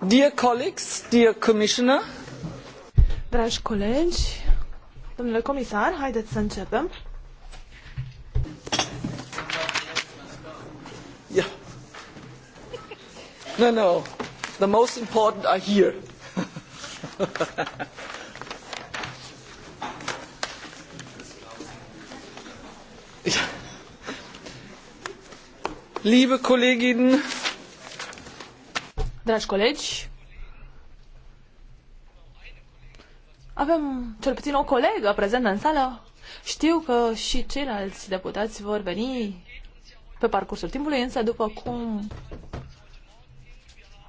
Dragi colegi, domnule comisar, haideți să începem. Yeah. No, no. The most important are here. Liebe Kolleginnen Dragi colegi, avem cel puțin o colegă prezentă în sală. Știu că și ceilalți deputați vor veni pe parcursul timpului, însă după cum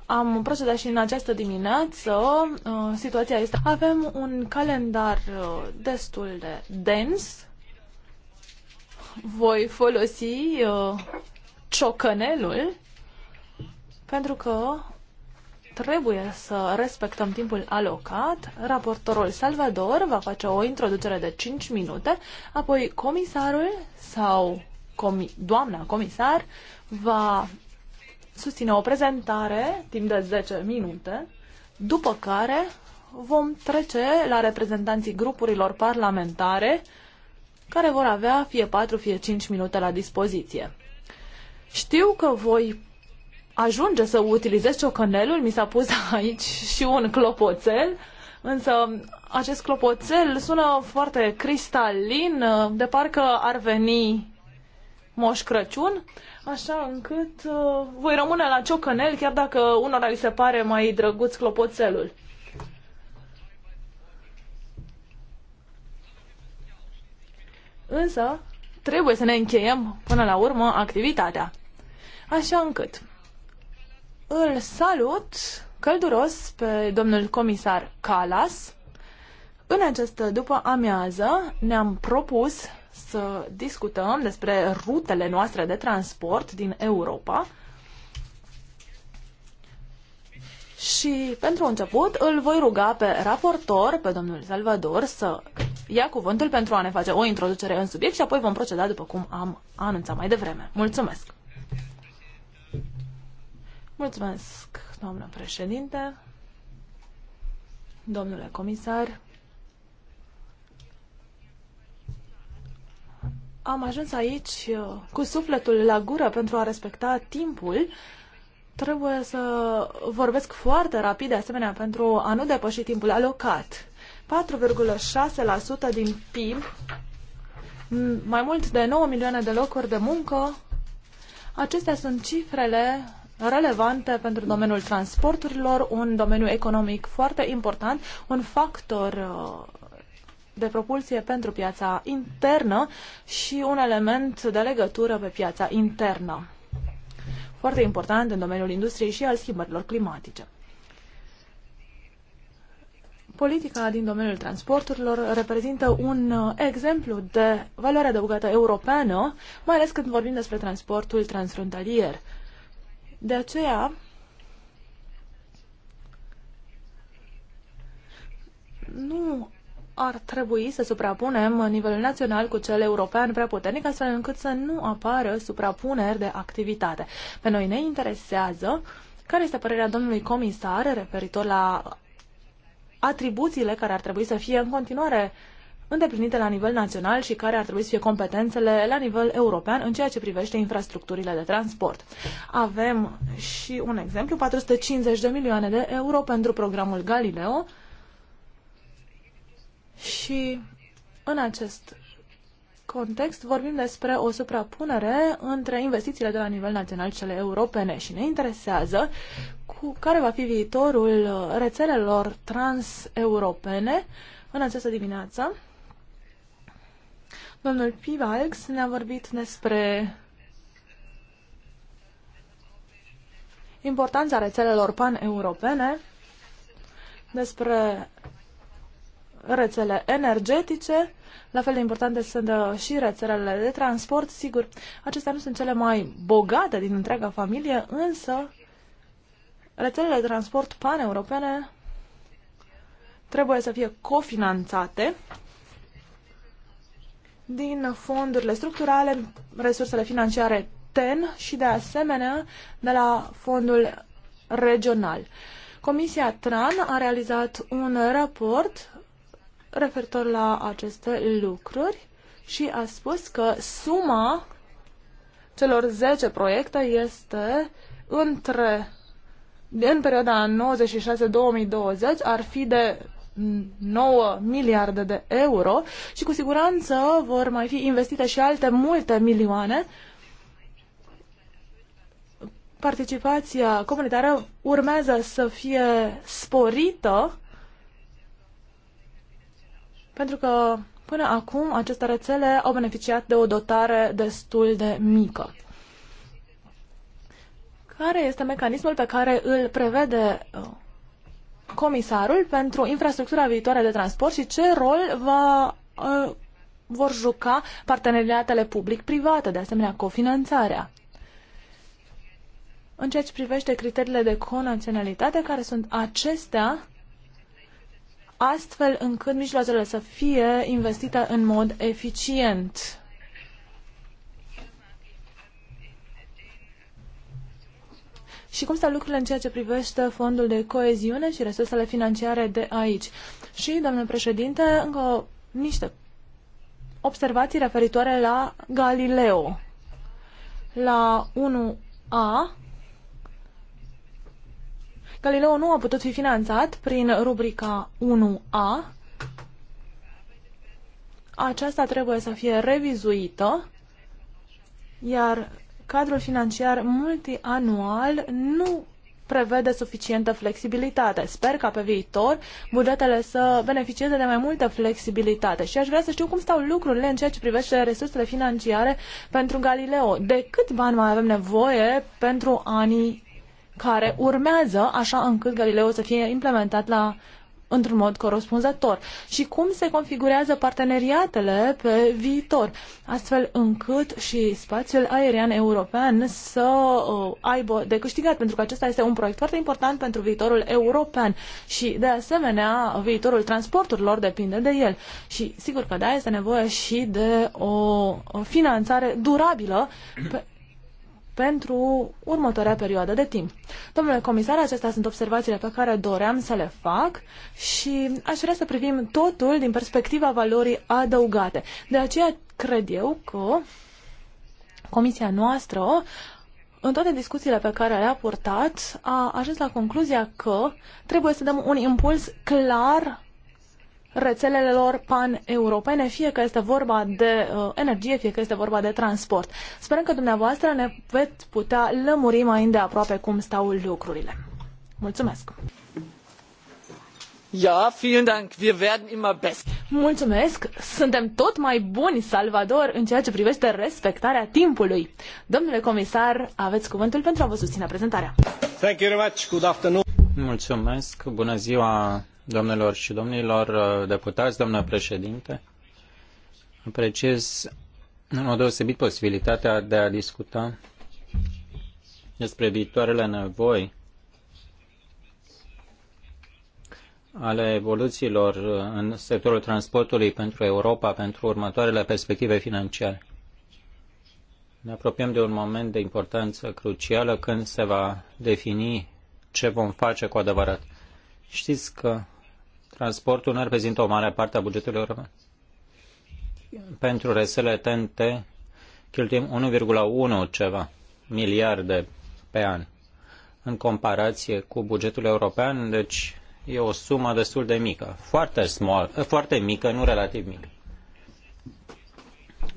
am procedat și în această dimineață, uh, situația este... Avem un calendar uh, destul de dens. Voi folosi uh, ciocănelul pentru că trebuie să respectăm timpul alocat. Raportorul Salvador va face o introducere de 5 minute, apoi comisarul sau comi- doamna comisar va susține o prezentare timp de 10 minute, după care vom trece la reprezentanții grupurilor parlamentare care vor avea fie 4, fie 5 minute la dispoziție. Știu că voi ajunge să utilizez ciocănelul, mi s-a pus aici și un clopoțel, însă acest clopoțel sună foarte cristalin, de parcă ar veni Moș Crăciun, așa încât uh, voi rămâne la ciocănel, chiar dacă unora li se pare mai drăguț clopoțelul. Însă, trebuie să ne încheiem până la urmă activitatea. Așa încât îl salut călduros pe domnul comisar Calas. În această după amiază ne-am propus să discutăm despre rutele noastre de transport din Europa. Și pentru început îl voi ruga pe raportor, pe domnul Salvador, să ia cuvântul pentru a ne face o introducere în subiect și apoi vom proceda după cum am anunțat mai devreme. Mulțumesc! Mulțumesc, doamnă președinte, domnule comisar. Am ajuns aici uh, cu sufletul la gură pentru a respecta timpul. Trebuie să vorbesc foarte rapid, de asemenea, pentru a nu depăși timpul alocat. 4,6% din PIB, mai mult de 9 milioane de locuri de muncă, acestea sunt cifrele relevante pentru domeniul transporturilor, un domeniu economic foarte important, un factor uh, de propulsie pentru piața internă și un element de legătură pe piața internă. Foarte important în domeniul industriei și al schimbărilor climatice. Politica din domeniul transporturilor reprezintă un uh, exemplu de valoare adăugată europeană, mai ales când vorbim despre transportul transfrontalier. De aceea, nu ar trebui să suprapunem nivelul național cu cel european prea puternic, astfel încât să nu apară suprapuneri de activitate. Pe noi ne interesează care este părerea domnului comisar referitor la atribuțiile care ar trebui să fie în continuare uh, îndeplinite la nivel național și care ar trebui să fie competențele la nivel european în ceea ce privește infrastructurile de transport. Avem și un exemplu, 450 de milioane de euro pentru programul Galileo și în acest context vorbim despre o suprapunere între investițiile de la nivel național și cele europene și ne interesează cu care va fi viitorul rețelelor transeuropene în această dimineață. Domnul Pivalx ne-a vorbit despre importanța rețelelor pan-europene, despre rețele energetice, la fel de importante sunt uh, și rețelele de transport, sigur, acestea nu sunt cele mai bogate din întreaga familie, însă rețelele de transport pan-europene trebuie să fie cofinanțate din fondurile structurale, resursele financiare TEN și de asemenea de la fondul regional. Comisia TRAN a realizat un raport referitor la aceste lucruri și a spus că suma celor 10 proiecte este între în perioada 96-2020 ar fi de 9 miliarde de euro și cu siguranță vor mai fi investite și alte multe milioane. Participația comunitară urmează să fie sporită pentru că până acum aceste rețele au beneficiat de o dotare destul de mică. Care este mecanismul pe care îl prevede uh, comisarul pentru infrastructura viitoare de transport și ce rol va, uh, vor juca parteneriatele public-private, de asemenea cofinanțarea. În ceea ce privește criteriile de conaționalitate, care sunt acestea, astfel încât mijloacele să fie investite în mod eficient și cum stau lucrurile în ceea ce privește fondul de coeziune și resursele financiare de aici. Și, domnule președinte, încă niște observații referitoare la Galileo. La 1A, Galileo nu a putut fi finanțat prin rubrica 1A. Aceasta trebuie să fie revizuită, iar cadrul financiar multianual nu prevede suficientă flexibilitate. Sper ca pe viitor bugetele să beneficieze de mai multă flexibilitate și aș vrea să știu cum stau lucrurile în ceea ce privește resursele financiare pentru Galileo. De cât bani mai avem nevoie pentru anii care urmează, așa încât Galileo să fie implementat la într-un mod corespunzător și cum se configurează parteneriatele pe viitor, astfel încât și spațiul aerian european să uh, aibă de câștigat, pentru că acesta este un proiect foarte important pentru viitorul european și, de asemenea, viitorul transporturilor depinde de el. Și sigur că da, este nevoie și de o finanțare durabilă pe pentru următoarea perioadă de timp. Domnule comisar, acestea sunt observațiile pe care doream să le fac și aș vrea să privim totul din perspectiva valorii adăugate. De aceea cred eu că comisia noastră în toate discuțiile pe care le-a purtat, a ajuns la concluzia că trebuie să dăm un impuls clar rețelelor pan-europene, fie că este vorba de uh, energie, fie că este vorba de transport. Sperăm că dumneavoastră ne veți putea lămuri mai îndeaproape cum stau lucrurile. Mulțumesc! Ja, vielen Dank. Wir werden immer besser. Mulțumesc. Suntem tot mai buni, Salvador, în ceea ce privește respectarea timpului. Domnule comisar, aveți cuvântul pentru a vă susține prezentarea. Thank you very much. Good afternoon. Mulțumesc. Bună ziua Domnilor și domnilor uh, deputați, doamnă președinte, apreciez în mod deosebit posibilitatea de a discuta despre viitoarele nevoi ale evoluțiilor uh, în sectorul transportului pentru Europa pentru următoarele perspective financiare. Ne apropiem de un moment de importanță crucială când se va defini ce vom face cu adevărat. Știți că Transportul nu reprezintă o mare parte a bugetului european. Pentru rețele TNT cheltuim 1,1 ceva miliarde pe an în comparație cu bugetul european, deci e o sumă destul de mică, foarte, small, foarte mică, nu relativ mică.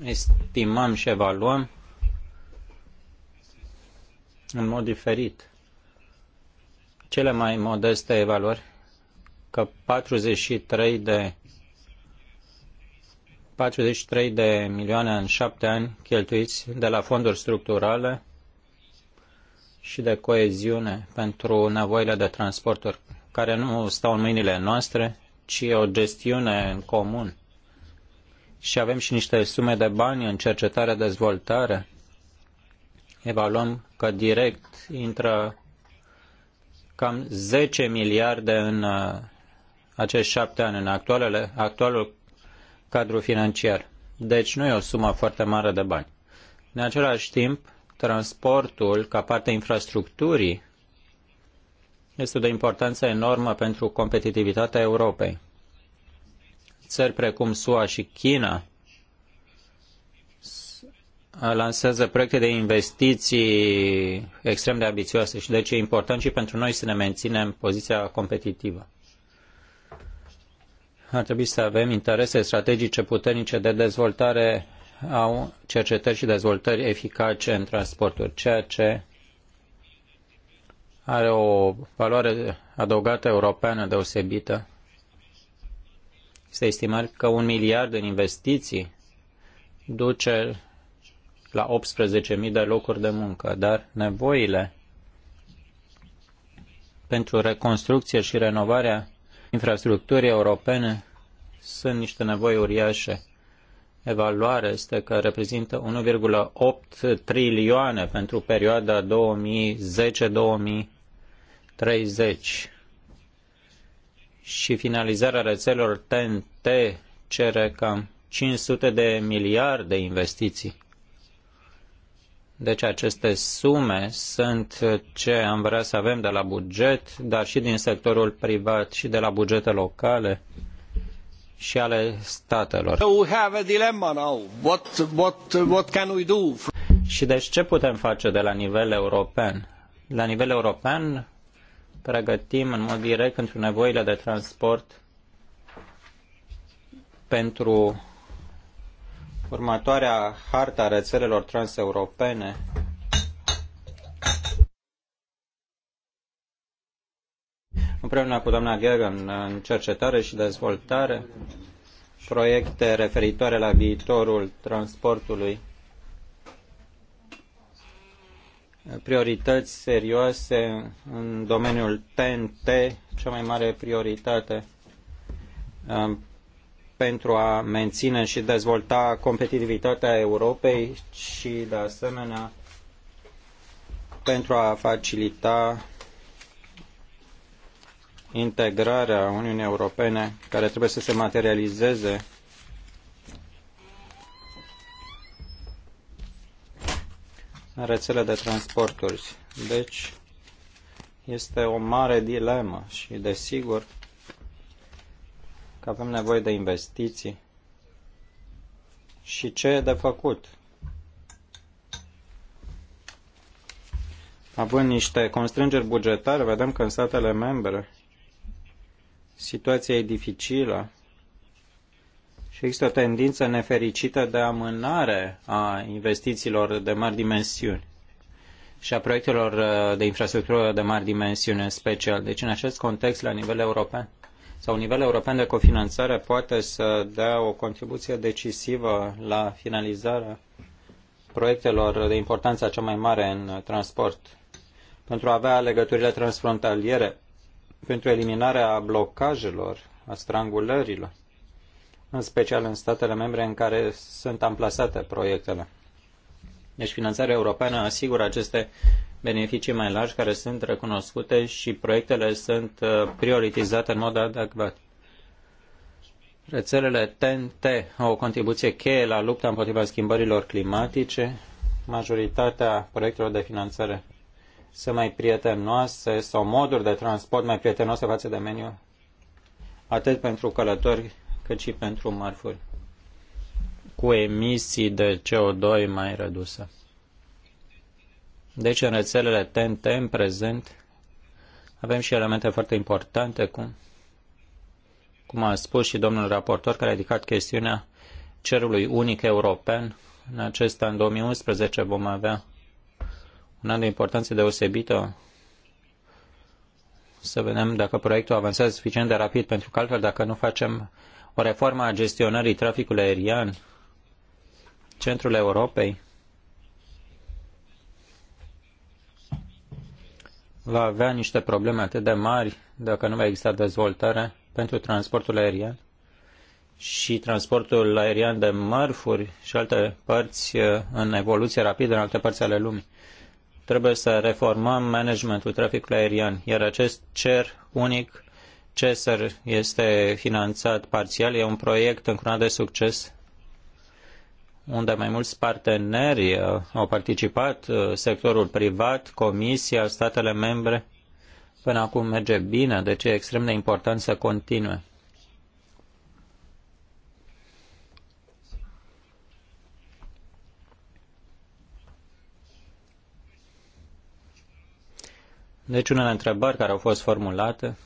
Estimăm și evaluăm în mod diferit. Cele mai modeste evaluări că 43 de 43 de milioane în șapte ani cheltuiți de la fonduri structurale și de coeziune pentru nevoile de transporturi, care nu stau în mâinile noastre, ci o gestiune în comun. Și avem și niște sume de bani în cercetare, dezvoltare. Evaluăm că direct intră cam 10 miliarde în acești șapte ani în actualele, actualul cadru financiar. Deci nu e o sumă foarte mare de bani. În același timp, transportul ca parte a infrastructurii este de importanță enormă pentru competitivitatea Europei. Țări precum SUA și China lansează proiecte de investiții extrem de ambițioase și deci e important și pentru noi să ne menținem poziția competitivă ar trebui să avem interese strategice puternice de dezvoltare au cercetări și dezvoltări eficace în transporturi, ceea ce are o valoare adăugată europeană deosebită. Este estimat că un miliard în investiții duce la 18.000 de locuri de muncă, dar nevoile pentru reconstrucție și renovarea infrastructurii europene sunt niște nevoi uriașe. Evaluarea este că reprezintă 1,8 trilioane pentru perioada 2010-2030 și finalizarea rețelor TNT cere cam 500 de miliarde investiții. Deci aceste sume sunt ce am vrea să avem de la buget, dar și din sectorul privat și de la bugete locale și ale statelor. So we have a dilemma now. What, what, what can we do? Și deci ce putem face de la nivel european? La nivel european pregătim în mod direct pentru nevoile de transport pentru Următoarea harta rețelelor transeuropene împreună cu doamna Gergen în cercetare și dezvoltare proiecte referitoare la viitorul transportului priorități serioase în domeniul TNT, cea mai mare prioritate pentru a menține și dezvolta competitivitatea Europei și, de asemenea, pentru a facilita integrarea Uniunii Europene, care trebuie să se materializeze în rețele de transporturi. Deci, este o mare dilemă și, desigur, că avem nevoie de investiții și ce e de făcut. Având niște constrângeri bugetare, vedem că în statele membre situația e dificilă și există o tendință nefericită de amânare a investițiilor de mari dimensiuni și a proiectelor uh, de infrastructură de mari dimensiuni în special. Deci, în acest context, la nivel european, sau nivel european de cofinanțare poate să dea o contribuție decisivă la finalizarea proiectelor de importanță cea mai mare în transport, pentru a avea legăturile transfrontaliere, pentru eliminarea blocajelor, a strangulărilor, în special în statele membre în care sunt amplasate proiectele. Deci finanțarea europeană asigură aceste beneficii mai largi care sunt recunoscute și proiectele sunt uh, prioritizate în mod adecvat. Rețelele TNT au o contribuție cheie la lupta împotriva schimbărilor climatice. Majoritatea proiectelor de finanțare sunt mai prietenoase sau moduri de transport mai prietenoase față de mediu, atât pentru călători cât și pentru marfuri cu emisii de CO2 mai reduse. Deci în rețelele TNT în prezent avem și elemente foarte importante cum, cum a spus și domnul raportor care a ridicat chestiunea cerului unic european. În acest an 2011 vom avea un an de importanță deosebită să vedem dacă proiectul avansează suficient de rapid, pentru că altfel dacă nu facem o reformă a gestionării traficului aerian, centrul Europei va avea niște probleme atât de mari dacă nu va exista dezvoltare pentru transportul aerian și transportul aerian de mărfuri și alte părți uh, în evoluție rapidă în alte părți ale lumii. Trebuie să reformăm managementul traficului aerian, iar acest cer unic, CESAR, este finanțat parțial. E un proiect încurat de succes unde mai mulți parteneri uh, au participat, uh, sectorul privat, Comisia, statele membre. Până acum merge bine, deci e extrem de important să continue. Deci unele întrebări care au fost formulate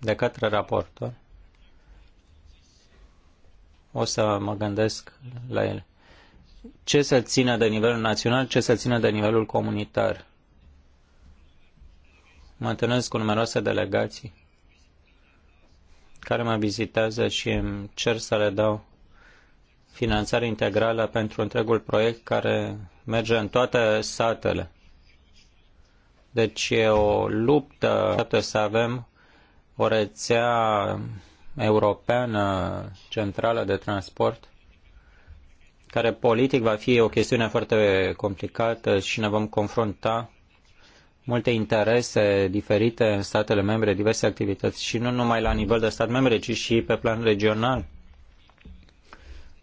de către raportor o să mă gândesc la ele. Ce să țină de nivelul național, ce să țină de nivelul comunitar? Mă întâlnesc cu numeroase delegații care mă vizitează și îmi cer să le dau finanțare integrală pentru întregul proiect care merge în toate satele. Deci e o luptă să avem o rețea europeană centrală de transport, care politic va fi o chestiune foarte complicată și ne vom confrunta multe interese diferite în statele membre, diverse activități și nu numai la nivel de stat membre, ci și pe plan regional.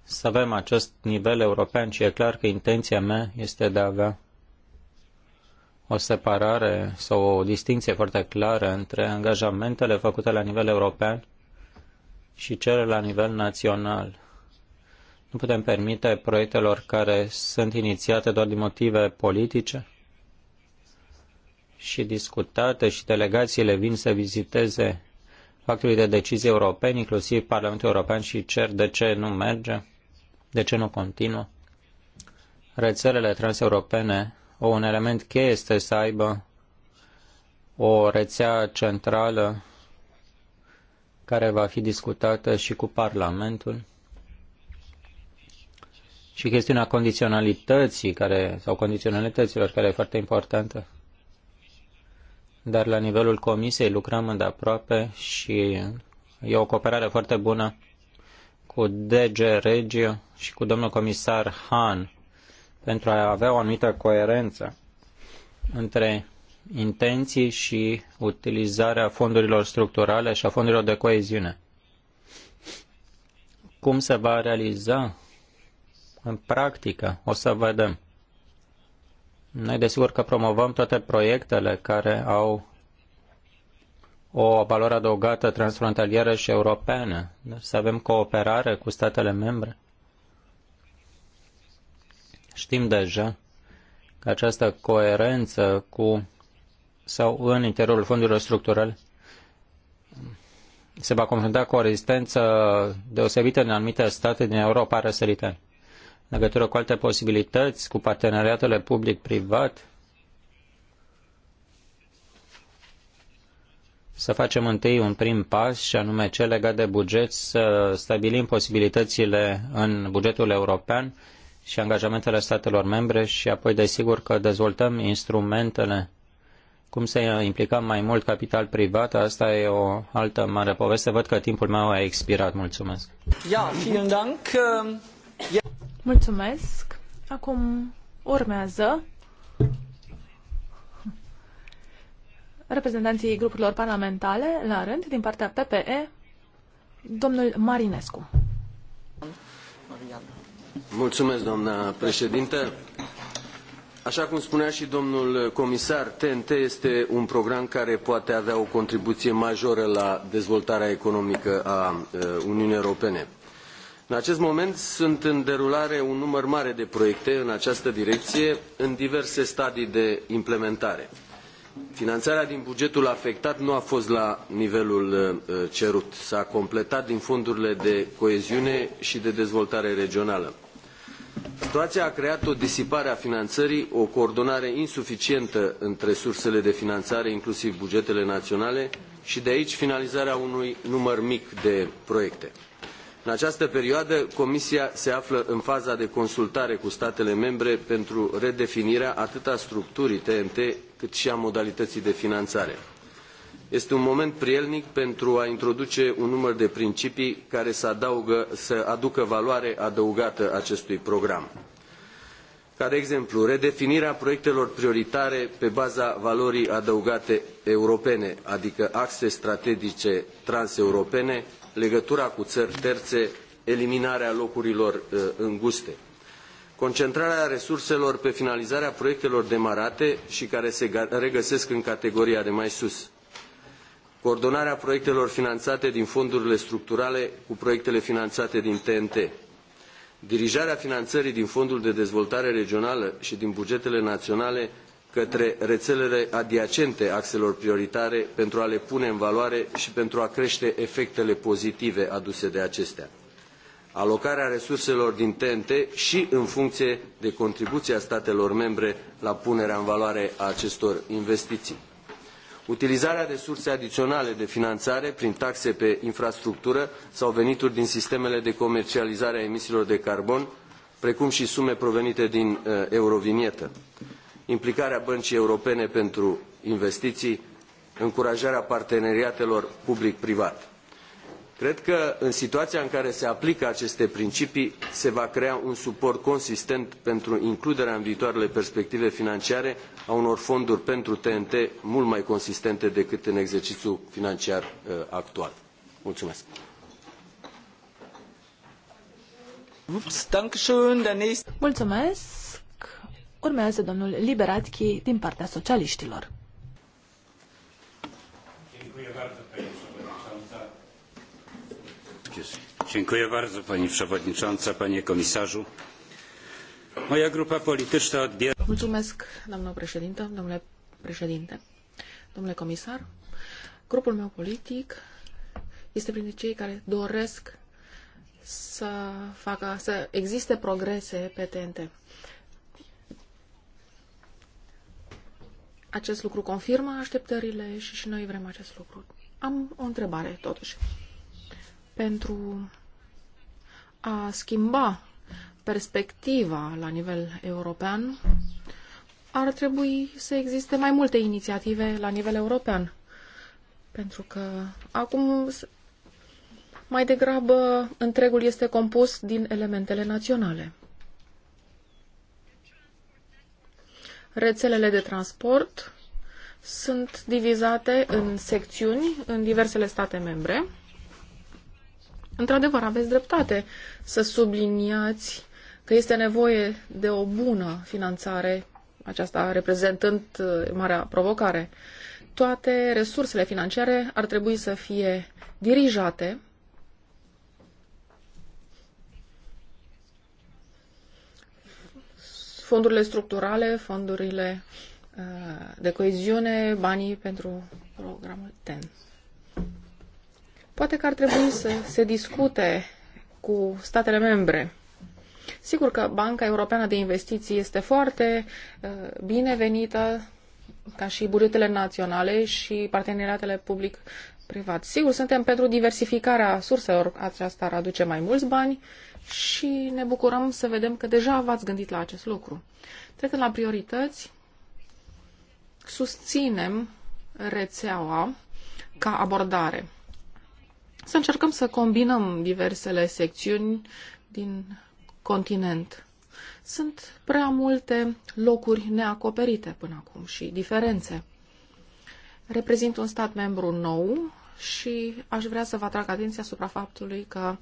Să avem acest nivel european și e clar că intenția mea este de a avea o separare sau o distinție foarte clară între angajamentele făcute la nivel european și cele la nivel național. Nu putem permite proiectelor care sunt inițiate doar din motive politice și discutate și delegațiile vin să viziteze factorii de decizie europeni, inclusiv Parlamentul European și cer de ce nu merge, de ce nu continuă. Rețelele transeuropene, un element cheie este să aibă o rețea centrală care va fi discutată și cu Parlamentul și chestiunea condiționalității care, sau condiționalităților, care e foarte importantă. Dar la nivelul comisiei lucrăm îndeaproape și e o cooperare foarte bună cu DG Regio și cu domnul comisar Han pentru a avea o anumită coerență între intenții și utilizarea fondurilor structurale și a fondurilor de coeziune. Cum se va realiza în practică? O să vedem. Noi desigur că promovăm toate proiectele care au o valoare adăugată transfrontalieră și europeană, deci să avem cooperare cu statele membre. Știm deja că această coerență cu sau în interiorul fondurilor structurale se va confrunta cu o rezistență deosebită în anumite state din Europa răsărită. În legătură cu alte posibilități, cu parteneriatele public-privat, să facem întâi un prim pas și anume cel legat de buget, să stabilim posibilitățile în bugetul european și angajamentele statelor membre și apoi desigur că dezvoltăm instrumentele cum să implicăm mai mult capital privat, asta e o altă mare poveste. Văd că timpul meu a expirat. Mulțumesc. Ja, vielen Dank. Ähm, Mulțumesc. Acum urmează reprezentanții grupurilor parlamentare la rând din partea PPE, domnul Marinescu. Mulțumesc, doamna președinte. Așa cum spunea și domnul comisar, TNT este un program care poate avea o contribuție majoră la dezvoltarea economică a Uniunii Europene. În acest moment sunt în derulare un număr mare de proiecte în această direcție, în diverse stadii de implementare. Finanțarea din bugetul afectat nu a fost la nivelul cerut. S-a completat din fondurile de coeziune și de dezvoltare regională. Situația a creat o disipare a finanțării, o coordonare insuficientă între sursele de finanțare, inclusiv bugetele naționale, și de aici finalizarea unui număr mic de proiecte. În această perioadă, Comisia se află în faza de consultare cu statele membre pentru redefinirea atât a structurii TNT cât și a modalității de finanțare. Este un moment prielnic pentru a introduce un număr de principii care să, adaugă, să aducă valoare adăugată acestui program. Ca de exemplu, redefinirea proiectelor prioritare pe baza valorii adăugate europene, adică axe strategice transeuropene, legătura cu țări terțe, eliminarea locurilor uh, înguste. Concentrarea resurselor pe finalizarea proiectelor demarate și care se regăsesc în categoria de mai sus coordonarea proiectelor finanțate din fondurile structurale cu proiectele finanțate din TNT, dirijarea finanțării din Fondul de Dezvoltare Regională și din bugetele naționale către rețelele adiacente axelor prioritare pentru a le pune în valoare și pentru a crește efectele pozitive aduse de acestea. Alocarea resurselor din TNT și în funcție de contribuția statelor membre la punerea în valoare a acestor investiții utilizarea de surse adiționale de finanțare prin taxe pe infrastructură sau venituri din sistemele de comercializare a emisiilor de carbon, precum și sume provenite din uh, eurovinietă, implicarea băncii europene pentru investiții, încurajarea parteneriatelor public-privat. Cred că în situația în care se aplică aceste principii se va crea un suport consistent pentru includerea în viitoarele perspective financiare a unor fonduri pentru TNT mult mai consistente decât în exercițiul financiar uh, actual. Mulțumesc! Mulțumesc! Urmează domnul Liberatchi din partea socialiștilor. Dziękuję bardzo Pani Przewodnicząca, Panie Komisarzu. Moja grupa polityczna odbiera... Mulțumesc, doamnă președintă, domnule președinte, domnule comisar. Grupul meu politic este printre cei care doresc să facă, să existe progrese pe TNT. Acest lucru confirmă așteptările și și noi vrem acest lucru. Am o întrebare, totuși. Pentru a schimba perspectiva la nivel european, ar trebui să existe mai multe inițiative la nivel european. Pentru că acum mai degrabă întregul este compus din elementele naționale. Rețelele de transport sunt divizate în secțiuni în diversele state membre Într-adevăr, aveți dreptate să subliniați că este nevoie de o bună finanțare, aceasta reprezentând uh, marea provocare. Toate resursele financiare ar trebui să fie dirijate fondurile structurale, fondurile uh, de coeziune, banii pentru programul TEN. Poate că ar trebui să se discute cu statele membre. Sigur că Banca Europeană de Investiții este foarte uh, binevenită ca și bugetele naționale și parteneriatele public-privat. Sigur, suntem pentru diversificarea surselor, aceasta ar aduce mai mulți bani și ne bucurăm să vedem că deja v-ați gândit la acest lucru. Trecând la priorități, susținem rețeaua ca abordare să încercăm să combinăm diversele secțiuni din continent. Sunt prea multe locuri neacoperite până acum și diferențe. Reprezint un stat membru nou și aș vrea să vă atrag atenția asupra faptului că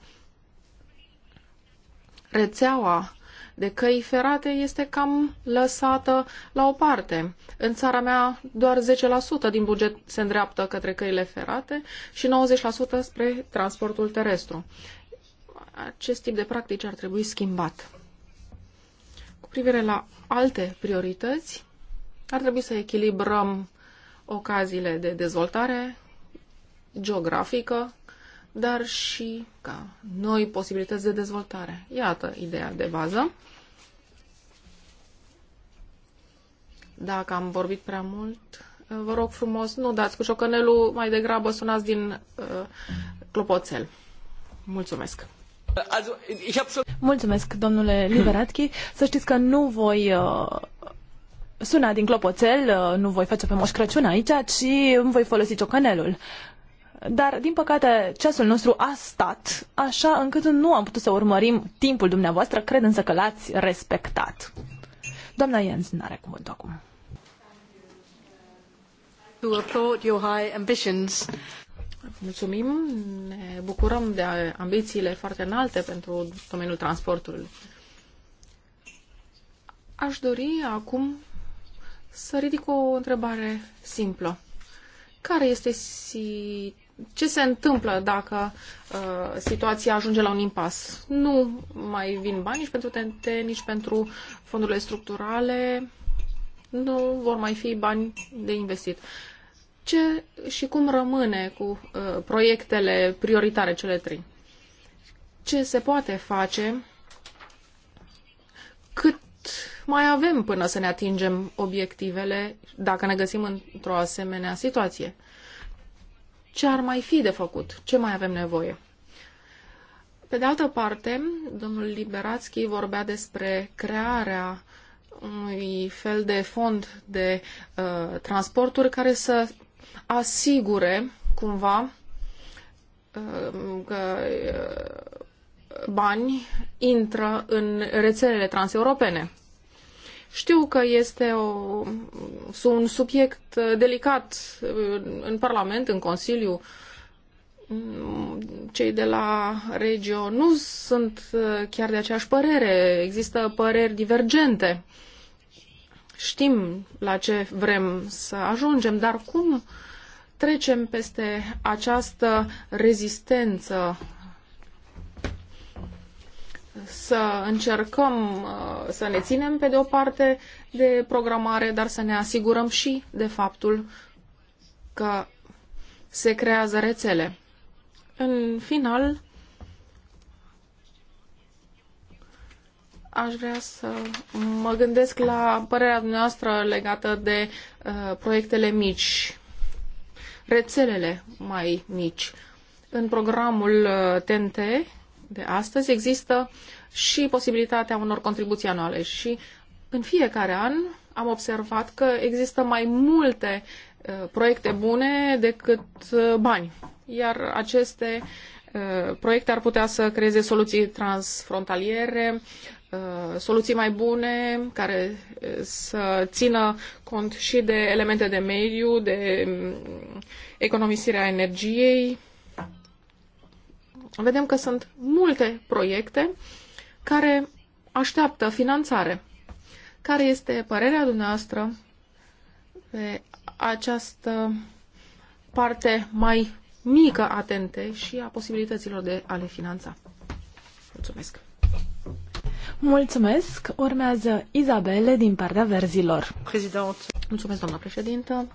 rețeaua de căi ferate este cam lăsată la o parte. În țara mea doar 10% din buget se îndreaptă către căile ferate și 90% spre transportul terestru. Acest tip de practici ar trebui schimbat. Cu privire la alte priorități, ar trebui să echilibrăm ocaziile de dezvoltare geografică dar și ca noi posibilități de dezvoltare. Iată ideea de bază. Dacă am vorbit prea mult, vă rog frumos, nu dați cu șocănelul, mai degrabă sunați din uh, clopoțel. Mulțumesc! Mulțumesc, domnule Liberatchi. Să știți că nu voi uh, suna din clopoțel, uh, nu voi face pe Moș Crăciun aici, ci îmi voi folosi ciocanelul. Dar, din păcate, ceasul nostru a stat așa încât nu am putut să urmărim timpul dumneavoastră, cred însă că l-ați respectat. Doamna Jens nu are cuvântul acum. Mulțumim, ne bucurăm de ambițiile foarte înalte pentru domeniul transportului. Aș dori acum să ridic o întrebare simplă. Care este situația? ce se întâmplă dacă uh, situația ajunge la un impas? Nu mai vin bani nici pentru TNT, nici pentru fondurile structurale, nu vor mai fi bani de investit. Ce și cum rămâne cu uh, proiectele prioritare, cele trei? Ce se poate face? Cât mai avem până să ne atingem obiectivele, dacă ne găsim într-o asemenea situație? ce ar mai fi de făcut, ce mai avem nevoie. Pe de altă parte, domnul Liberațchi vorbea despre crearea unui fel de fond de uh, transporturi care să asigure cumva uh, că uh, bani intră în rețelele transeuropene. Știu că este o, un subiect uh, delicat uh, în Parlament, în Consiliu. Mm, cei de la Regio nu sunt uh, chiar de aceeași părere. Există păreri divergente. Știm la ce vrem să ajungem, dar cum trecem peste această rezistență să încercăm uh, să ne ținem pe de o parte de programare, dar să ne asigurăm și de faptul că se creează rețele. În final, aș vrea să mă gândesc la părerea noastră legată de uh, proiectele mici, rețelele mai mici. În programul TNT uh, de astăzi, există și posibilitatea unor contribuții anuale și în fiecare an am observat că există mai multe uh, proiecte bune decât uh, bani, iar aceste uh, proiecte ar putea să creeze soluții transfrontaliere, soluții mai bune care să țină cont și de elemente de mediu, de mm, economisirea energiei, vedem că sunt multe proiecte care așteaptă finanțare. Care este părerea dumneavoastră pe această parte mai mică atente și a posibilităților de a le finanța? Mulțumesc! Mulțumesc! Urmează Izabele din partea verzilor. Prezident. Mulțumesc, doamna președintă.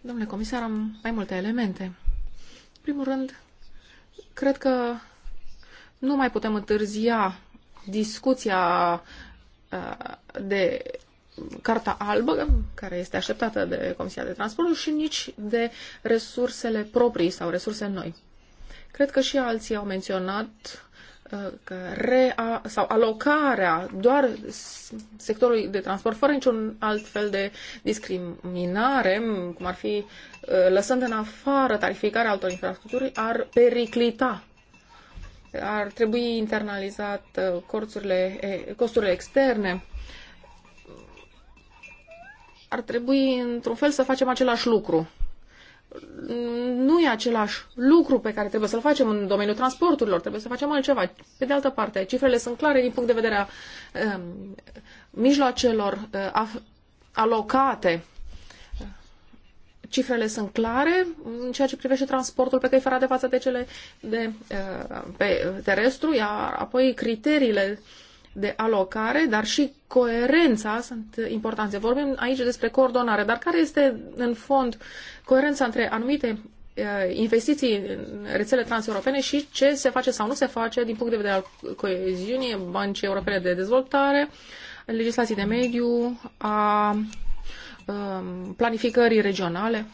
Domnule comisar, am mai multe elemente. În primul rând, Cred că nu mai putem întârzia discuția uh, de Carta Albă, care este așteptată de Comisia de Transport, și nici de resursele proprii sau resurse noi. Cred că și alții au menționat că rea sau alocarea doar sectorului de transport fără niciun alt fel de discriminare, cum ar fi uh, lăsând în afară tarificarea altor infrastructuri, ar periclita ar trebui internalizat uh, corțurile, costurile externe. Ar trebui, într-un fel, să facem același lucru nu e același lucru pe care trebuie să-l facem în domeniul transporturilor, trebuie să facem altceva. Pe de altă parte, cifrele sunt clare din punct de vedere a um, mijloacelor uh, alocate. Cifrele sunt clare în ceea ce privește transportul pe căi ferate față de cele de, uh, pe terestru, iar apoi criteriile uh, de alocare, dar și coerența sunt importante. Vorbim aici despre coordonare, dar care este în fond coerența între anumite eh, investiții în rețele transeuropene și ce se face sau nu se face din punct de vedere al coeziunii, băncii europene de dezvoltare, legislații de mediu, a eh, planificării regionale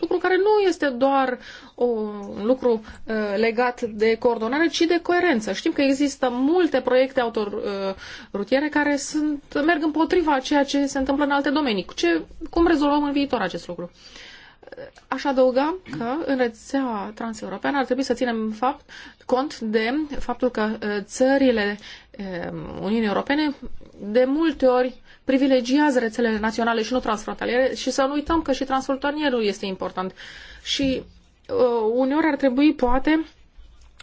lucru care nu este doar un lucru uh, legat de coordonare, ci de coerență. Știm că există multe proiecte autorutiere uh, care sunt, merg împotriva ceea ce se întâmplă în alte domenii. Ce, cum rezolvăm în viitor acest lucru? Uh, aș adăuga că în rețea transeuropeană ar trebui să ținem fapt, cont de faptul că țările Uniunii Europene de multe ori privilegiază rețelele naționale și nu transfrontaliere și să nu uităm că și transfrontalierul este important. Și uh, uneori ar trebui, poate,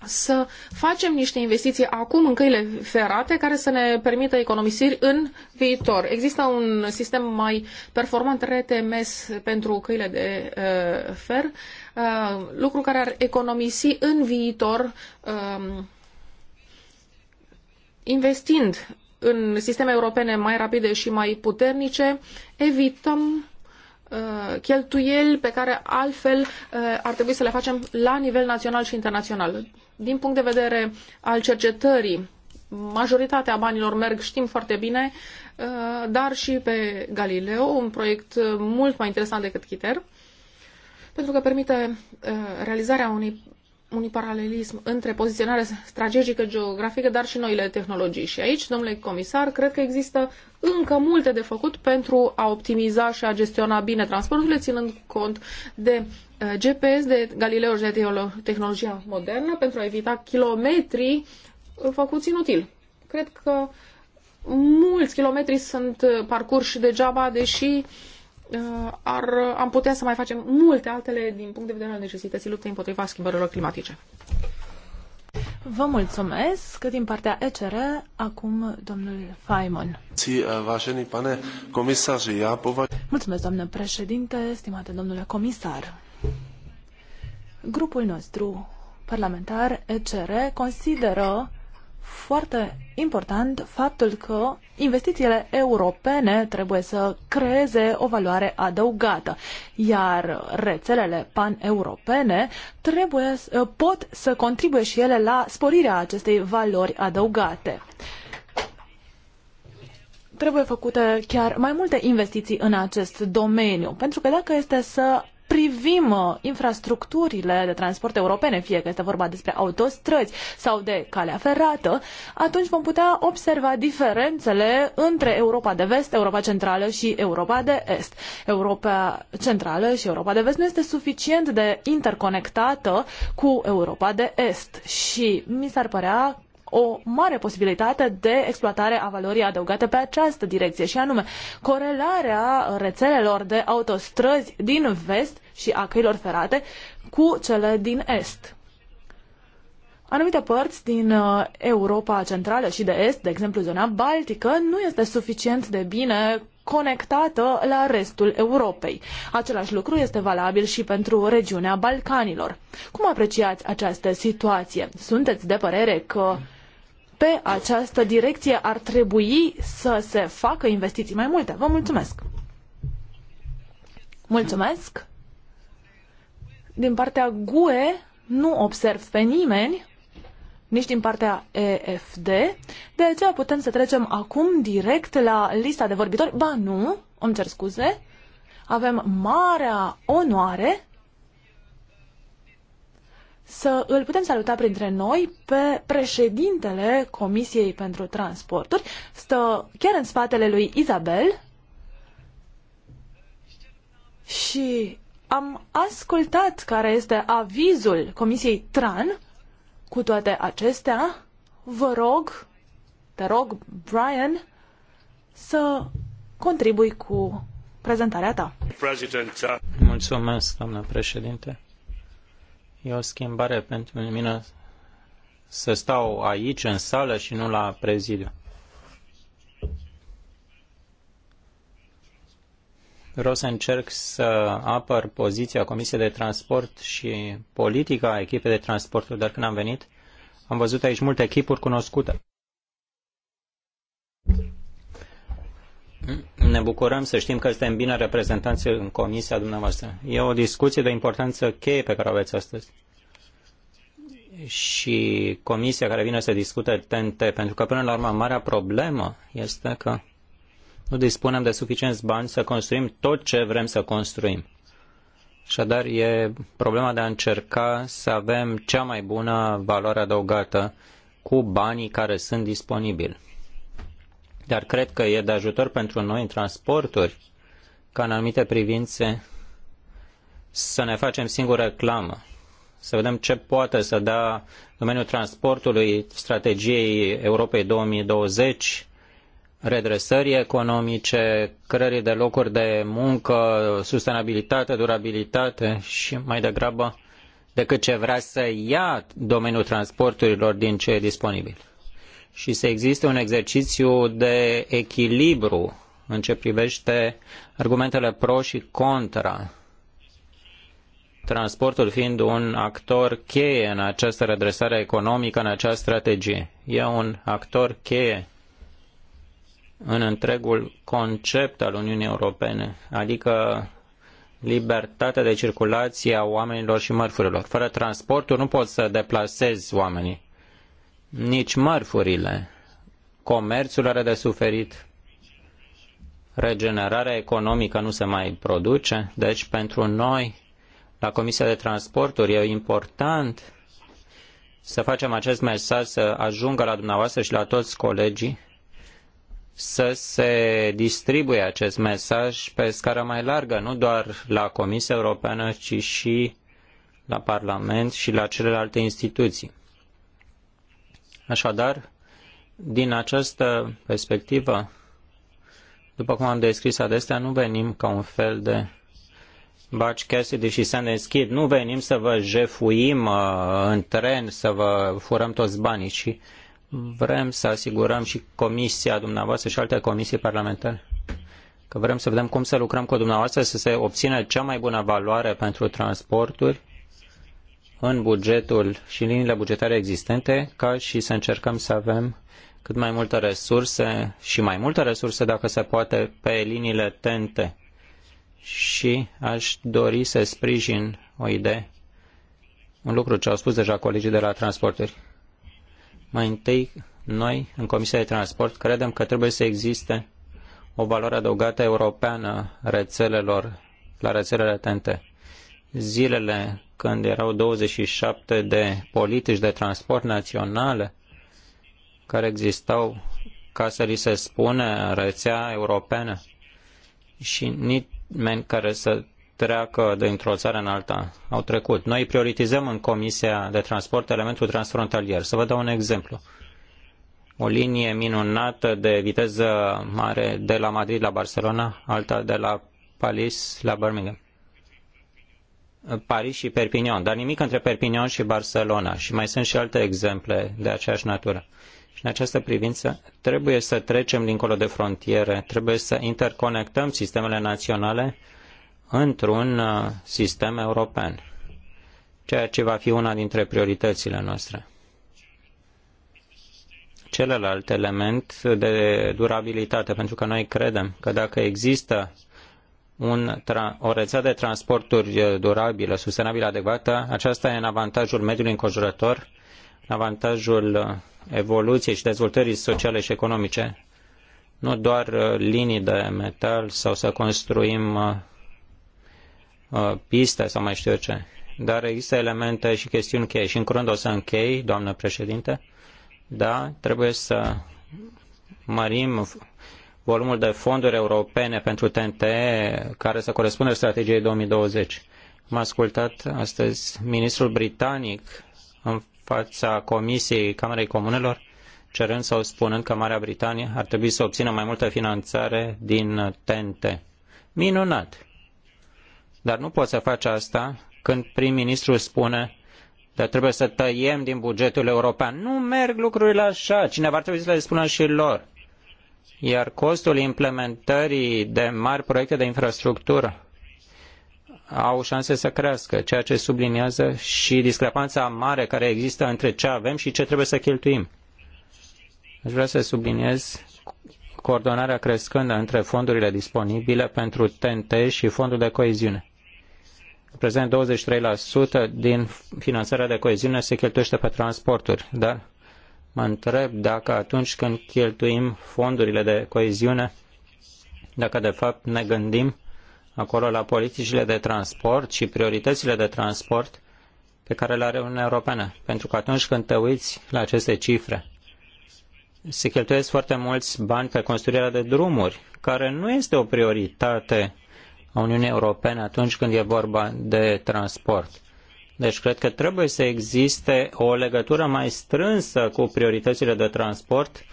să facem niște investiții acum în căile ferate care să ne permită economisiri în viitor. Există un sistem mai performant RTMS pentru căile de uh, fer, uh, lucru care ar economisi în viitor uh, investind în sisteme europene mai rapide și mai puternice, evităm uh, cheltuieli pe care altfel uh, ar trebui să le facem la nivel național și internațional. Din punct de vedere al cercetării, majoritatea banilor merg, știm foarte bine, uh, dar și pe Galileo, un proiect mult mai interesant decât Chiter, pentru că permite realizarea unei unui paralelism între poziționarea strategică geografică, dar și noile tehnologii. Și aici, domnule comisar, cred că există încă multe de făcut pentru a optimiza și a gestiona bine transporturile, ținând cont de uh, GPS, de Galileo și de tehnologia modernă, pentru a evita kilometri uh, făcuți inutil. Cred că mulți kilometri sunt uh, parcurși degeaba, deși uh, Uh, ar, am putea să mai facem multe altele din punct de vedere al necesității luptei împotriva schimbărilor climatice. Vă mulțumesc. Din partea ECR, acum domnul Faimon. Uh, mulțumesc, doamnă președinte, stimate domnule comisar. Grupul nostru parlamentar ECR consideră foarte important faptul că investițiile europene trebuie să creeze o valoare adăugată, iar rețelele pan-europene trebuie, ă, pot să contribuie și ele la sporirea acestei valori adăugate. Trebuie făcute chiar mai multe investiții în acest domeniu, pentru că dacă este să privim uh, infrastructurile de transport europene, fie că este vorba despre autostrăzi sau de calea ferată, atunci vom putea observa diferențele între Europa de vest, Europa centrală și Europa de est. Europa centrală și Europa de vest nu este suficient de interconectată cu Europa de est și mi s-ar părea o mare posibilitate de exploatare a valorii adăugate pe această direcție și anume corelarea rețelelor de autostrăzi din vest și a căilor ferate cu cele din est. Anumite părți din uh, Europa Centrală și de Est, de exemplu zona Baltică, nu este suficient de bine conectată la restul Europei. Același lucru este valabil și pentru regiunea Balcanilor. Cum apreciați această situație? Sunteți de părere că pe această direcție ar trebui să se facă investiții mai multe. Vă mulțumesc! Mulțumesc! Din partea GUE nu observ pe nimeni, nici din partea EFD, de aceea putem să trecem acum direct la lista de vorbitori. Ba nu, îmi cer scuze, avem marea onoare să îl putem saluta printre noi pe președintele Comisiei pentru Transporturi. Stă chiar în spatele lui Isabel și am ascultat care este avizul Comisiei TRAN. Cu toate acestea, vă rog, te rog, Brian, să contribui cu prezentarea ta. Uh, Mulțumesc, doamnă președinte. E o schimbare pentru mine să stau aici, în sală și nu la prezidiu. Vreau să încerc să apăr poziția Comisiei de Transport și politica echipei de transporturi, dar când am venit, am văzut aici multe echipuri cunoscute. Ne bucurăm să știm că suntem bine reprezentanți în comisia dumneavoastră. E o discuție de importanță cheie pe care o aveți astăzi. Și comisia care vine să discute TNT, pentru că până la urmă marea problemă este că nu dispunem de suficienți bani să construim tot ce vrem să construim. dar e problema de a încerca să avem cea mai bună valoare adăugată cu banii care sunt disponibili dar cred că e de ajutor pentru noi în transporturi ca în anumite privințe să ne facem singură reclamă, să vedem ce poate să da domeniul transportului strategiei Europei 2020, redresării economice, creării de locuri de muncă, sustenabilitate, durabilitate și mai degrabă decât ce vrea să ia domeniul transporturilor din ce e disponibil și să existe un exercițiu de echilibru în ce privește argumentele pro și contra. Transportul fiind un actor cheie în această redresare economică, în această strategie. E un actor cheie în întregul concept al Uniunii Europene, adică libertatea de circulație a oamenilor și mărfurilor. Fără transportul nu poți să deplasezi oamenii nici mărfurile. Comerțul are de suferit, regenerarea economică nu se mai produce, deci pentru noi, la Comisia de Transporturi, e important să facem acest mesaj să ajungă la dumneavoastră și la toți colegii să se distribuie acest mesaj pe scară mai largă, nu doar la Comisia Europeană, ci și la Parlament și la celelalte instituții. Așadar, din această perspectivă, după cum am descris adesea, nu venim ca un fel de Baci Cassidy și Sundance Kid. Nu venim să vă jefuim uh, în tren, să vă furăm toți banii, ci vrem să asigurăm și comisia dumneavoastră și alte comisii parlamentare că vrem să vedem cum să lucrăm cu dumneavoastră să se obțină cea mai bună valoare pentru transporturi în bugetul și liniile bugetare existente, ca și să încercăm să avem cât mai multe resurse și mai multe resurse, dacă se poate, pe liniile tente. Și aș dori să sprijin o idee, un lucru ce au spus deja colegii de la transporturi. Mai întâi, noi, în Comisia de Transport, credem că trebuie să existe o valoare adăugată europeană rețelelor, la rețelele tente zilele când erau 27 de politici de transport naționale care existau, ca să li se spune, rețea europeană și nimeni care să treacă dintr-o țară în alta. Au trecut. Noi prioritizăm în Comisia de Transport elementul transfrontalier. Să vă dau un exemplu. O linie minunată de viteză mare de la Madrid la Barcelona, alta de la Paris la Birmingham Paris și Perpignan, dar nimic între Perpignan și Barcelona. Și mai sunt și alte exemple de aceeași natură. Și în această privință trebuie să trecem dincolo de frontiere, trebuie să interconectăm sistemele naționale într-un uh, sistem european, ceea ce va fi una dintre prioritățile noastre. Celălalt element de durabilitate, pentru că noi credem că dacă există un, o rețea de transporturi eh, durabilă, sustenabilă, adecvată, aceasta e în avantajul mediului înconjurător, în avantajul eh, evoluției și dezvoltării sociale și economice. Nu doar eh, linii de metal sau să construim piste sau mai știu eu ce, dar există elemente și chestiuni cheie. Și în curând o să închei, doamnă președinte, da, trebuie să mărim volumul de fonduri europene pentru TNT care să corespundă strategiei 2020. Am ascultat astăzi ministrul britanic în fața Comisiei Camerei Comunelor cerând sau spunând că Marea Britanie ar trebui să obțină mai multă finanțare din TNT. Minunat! Dar nu poți să faci asta când prim ministrul spune dar trebuie să tăiem din bugetul european. Nu merg lucrurile așa. Cineva ar trebui să le spună și lor. Iar costul implementării de mari proiecte de infrastructură au șanse să crească, ceea ce subliniază și discrepanța mare care există între ce avem și ce trebuie să cheltuim. Aș vrea să subliniez coordonarea crescândă între fondurile disponibile pentru TNT și fondul de coeziune. Prezent 23% din finanțarea de coeziune se cheltuiește pe transporturi, dar mă întreb dacă atunci când cheltuim fondurile de coeziune, dacă de fapt ne gândim acolo la politicile de transport și prioritățile de transport pe care le are Uniunea Europeană. Pentru că atunci când te uiți la aceste cifre, se cheltuiesc foarte mulți bani pe construirea de drumuri, care nu este o prioritate a Uniunii Europene atunci când e vorba de transport. Deci cred că trebuie să existe o legătură mai strânsă cu prioritățile de transport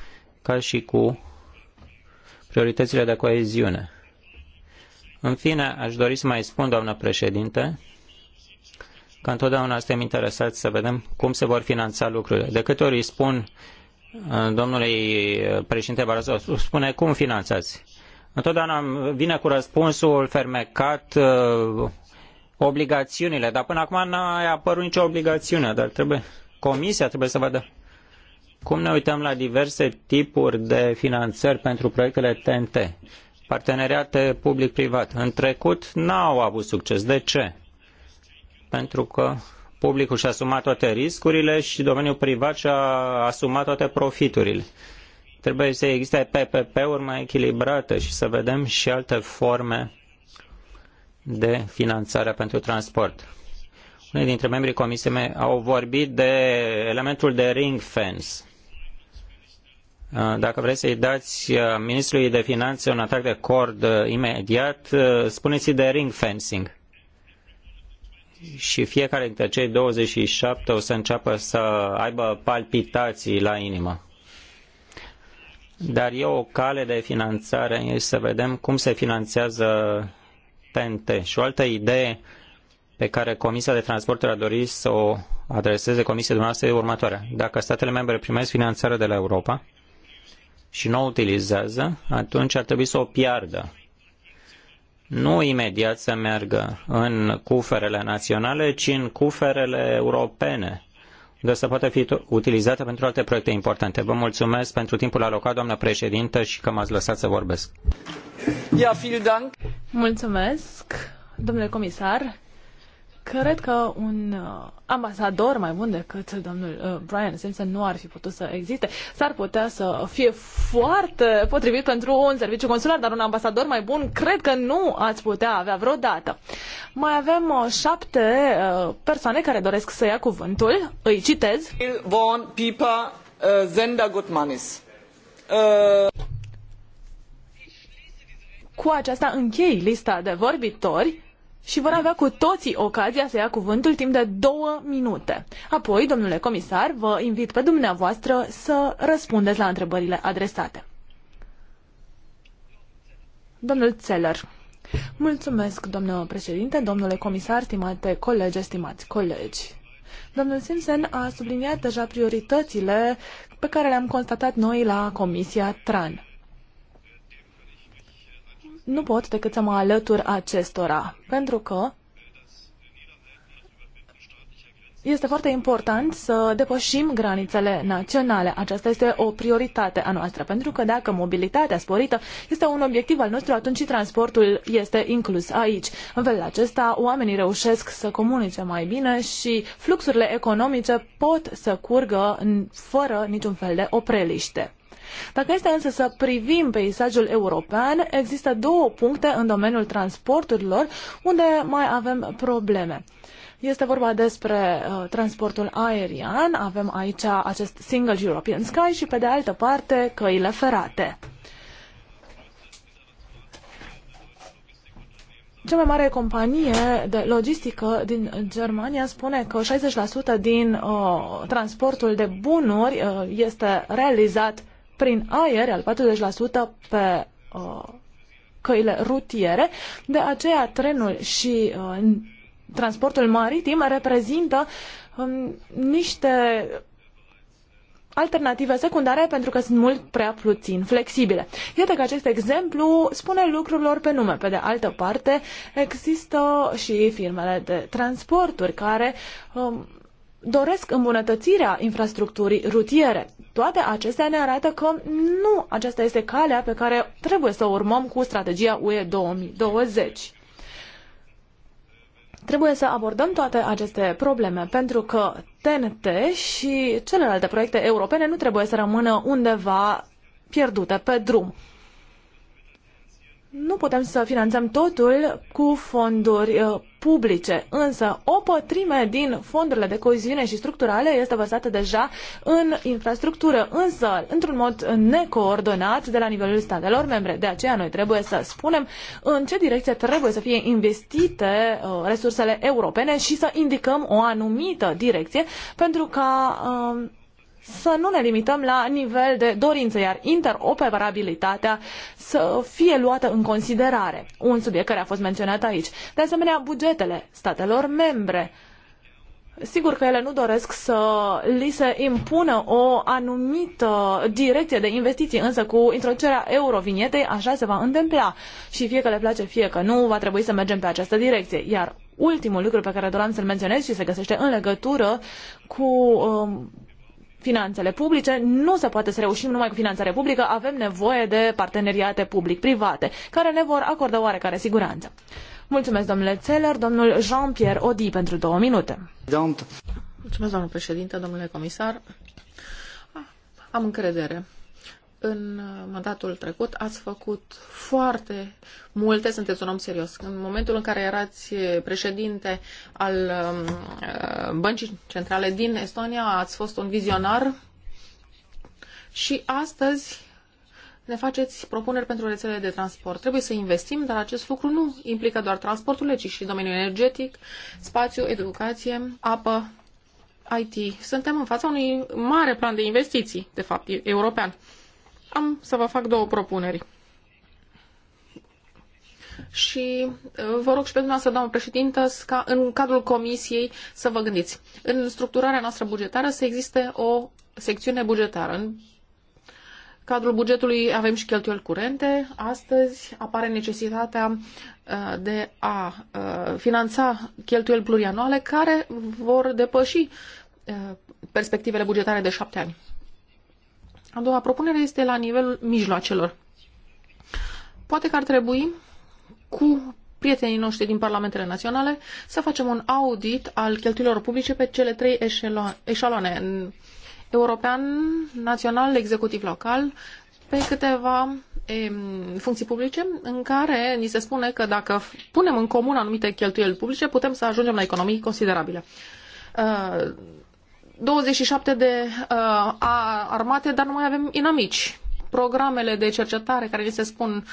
ca și cu prioritățile de coeziune. În fine, aș dori să mai spun, doamnă președinte, că întotdeauna suntem interesați să vedem cum se vor finanța lucrurile. De câte ori îi spun uh, domnului președinte Barazov, spune cum finanțați. Întotdeauna vine cu răspunsul fermecat, uh, obligațiunile, dar până acum n-a apărut nicio obligațiune, dar trebuie, comisia trebuie să vadă cum ne uităm la diverse tipuri de finanțări pentru proiectele TNT, parteneriate public-privat. În trecut n-au avut succes. De ce? Pentru că publicul și-a asumat toate riscurile și domeniul privat și-a asumat toate profiturile. Trebuie să existe PPP-uri mai echilibrate și să vedem și alte forme de finanțarea pentru transport. Unii dintre membrii comisiei mei au vorbit de elementul de ring fence. Dacă vreți să-i dați uh, ministrului de finanțe un atac de cord uh, imediat, uh, spuneți-i de ring fencing. Și fiecare dintre cei 27 o să înceapă să aibă palpitații la inimă dar e o cale de finanțare, e să vedem cum se finanțează TNT. Și o altă idee pe care Comisia de Transporturi a dorit să o adreseze Comisiei dumneavoastră e următoarea. Dacă statele membre primesc finanțare de la Europa și nu o utilizează, atunci ar trebui să o piardă. Nu imediat să meargă în cuferele naționale, ci în cuferele europene de să poată fi utilizată pentru alte proiecte importante. Vă mulțumesc pentru timpul alocat, doamnă președintă, și că m-ați lăsat să vorbesc. Ja, vielen Dank. Mulțumesc, domnule comisar. Cred că un uh, ambasador mai bun decât domnul uh, Brian Simpson nu ar fi putut să existe. S-ar putea să fie foarte potrivit pentru un serviciu consular, dar un ambasador mai bun cred că nu ați putea avea vreodată. Mai avem uh, șapte uh, persoane care doresc să ia cuvântul. Îi citez. Von Pipa, uh, Zenda Gutmanis. Uh... Cu aceasta închei lista de vorbitori și vor avea cu toții ocazia să ia cuvântul timp de două minute. Apoi, domnule comisar, vă invit pe dumneavoastră să răspundeți la întrebările adresate. Domnul Țeller. Mulțumesc, domnule președinte, domnule comisar, stimate colegi, stimați colegi. Domnul Simpson a subliniat deja prioritățile pe care le-am constatat noi la Comisia TRAN nu pot decât să mă alătur acestora, pentru că este foarte important să depășim granițele naționale. Aceasta este o prioritate a noastră, pentru că dacă mobilitatea sporită este un obiectiv al nostru, atunci și transportul este inclus aici. În felul acesta, oamenii reușesc să comunice mai bine și fluxurile economice pot să curgă fără niciun fel de opreliște. Dacă este însă să privim peisajul european, există două puncte în domeniul transporturilor unde mai avem probleme. Este vorba despre uh, transportul aerian, avem aici acest Single European Sky și pe de altă parte căile ferate. Cea mai mare companie de logistică din Germania spune că 60% din uh, transportul de bunuri uh, este realizat prin aer, al 40% pe uh, căile rutiere. De aceea, trenul și uh, transportul maritim reprezintă um, niște alternative secundare pentru că sunt mult prea puțin flexibile. Iată că acest exemplu spune lucrurilor pe nume. Pe de altă parte, există și firmele de transporturi care um, doresc îmbunătățirea infrastructurii rutiere. Toate acestea ne arată că nu aceasta este calea pe care trebuie să o urmăm cu strategia UE 2020. Trebuie să abordăm toate aceste probleme, pentru că TNT și celelalte proiecte europene nu trebuie să rămână undeva pierdute pe drum nu putem să finanțăm totul cu fonduri uh, publice, însă o pătrime din fondurile de coziune și structurale este vărsată deja în infrastructură, însă într-un mod necoordonat de la nivelul statelor membre. De aceea noi trebuie să spunem în ce direcție trebuie să fie investite uh, resursele europene și să indicăm o anumită direcție pentru ca uh, să nu ne limităm la nivel de dorință, iar interoperabilitatea să fie luată în considerare. Un subiect care a fost menționat aici. De asemenea, bugetele statelor membre. Sigur că ele nu doresc să li se impună o anumită direcție de investiții, însă cu introducerea eurovinietei așa se va întâmpla și fie că le place, fie că nu, va trebui să mergem pe această direcție. Iar ultimul lucru pe care doream să-l menționez și se găsește în legătură cu uh, finanțele publice. Nu se poate să reușim numai cu finanțare publică, avem nevoie de parteneriate public-private, care ne vor acorda oarecare siguranță. Mulțumesc, domnule Țeler, domnul Jean-Pierre Odi, pentru două minute. Don't. Mulțumesc, domnule președinte, domnule comisar. Ah, am încredere în mandatul trecut ați făcut foarte multe, sunteți un om serios. În momentul în care erați președinte al um, uh, Băncii Centrale din Estonia, ați fost un vizionar și astăzi ne faceți propuneri pentru rețele de transport. Trebuie să investim, dar acest lucru nu implică doar transportul, ci și domeniul energetic, spațiu, educație, apă, IT. Suntem în fața unui mare plan de investiții, de fapt, european. Am să vă fac două propuneri. Și uh, vă rog și pe dumneavoastră, doamnă președintă, ca în cadrul comisiei să vă gândiți. În structurarea noastră bugetară să existe o secțiune bugetară. În cadrul bugetului avem și cheltuieli curente. Astăzi apare necesitatea uh, de a uh, finanța cheltuieli plurianuale care vor depăși perspectivele bugetare de șapte ani. A doua propunere este la nivelul mijloacelor. Poate că ar trebui cu prietenii noștri din Parlamentele Naționale să facem un audit al cheltuielor publice pe cele trei eșaloane, european, național, executiv local, pe câteva e, funcții publice în care ni se spune că dacă punem în comun anumite cheltuieli publice, putem să ajungem la economii considerabile. Uh, 27 de uh, armate, dar nu mai avem inamici. Programele de cercetare care li se spun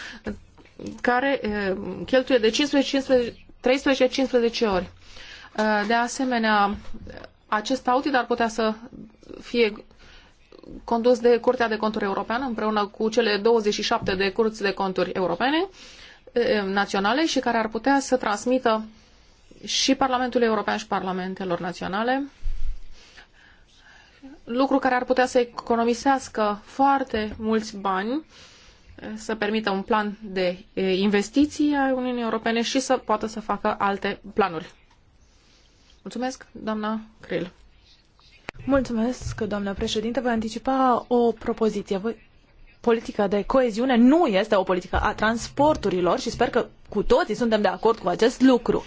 care uh, cheltuie de 15, 15 13 15 ori. Uh, de asemenea, acest audit ar putea să fie condus de Curtea de Conturi Europeană împreună cu cele 27 de curți de conturi europene uh, naționale și care ar putea să transmită și Parlamentul European și Parlamentelor Naționale lucru care ar putea să economisească foarte mulți bani, să permită un plan de investiții a Uniunii Europene și să poată să facă alte planuri. Mulțumesc, doamna Creel. Mulțumesc, doamna președinte. Voi anticipa o propoziție. Voi... Politica de coeziune nu este o politică a transporturilor și sper că cu toții suntem de acord cu acest lucru.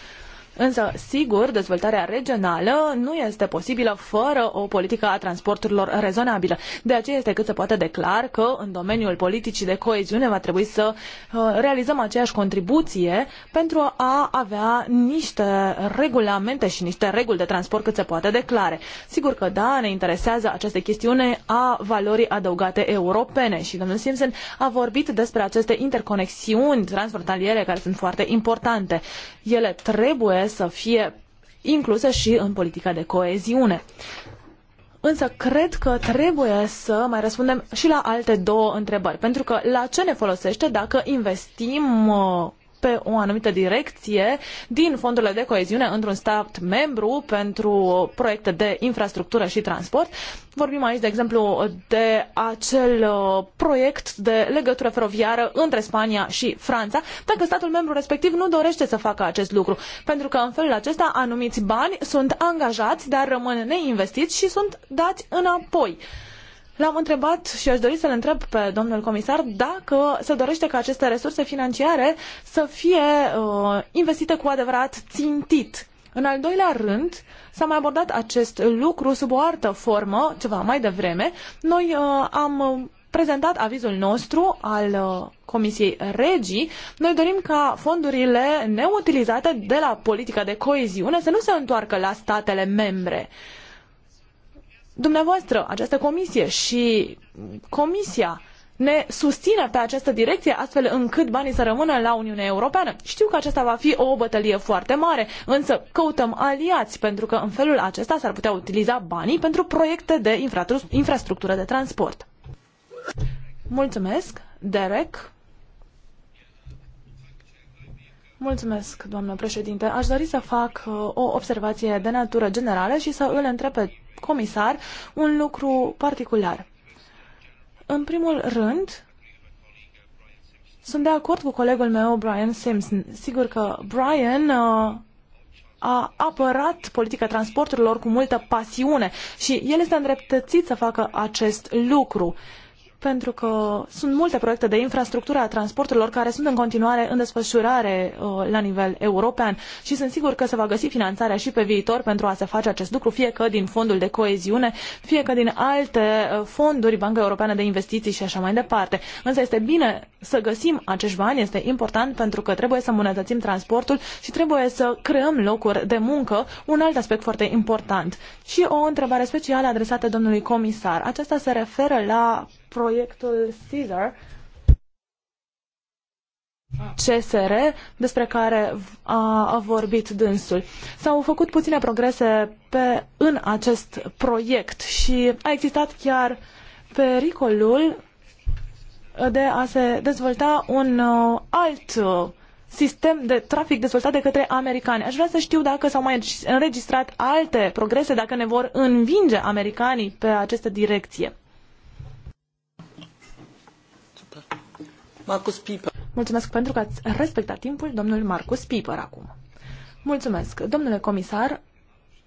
Însă, sigur, dezvoltarea regională nu este posibilă fără o politică a transporturilor rezonabilă. De aceea este cât se poate declar că în domeniul politicii de coeziune va trebui să uh, realizăm aceeași contribuție pentru a avea niște regulamente și niște reguli de transport cât se poate declare. Sigur că da, ne interesează această chestiune a valorii adăugate europene și domnul Simpson a vorbit despre aceste interconexiuni transfrontaliere care sunt foarte importante. Ele trebuie să fie incluse și în politica de coeziune. Însă cred că trebuie să mai răspundem și la alte două întrebări, pentru că la ce ne folosește dacă investim uh, pe o anumită direcție din fondurile de coeziune într-un stat membru pentru proiecte de infrastructură și transport. Vorbim aici, de exemplu, de acel uh, proiect de legătură feroviară între Spania și Franța, dacă statul membru respectiv nu dorește să facă acest lucru, pentru că în felul acesta anumiți bani sunt angajați, dar rămân neinvestiți și sunt dați înapoi. L-am întrebat și aș dori să-l întreb pe domnul comisar dacă se dorește ca aceste resurse financiare să fie uh, investite cu adevărat țintit. În al doilea rând, s-a mai abordat acest lucru sub o altă formă, ceva mai devreme. Noi uh, am prezentat avizul nostru al uh, Comisiei Regii. Noi dorim ca fondurile neutilizate de la politica de coeziune să nu se întoarcă la statele membre. Uh, dumneavoastră, această comisie și comisia ne susține pe această direcție astfel încât banii să rămână la Uniunea Europeană. Știu că aceasta va fi o bătălie foarte mare, însă căutăm aliați pentru că în felul acesta s-ar putea utiliza banii pentru proiecte de infrastructură de transport. Mulțumesc, Derek. Mulțumesc, doamnă președinte. Aș dori să fac uh, o observație de natură generală și să îl întreb pe comisar un lucru particular. În primul rând, sunt de acord cu colegul meu, Brian Simpson. Sigur că Brian uh, a apărat politica transporturilor cu multă pasiune și el este îndreptățit să facă acest lucru. Uh, pentru că sunt multe proiecte de infrastructură a transporturilor care sunt în continuare în desfășurare uh, la nivel european și sunt sigur că se va găsi finanțarea și pe viitor pentru a se face acest lucru, fie că din fondul de coeziune, fie că din alte uh, fonduri, Banca Europeană de Investiții și așa mai departe. Însă este bine să găsim acești bani, este important pentru că trebuie să îmbunătățim transportul și trebuie să creăm locuri de muncă, un alt aspect foarte important. Și o întrebare specială adresată domnului comisar. Aceasta se referă la proiectul Caesar, CSR, despre care a, a vorbit dânsul. S-au făcut puține progrese pe, în acest proiect și a existat chiar pericolul de a se dezvolta un uh, alt uh, sistem de trafic dezvoltat de către americani. Aș vrea să știu dacă s-au mai înregistrat alte progrese, dacă ne vor învinge americanii pe această direcție. Marcus Mulțumesc pentru că ați respectat timpul, domnul Marcus Piper, acum. Mulțumesc. Domnule comisar,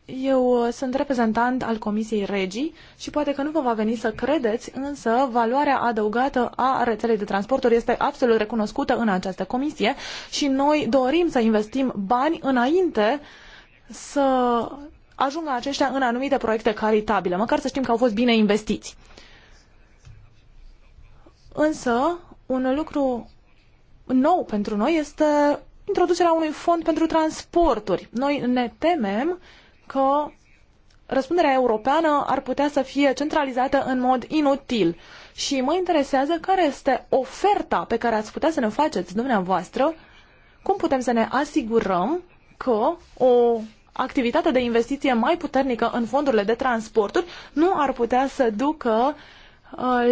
eu uh, sunt reprezentant al Comisiei Regii și poate că nu vă va veni să credeți, însă valoarea adăugată a rețelei de transporturi este absolut recunoscută în această comisie și noi dorim să investim bani înainte să ajungă aceștia în anumite proiecte caritabile, măcar să știm că au fost bine investiți. Însă, un lucru nou pentru noi este introducerea unui fond pentru transporturi. Noi ne temem că răspunderea europeană ar putea să fie centralizată în mod inutil. Și mă interesează care este oferta pe care ați putea să ne faceți dumneavoastră, cum putem să ne asigurăm că o activitate de investiție mai puternică în fondurile de transporturi nu ar putea să ducă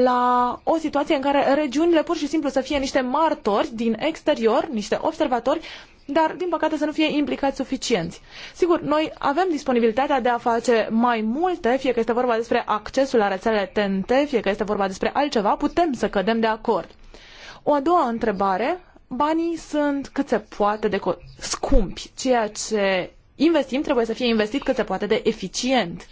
la o situație în care regiunile pur și simplu să fie niște martori din exterior, niște observatori, dar din păcate să nu fie implicați suficienți. Sigur, noi avem disponibilitatea de a face mai multe, fie că este vorba despre accesul la rețelele TNT, fie că este vorba despre altceva, putem să cădem de acord. O a doua întrebare, banii sunt cât se poate de scumpi, ceea ce investim trebuie să fie investit cât se poate de eficient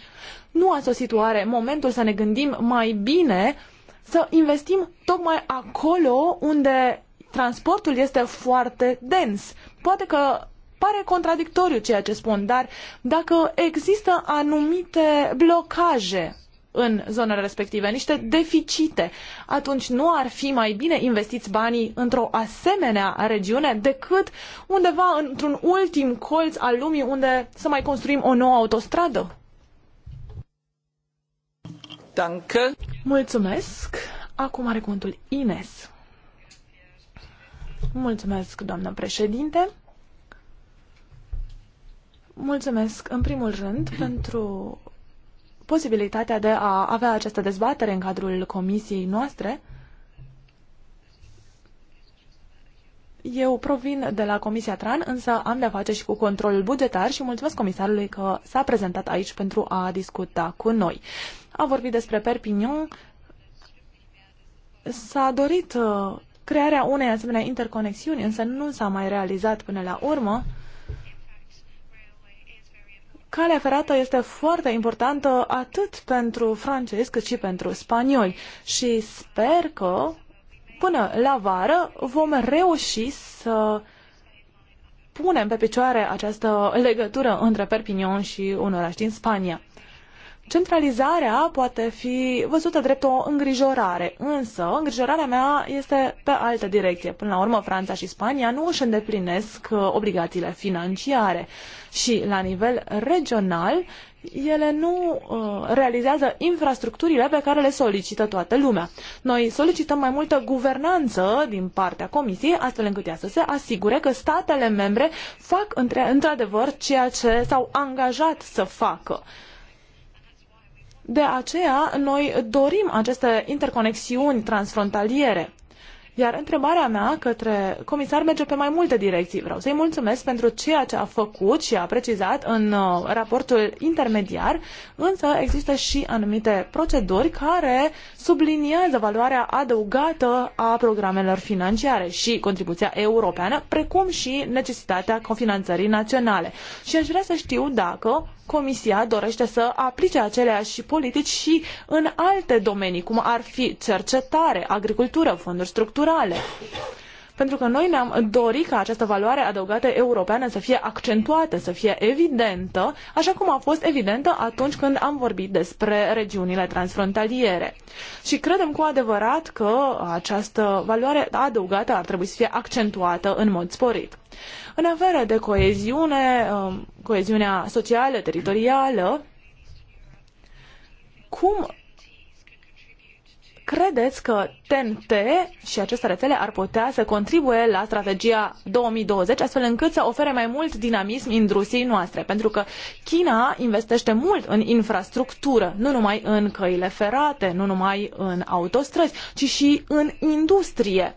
nu a sosit oare momentul să ne gândim mai bine să investim tocmai acolo unde transportul este foarte dens. Poate că pare contradictoriu ceea ce spun, dar dacă există anumite blocaje în zonele respective, niște deficite, atunci nu ar fi mai bine investiți banii într-o asemenea regiune decât undeva într-un ultim colț al lumii unde să mai construim o nouă autostradă? Danke. Mulțumesc. Acum are contul Ines. Mulțumesc, doamnă președinte. Mulțumesc, în primul rând, pentru posibilitatea de a avea această dezbatere în cadrul comisiei noastre Eu provin de la Comisia Tran, însă am de-a face și cu controlul bugetar și mulțumesc comisarului că s-a prezentat aici pentru a discuta cu noi. A vorbit despre Perpignan, s-a dorit uh, crearea unei asemenea interconexiuni, însă nu s-a mai realizat până la urmă. Calea ferată este foarte importantă atât pentru francezi cât și pentru spanioli și sper că până la vară vom reuși să punem pe picioare această legătură între Perpignan și un oraș din Spania. Centralizarea poate fi văzută drept o îngrijorare, însă îngrijorarea mea este pe altă direcție. Până la urmă, Franța și Spania nu își îndeplinesc uh, obligațiile financiare și, la nivel regional, ele nu uh, realizează infrastructurile pe care le solicită toată lumea. Noi solicităm mai multă guvernanță din partea Comisiei, astfel încât ea să se asigure că statele membre fac într-adevăr ceea ce s-au angajat să facă. De aceea, noi dorim aceste interconexiuni transfrontaliere. Iar întrebarea mea către comisar merge pe mai multe direcții. Vreau să-i mulțumesc pentru ceea ce a făcut și a precizat în uh, raportul intermediar, însă există și anumite proceduri care subliniază valoarea adăugată a programelor financiare și contribuția europeană, precum și necesitatea cofinanțării naționale. Și aș vrea să știu dacă Comisia dorește să aplice aceleași politici și în alte domenii, cum ar fi cercetare, agricultură, fonduri structurale pentru că noi ne-am dorit ca această valoare adăugată europeană să fie accentuată, să fie evidentă, așa cum a fost evidentă atunci când am vorbit despre regiunile transfrontaliere. Și credem cu adevărat că această valoare adăugată ar trebui să fie accentuată în mod sporit. În afară de coeziune, um, coeziunea socială, teritorială, cum Credeți că TNT și aceste rețele ar putea să contribuie la strategia 2020, astfel încât să ofere mai mult dinamism industriei noastre? Pentru că China investește mult în infrastructură, nu numai în căile ferate, nu numai în autostrăzi, ci și în industrie.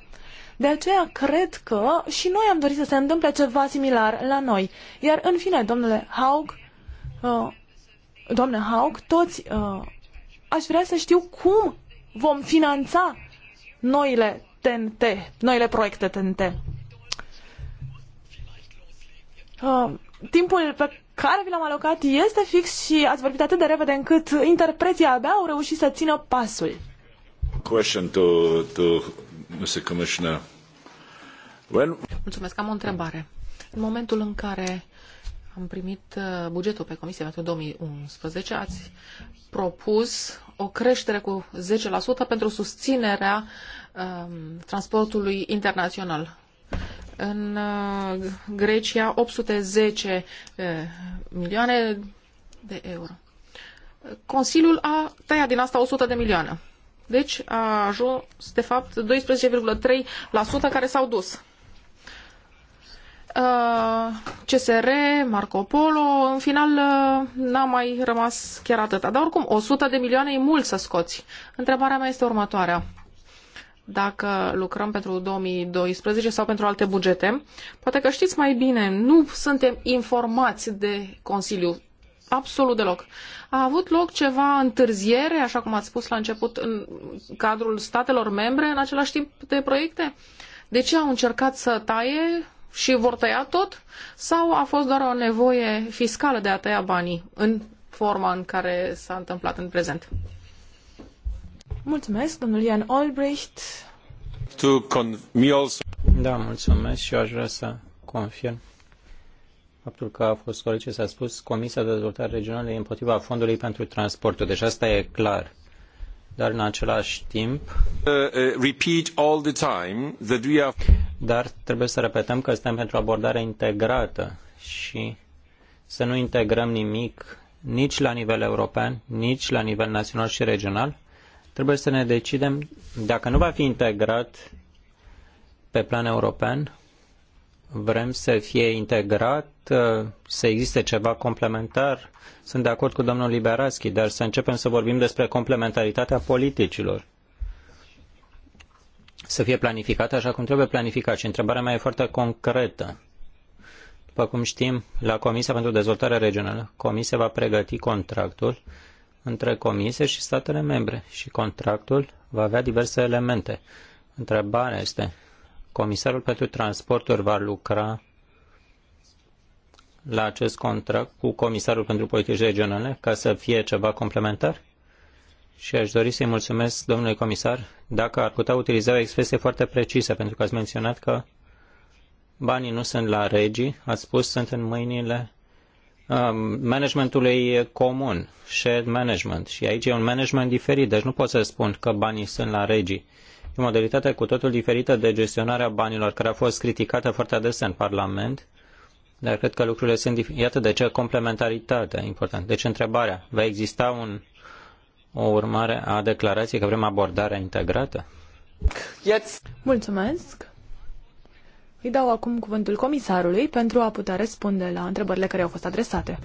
De aceea cred că și noi am dorit să se întâmple ceva similar la noi. Iar în fine, domnule Haug, uh, Haug, toți uh, aș vrea să știu cum vom finanța noile TNT, noile proiecte TNT. Uh, timpul pe care vi l-am alocat este fix și ați vorbit atât de repede încât interpreții abia au reușit să țină pasul. Question to, to Mr. Commissioner. When... Mulțumesc, am o întrebare. În momentul în care am primit uh, bugetul pe comisie pentru 2011, ați propus o creștere cu 10% pentru susținerea um, transportului internațional. În uh, Grecia 810 uh, milioane de euro. Consiliul a tăiat din asta 100 de milioane. Deci a ajuns, de fapt, 12,3% care s-au dus. Uh, CSR, Marco Polo, în final uh, n-a mai rămas chiar atâta. Dar oricum, 100 de milioane e mult să scoți. Întrebarea mea este următoarea. Dacă lucrăm pentru 2012 sau pentru alte bugete, poate că știți mai bine, nu suntem informați de Consiliu. Absolut deloc. A avut loc ceva întârziere, așa cum ați spus la început, în cadrul statelor membre, în același timp de proiecte? De ce au încercat să taie și vor tăia tot? Sau a fost doar o nevoie fiscală de a tăia banii în forma în care s-a întâmplat în prezent? Mulțumesc, domnul Ian Albrecht. To con- Da, mulțumesc și eu aș vrea să confirm faptul că a fost corect ce s-a spus, Comisia de Dezvoltare Regională e împotriva Fondului pentru Transportul. Deci asta e clar dar în același timp uh, uh, dar trebuie să repetăm că suntem pentru abordare integrată și să nu integrăm nimic nici la nivel european, nici la nivel național și regional. Trebuie să ne decidem dacă nu va fi integrat pe plan european, Vrem să fie integrat, uh, să existe ceva complementar. Sunt de acord cu domnul Liberaschi, dar să începem să vorbim despre complementaritatea politicilor. Să fie planificat așa cum trebuie planificat. Și întrebarea mea e foarte concretă. După cum știm, la Comisia pentru Dezvoltare Regională, Comisia va pregăti contractul între Comisie și statele membre și contractul va avea diverse elemente. Întrebarea este, Comisarul pentru Transporturi va lucra la acest contract cu Comisarul pentru Politici Regionale ca să fie ceva complementar? Și aș dori să-i mulțumesc domnului comisar dacă ar putea utiliza o expresie foarte precisă, pentru că ați menționat că banii nu sunt la regii, ați spus sunt în mâinile um, managementului comun, shared management. Și aici e un management diferit, deci nu pot să spun că banii sunt la regii o modalitate cu totul diferită de gestionarea banilor, care a fost criticată foarte adesea în Parlament, dar cred că lucrurile sunt diferite. Iată de ce complementaritatea e importantă. Deci întrebarea, va exista un, o urmare a declarației că vrem abordarea integrată? Yes. Mulțumesc! Îi dau acum cuvântul comisarului pentru a putea răspunde la întrebările care au fost adresate.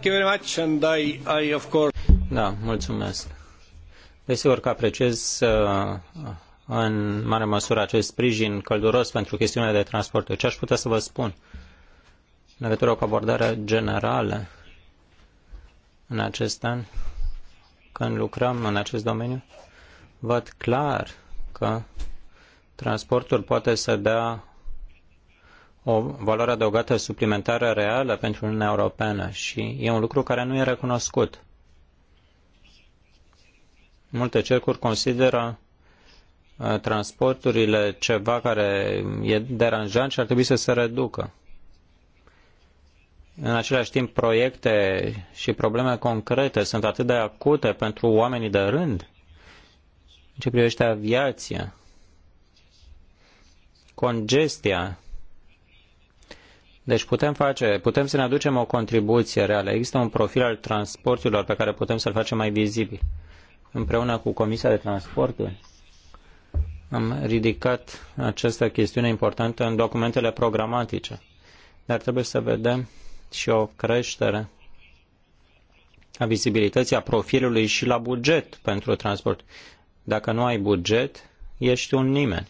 Da, mulțumesc. Desigur că apreciez uh, în mare măsură acest sprijin călduros pentru chestiunea de transport. Ce deci aș putea să vă spun în legătură cu abordarea generală în acest an, când lucrăm în acest domeniu, văd clar că transportul poate să dea o valoare adăugată suplimentară reală pentru Uniunea Europeană și e un lucru care nu e recunoscut. Multe cercuri consideră transporturile ceva care e deranjant și ar trebui să se reducă. În același timp, proiecte și probleme concrete sunt atât de acute pentru oamenii de rând în ce privește aviația, congestia. Deci putem face, putem să ne aducem o contribuție reală. Există un profil al transporturilor pe care putem să-l facem mai vizibil împreună cu Comisia de Transporturi am ridicat această chestiune importantă în documentele programatice, dar trebuie să vedem și o creștere a vizibilității, a profilului și la buget pentru transport. Dacă nu ai buget, ești un nimeni.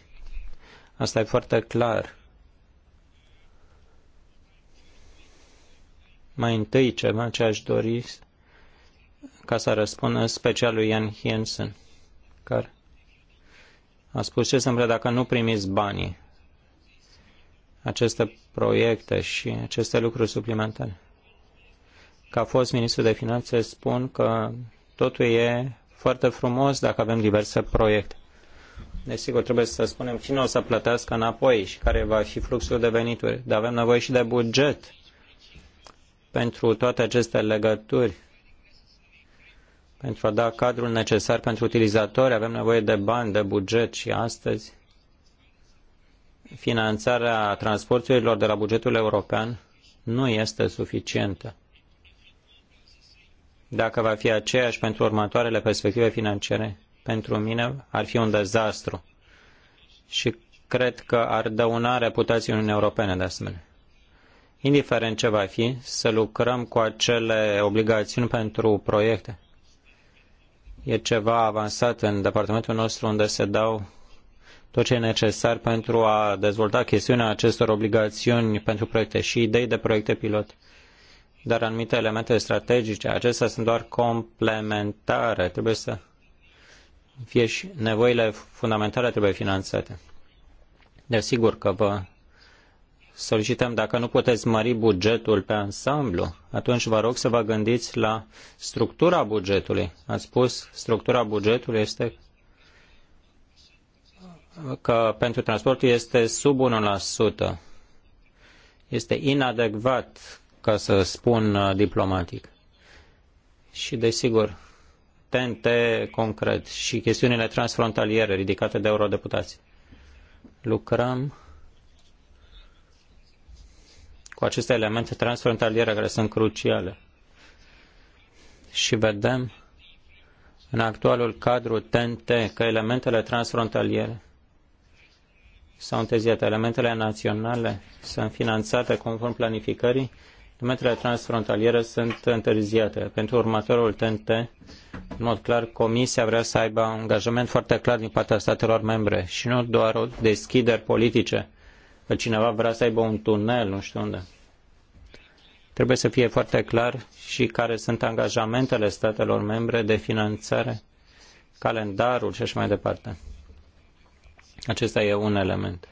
Asta e foarte clar. Mai întâi ceva ce aș dori ca să răspundă special lui Ian Hiensen, care a spus ce se întâmplă dacă nu primiți banii, aceste proiecte și aceste lucruri suplimentare. Ca fost ministru de finanțe spun că totul e foarte frumos dacă avem diverse proiecte. Desigur, trebuie să spunem cine o să plătească înapoi și care va fi fluxul de venituri. Dar avem nevoie și de buget pentru toate aceste legături pentru a da cadrul necesar pentru utilizatori. Avem nevoie de bani, de buget și astăzi finanțarea transporturilor de la bugetul european nu este suficientă. Dacă va fi aceeași pentru următoarele perspective financiare, pentru mine ar fi un dezastru și cred că ar dăuna reputației Uniunii Europene de asemenea. Indiferent ce va fi, să lucrăm cu acele obligațiuni pentru proiecte e ceva avansat în departamentul nostru unde se dau tot ce e necesar pentru a dezvolta chestiunea acestor obligațiuni pentru proiecte și idei de proiecte pilot. Dar anumite elemente strategice, acestea sunt doar complementare, trebuie să fie și nevoile fundamentale trebuie finanțate. Desigur sigur că vă solicităm dacă nu puteți mări bugetul pe ansamblu, atunci vă rog să vă gândiți la structura bugetului. Ați spus, structura bugetului este că pentru transportul este sub 1%. Este inadecvat, ca să spun uh, diplomatic. Și desigur, TNT concret și chestiunile transfrontaliere ridicate de eurodeputați. Lucrăm cu aceste elemente transfrontaliere care sunt cruciale. Și vedem în actualul cadru TNT că elementele transfrontaliere sau înteziate, elementele naționale sunt finanțate conform planificării, elementele transfrontaliere sunt întârziate. Pentru următorul TNT, în mod clar, Comisia vrea să aibă un angajament foarte clar din partea statelor membre și nu doar o deschideri politice că cineva vrea să aibă un tunel, nu știu unde. Trebuie să fie foarte clar și care sunt angajamentele statelor membre de finanțare, calendarul și așa mai departe. Acesta e un element.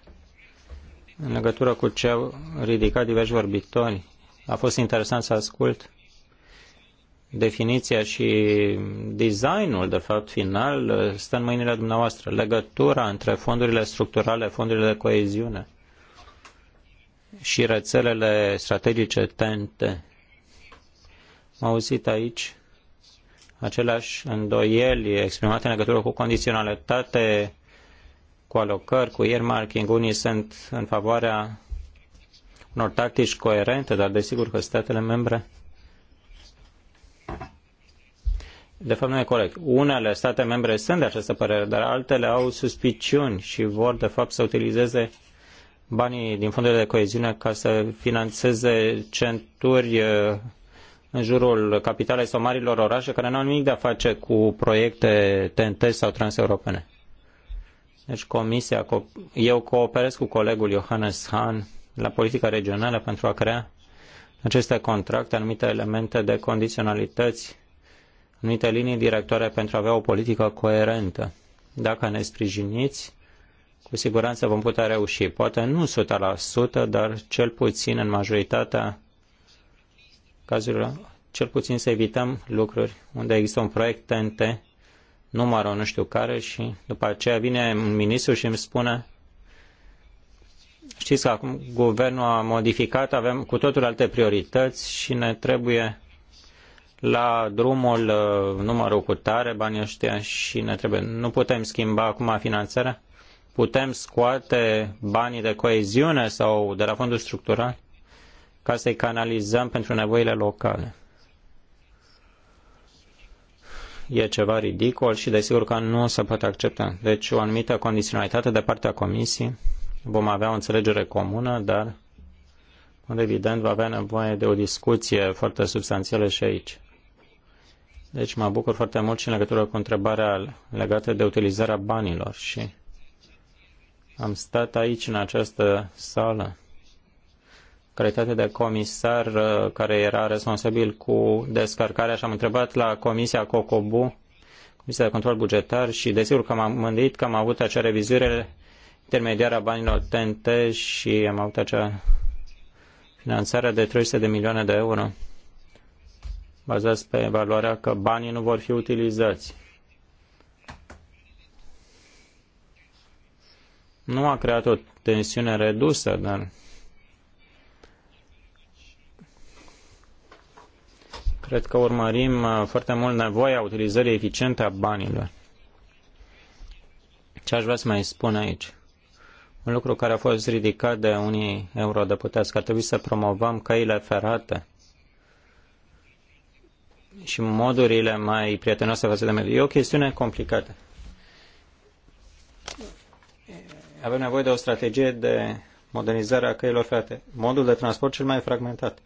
În legătură cu ce au ridicat diversi vorbitori, a fost interesant să ascult definiția și designul, de fapt, final, stă în mâinile dumneavoastră. Legătura între fondurile structurale, fondurile de coeziune și rețelele strategice TNT. Am auzit aici aceleași îndoieli exprimate în legătură cu condiționalitate, cu alocări, cu earmarking. Unii sunt în favoarea unor tactici coerente, dar desigur că statele membre de fapt nu e corect. Unele state membre sunt de această părere, dar altele au suspiciuni și vor de fapt să utilizeze banii din fondurile de coeziune ca să finanțeze centuri uh, în jurul capitalei sau marilor orașe care nu au nimic de a face cu proiecte TNT sau transeuropene. Deci comisia, eu cooperez cu colegul Johannes Hahn la politica regională pentru a crea aceste contracte, anumite elemente de condiționalități, anumite linii directoare pentru a avea o politică coerentă. Dacă ne sprijiniți, cu siguranță vom putea reuși, poate nu 100%, dar cel puțin în majoritatea cazurilor, cel puțin să evităm lucruri unde există un proiect TNT, numărul nu știu care și după aceea vine un ministru și îmi spune știți că acum guvernul a modificat, avem cu totul alte priorități și ne trebuie la drumul uh, numărul cu tare, banii ăștia și ne trebuie. Nu putem schimba acum finanțarea? putem scoate banii de coeziune sau de la fonduri structural ca să-i canalizăm pentru nevoile locale. E ceva ridicol și desigur că nu se poate accepta. Deci o anumită condiționalitate de partea Comisiei, vom avea o înțelegere comună, dar evident va avea nevoie de o discuție foarte substanțială și aici. Deci mă bucur foarte mult și în legătură cu întrebarea legată de utilizarea banilor și am stat aici, în această sală, calitate de comisar uh, care era responsabil cu descărcarea și am întrebat la Comisia COCOBU, Comisia de Control Bugetar și desigur că m-am mândit că am avut acea revizuire intermediară a banilor TNT și am avut acea finanțare de 300 de milioane de euro bazați pe valoarea că banii nu vor fi utilizați. Nu a creat o tensiune redusă, dar cred că urmărim uh, foarte mult nevoia utilizării eficiente a banilor. Ce aș vrea să mai spun aici? Un lucru care a fost ridicat de unii eurodeputați, că ar trebui să promovăm căile ferate și modurile mai prietenoase față de mediu. E o chestiune complicată avem nevoie de o strategie de modernizare a căilor ferate. Modul de transport cel mai fragmentat.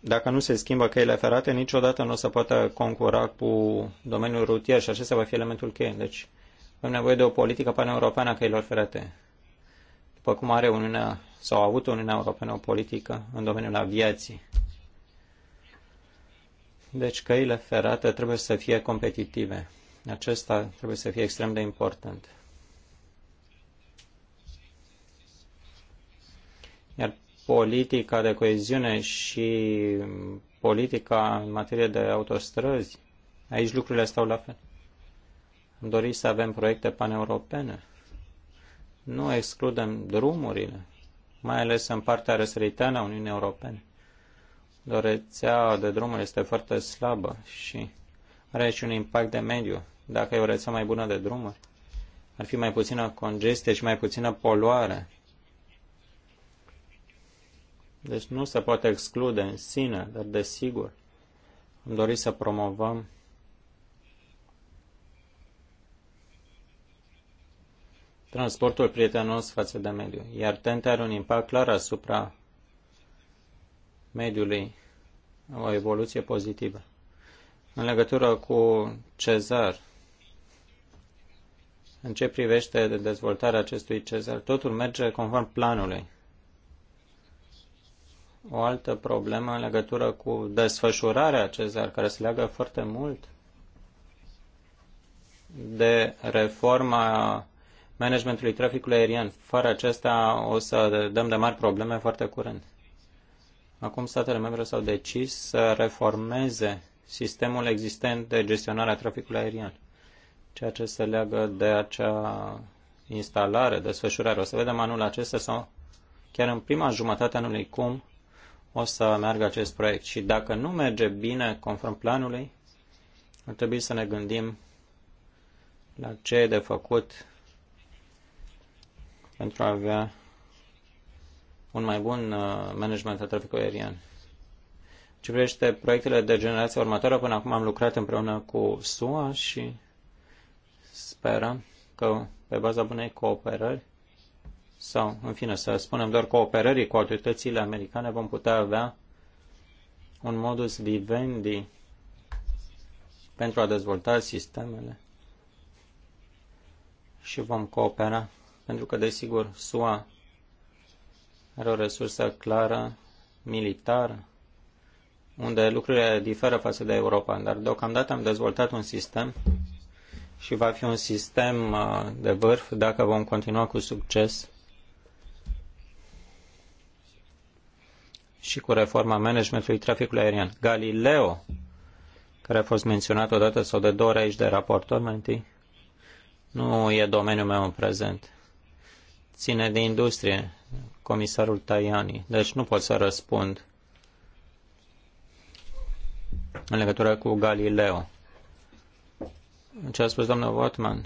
Dacă nu se schimbă căile ferate, niciodată nu o să poată concura cu domeniul rutier și acesta va fi elementul cheie. Deci avem nevoie de o politică paneuropeană a căilor ferate. După cum are Uniunea sau a avut Uniunea Europeană o politică în domeniul aviației. Deci căile ferate trebuie să fie competitive. Acesta trebuie să fie extrem de important. politica de coeziune și politica în materie de autostrăzi, aici lucrurile stau la fel. Am dorit să avem proiecte paneuropene. Nu excludem drumurile, mai ales în partea răsăritană a Uniunii Europene. Dorețea de drumuri este foarte slabă și are și un impact de mediu. Dacă e o rețea mai bună de drumuri, ar fi mai puțină congestie și mai puțină poluare. Deci nu se poate exclude în sine, dar desigur am dorit să promovăm transportul prietenos față de mediu, iar tente are un impact clar asupra mediului, o evoluție pozitivă. În legătură cu Cezar, în ce privește dezvoltarea acestui Cezar, totul merge conform planului. O altă problemă în legătură cu desfășurarea acestor, care se leagă foarte mult de reforma managementului traficului aerian. Fără acesta o să dăm de mari probleme foarte curând. Acum statele membre s-au decis să reformeze sistemul existent de gestionare a traficului aerian, ceea ce se leagă de acea instalare, desfășurare. O să vedem anul acesta sau chiar în prima jumătate anului cum o să meargă acest proiect. Și dacă nu merge bine conform planului, ar trebui să ne gândim la ce e de făcut pentru a avea un mai bun uh, management al traficului aerian. Ce privește proiectele de generație următoare, până acum am lucrat împreună cu SUA și sperăm că pe baza bunei cooperări sau, în fine, să spunem doar cooperării cu autoritățile americane, vom putea avea un modus vivendi pentru a dezvolta sistemele și vom coopera, pentru că, desigur, SUA are o resursă clară, militară, unde lucrurile diferă față de Europa, dar deocamdată am dezvoltat un sistem și va fi un sistem uh, de vârf dacă vom continua cu succes și cu reforma managementului traficului aerian. Galileo, care a fost menționat odată sau de două ori aici de raportor mai întâi, nu e domeniul meu în prezent. Ține de industrie, comisarul Tajani, deci nu pot să răspund în legătură cu Galileo. Ce a spus domnul Votman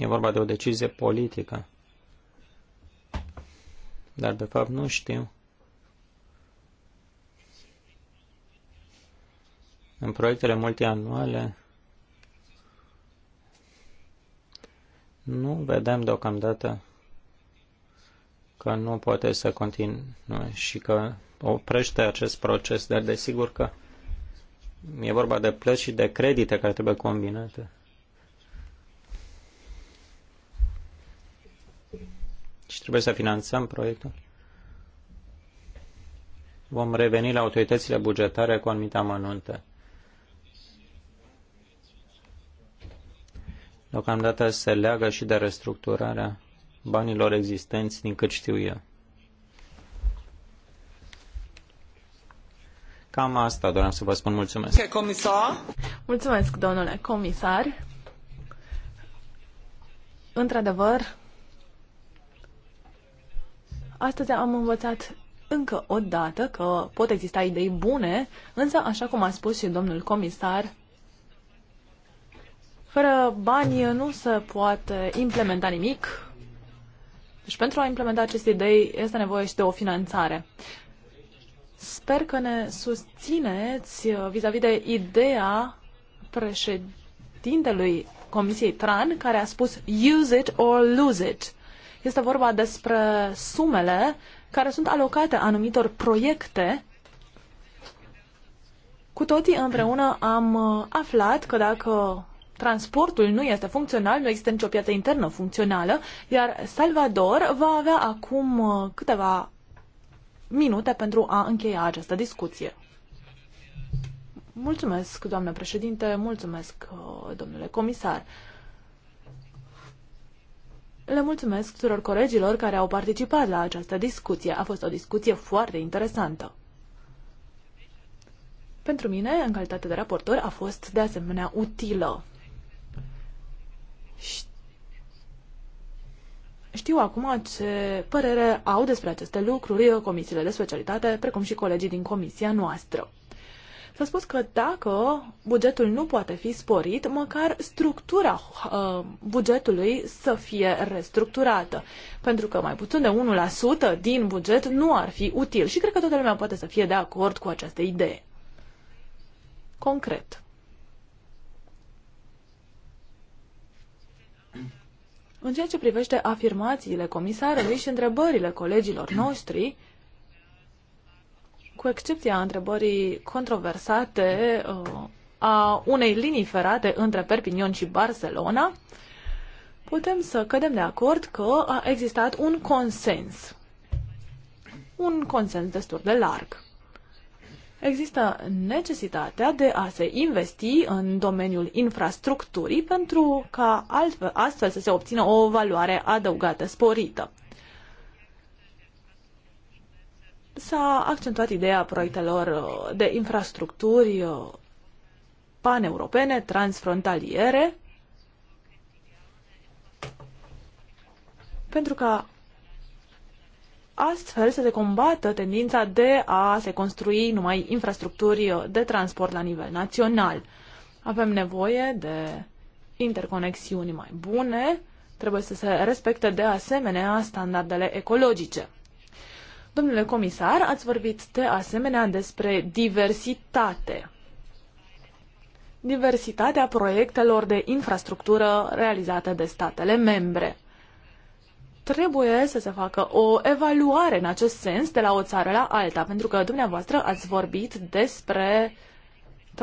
E vorba de o decizie politică. Dar de fapt nu știu. În proiectele multianuale nu vedem deocamdată că nu poate să continue și că oprește acest proces, dar desigur că e vorba de plăți și de credite care trebuie combinate. și trebuie să finanțăm proiectul. Vom reveni la autoritățile bugetare cu anumită amănunte. Deocamdată se leagă și de restructurarea banilor existenți, din cât știu eu. Cam asta doream să vă spun mulțumesc. Comisar. Mulțumesc, domnule comisar. Într-adevăr, Astăzi am învățat încă o dată că pot exista idei bune, însă, așa cum a spus și domnul comisar, fără bani nu se poate implementa nimic. Deci pentru a implementa aceste idei este nevoie și de o finanțare. Sper că ne susțineți vis-a-vis -vis de ideea președintelui Comisiei TRAN care a spus use it or lose it. Este vorba despre sumele care sunt alocate anumitor proiecte. Cu toții împreună am uh, aflat că dacă transportul nu este funcțional, nu există nicio piață internă funcțională, iar Salvador va avea acum uh, câteva minute pentru a încheia această discuție. Mulțumesc, doamnă președinte, mulțumesc, uh, domnule comisar. Le mulțumesc tuturor colegilor care au participat la această discuție. A fost o discuție foarte interesantă. Pentru mine, în calitate de raportor, a fost de asemenea utilă. Știu acum ce părere au despre aceste lucruri comisiile de specialitate, precum și colegii din comisia noastră. S-a spus că dacă bugetul nu poate fi sporit, măcar structura uh, bugetului să fie restructurată. Pentru că mai puțin de 1% din buget nu ar fi util și cred că toată lumea poate să fie de acord cu această idee. Concret. În ceea ce privește afirmațiile comisarului și întrebările colegilor noștri, cu excepția întrebării controversate uh, a unei linii ferate între Perpignan și Barcelona, putem să cădem de acord că a existat un consens. Un consens destul de larg. Există necesitatea de a se investi în domeniul infrastructurii pentru ca altfel, astfel să se obțină o valoare adăugată sporită. s-a accentuat ideea proiectelor uh, de infrastructuri uh, paneuropene, transfrontaliere, pentru ca astfel să se combată tendința de a se construi numai infrastructuri uh, de transport la nivel național. Avem nevoie de interconexiuni mai bune, trebuie să se respecte de asemenea standardele ecologice. Domnule comisar, ați vorbit de asemenea despre diversitate. Diversitatea proiectelor de infrastructură realizate de statele membre. Trebuie să se facă o evaluare în acest sens de la o țară la alta, pentru că dumneavoastră ați vorbit despre uh,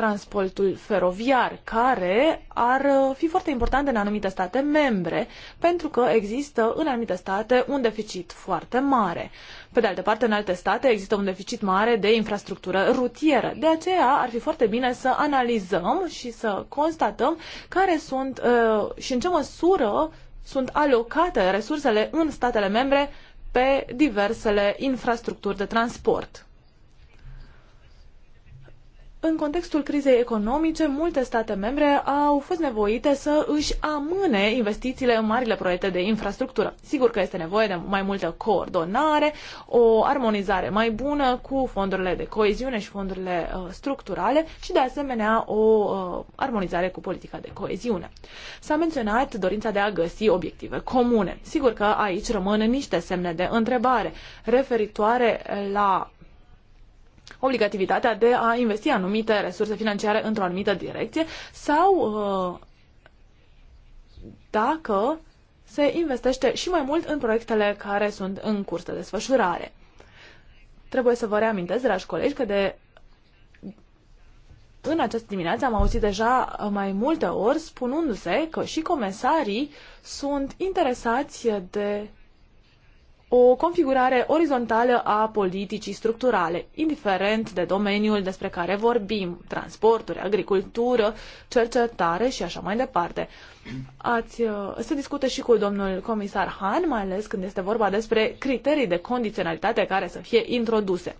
transportul feroviar, care ar uh, fi foarte important în anumite state membre, pentru că există în anumite state un deficit foarte mare. Pe de altă parte, în alte state există un deficit mare de infrastructură rutieră. De aceea ar fi foarte bine să analizăm și să constatăm care sunt uh, și în ce măsură sunt alocate resursele în statele membre pe diversele infrastructuri de transport. În contextul crizei economice, multe state membre au fost nevoite să își amâne investițiile în marile proiecte de infrastructură. Sigur că este nevoie de mai multă coordonare, o armonizare mai bună cu fondurile de coeziune și fondurile uh, structurale și, de asemenea, o uh, armonizare cu politica de coeziune. S-a menționat dorința de a găsi obiective comune. Sigur că aici rămân niște semne de întrebare referitoare la obligativitatea de a investi anumite resurse financiare într-o anumită direcție sau uh, dacă se investește și mai mult în proiectele care sunt în curs de desfășurare. Trebuie să vă reamintesc, dragi colegi, că de în această dimineață am auzit deja mai multe ori spunându-se că și comesarii sunt interesați de o configurare orizontală a politicii structurale, indiferent de domeniul despre care vorbim, transporturi, agricultură, cercetare și așa mai departe. Ați, uh, se discute și cu domnul comisar Han, mai ales când este vorba despre criterii de condiționalitate care să fie introduse.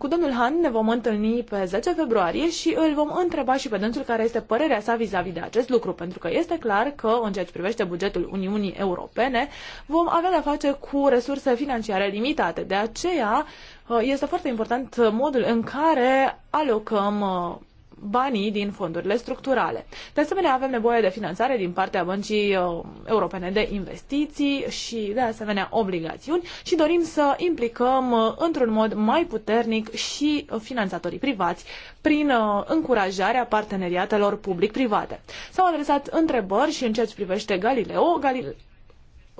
Cu domnul Han ne vom întâlni pe 10 februarie și îl vom întreba și pe dânsul care este părerea sa vis-a-vis -vis de acest lucru, pentru că este clar că, în ceea ce privește bugetul Uniunii Europene, vom avea de-a face cu resurse financiare limitate. De aceea, este foarte important modul în care alocăm banii din fondurile structurale. De asemenea, avem nevoie de finanțare din partea Băncii uh, Europene de Investiții și, de asemenea, obligațiuni și dorim să implicăm uh, într-un mod mai puternic și finanțatorii privați prin uh, încurajarea parteneriatelor public-private. S-au adresat întrebări și în ceea ce privește Galileo. Galileo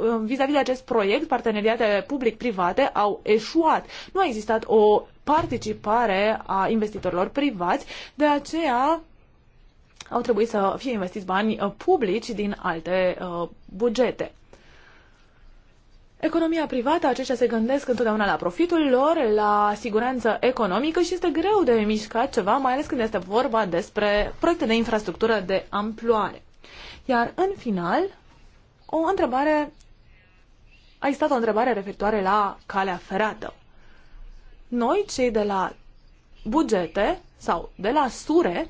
Uh, vis-a-vis de acest proiect, parteneriate public-private au eșuat. Nu a existat o participare a investitorilor privați, de aceea au trebuit să fie investiți bani uh, publici din alte uh, bugete. Economia privată, aceștia se gândesc întotdeauna la profitul lor, la siguranță economică și este greu de mișcat ceva, mai ales când este vorba despre proiecte de infrastructură de amploare. Iar în final, o întrebare a existat o întrebare referitoare la calea ferată. Noi, cei de la bugete sau de la sure,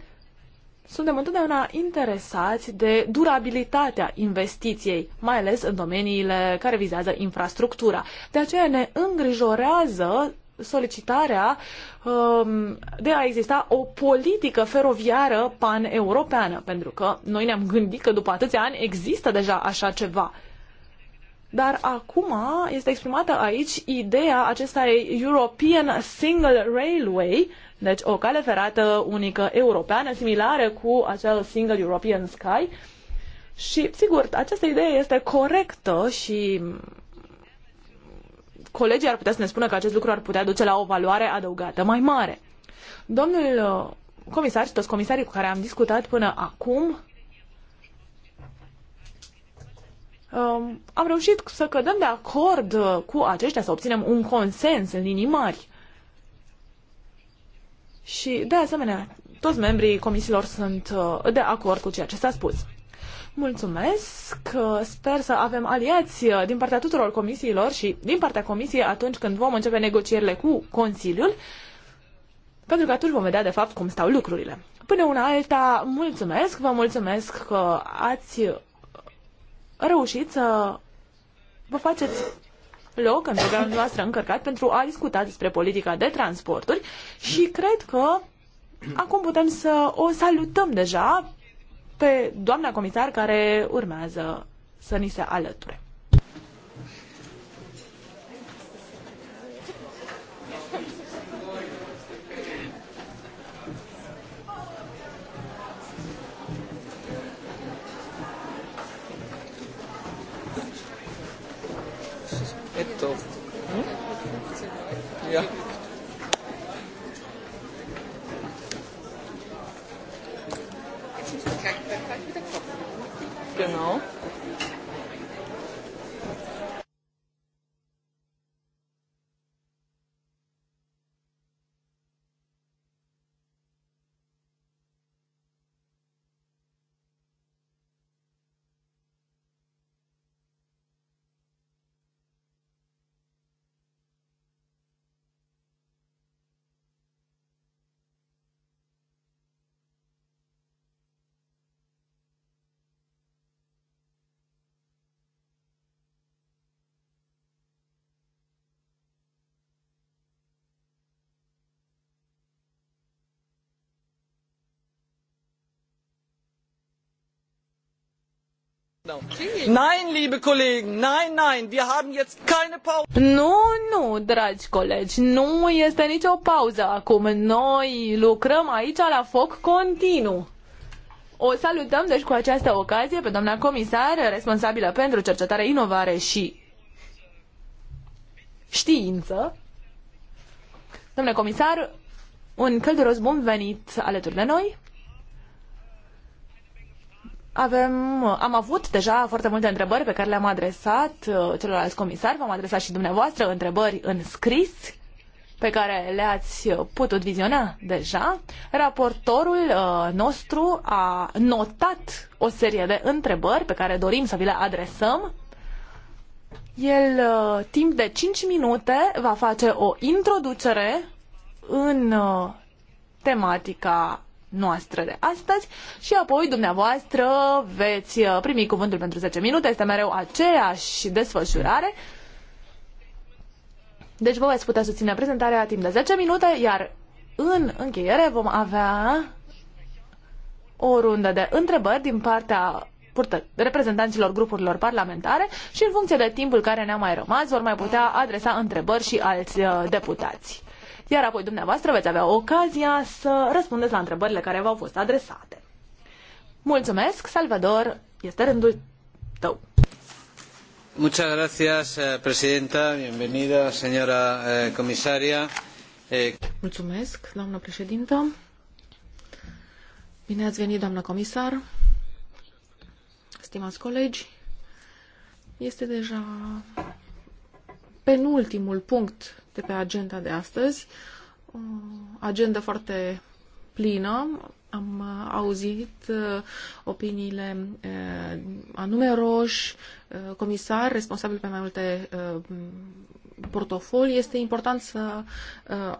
suntem întotdeauna interesați de durabilitatea investiției, mai ales în domeniile care vizează infrastructura. De aceea ne îngrijorează solicitarea um, de a exista o politică feroviară pan-europeană, pentru că noi ne-am gândit că după atâția ani există deja așa ceva. Dar acum este exprimată aici ideea acestei European Single Railway, deci o cale ferată unică europeană, similară cu acel Single European Sky. Și, sigur, această idee este corectă și colegii ar putea să ne spună că acest lucru ar putea duce la o valoare adăugată mai mare. Domnul uh, comisar și toți comisarii cu care am discutat până acum Um, am reușit să cădem de acord uh, cu aceștia, să obținem un consens în linii mari. Și, de asemenea, toți membrii comisiilor sunt uh, de acord cu ceea ce s-a spus. Mulțumesc! Uh, sper să avem aliați din partea tuturor comisiilor și din partea comisiei atunci când vom începe negocierile cu Consiliul, pentru că atunci vom vedea de fapt cum stau lucrurile. Până una alta, mulțumesc! Vă mulțumesc că ați reușit să vă faceți loc în programul noastră încărcat pentru a discuta despre politica de transporturi și cred că acum putem să o salutăm deja pe doamna comisar care urmează să ni se alăture. Nein, liebe Kollegen, nein, nein, wir haben jetzt keine Pause. Nu, nu, dragi colegi, nu este nicio pauză acum. Noi lucrăm aici la foc continuu. O salutăm deci cu această ocazie pe doamna comisar responsabilă pentru cercetare, inovare și știință. Domnule comisar, un călduros bun venit alături de noi. Avem, am avut deja foarte multe întrebări pe care le-am adresat uh, celorlalți comisari, v-am adresat și dumneavoastră întrebări în scris pe care le-ați putut viziona deja. Raportorul uh, nostru a notat o serie de întrebări pe care dorim să vi le adresăm. El, uh, timp de 5 minute, va face o introducere în tematica noastră de astăzi și apoi dumneavoastră veți uh, primi cuvântul pentru 10 minute. Este mereu aceeași desfășurare. Deci vă veți putea susține prezentarea timp de 10 minute, iar în încheiere vom avea o rundă de întrebări din partea reprezentanților grupurilor parlamentare și în funcție de timpul care ne-a mai rămas vor mai putea adresa întrebări și alți uh, deputați iar apoi dumneavoastră veți avea ocazia să răspundeți la întrebările care v-au fost adresate. Mulțumesc, Salvador, este rândul tău. Muchas gracias, eh, presidenta. Bienvenida, señora eh, comisaria. Eh... Mulțumesc, doamnă președintă. Bine ați venit, doamnă comisar. Stimați colegi, este deja penultimul punct de pe agenda de astăzi, agenda foarte plină. Am uh, auzit uh, opiniile uh, a numeroși comisari responsabili pe mai multe portofolii. Este important să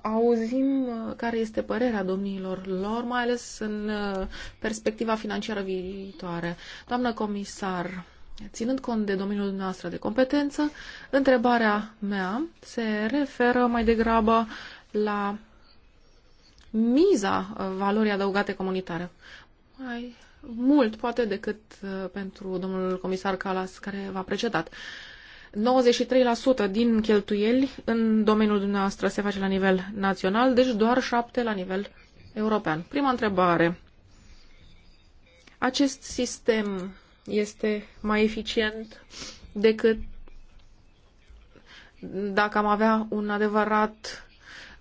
auzim care este părerea domnilor lor, mai ales în perspectiva financiară viitoare. Doamnă comisar, Ținând cont de domeniul dumneavoastră de competență, întrebarea mea se referă mai degrabă la miza valorii adăugate comunitare. Mai mult, poate, decât uh, pentru domnul comisar Calas, care v-a precedat. 93% din cheltuieli în domeniul dumneavoastră se face la nivel național, deci doar 7% la nivel european. Prima întrebare. Acest sistem este mai eficient decât dacă am avea un adevărat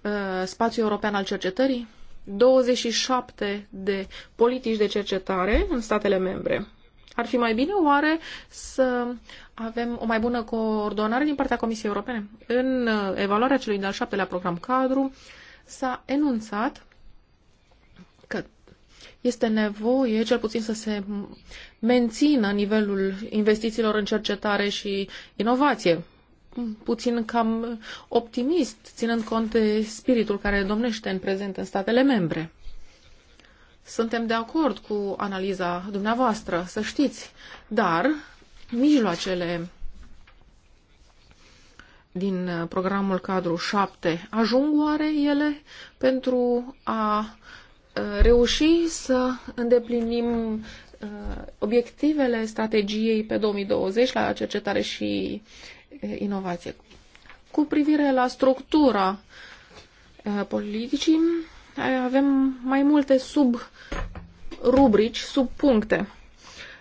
uh, spațiu european al cercetării, 27 de politici de cercetare în statele membre. Ar fi mai bine oare să avem o mai bună coordonare din partea Comisiei Europene? În uh, evaluarea celui de-al șaptelea program cadru s-a enunțat este nevoie cel puțin să se mențină nivelul investițiilor în cercetare și inovație. Puțin cam optimist, ținând cont de spiritul care domnește în prezent în statele membre. Suntem de acord cu analiza dumneavoastră, să știți, dar mijloacele din programul cadru 7 ajung oare ele pentru a Uh, reuși să îndeplinim uh, obiectivele strategiei pe 2020 la cercetare și uh, inovație. Cu privire la structura politicii, avem mai multe sub rubrici, sub puncte.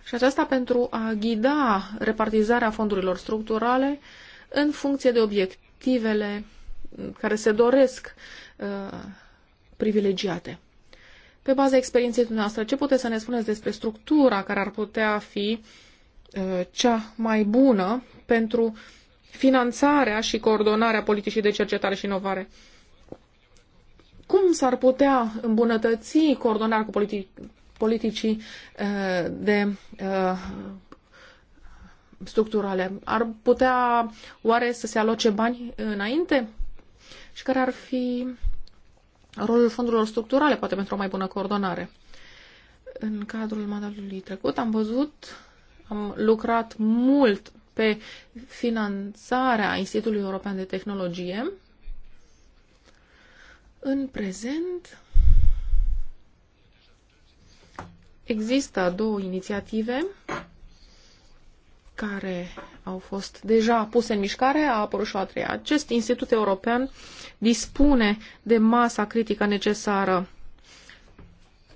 Și aceasta pentru a ghida repartizarea fondurilor structurale în funcție de obiectivele care se doresc privilegiate. Pe baza experienței dumneavoastră, ce puteți să ne spuneți despre structura care ar putea fi uh, cea mai bună pentru finanțarea și coordonarea politicii de cercetare și inovare? Cum s-ar putea îmbunătăți coordonarea cu politi- politicii uh, de uh, structurale? Ar putea oare să se aloce bani înainte? Și care ar fi rolul fondurilor structurale, poate pentru o mai bună coordonare. În cadrul mandatului trecut am văzut, am lucrat mult pe finanțarea Institutului European de Tehnologie. În prezent există două inițiative care au fost deja puse în mișcare, a apărut și o a treia. Acest institut european dispune de masa critică necesară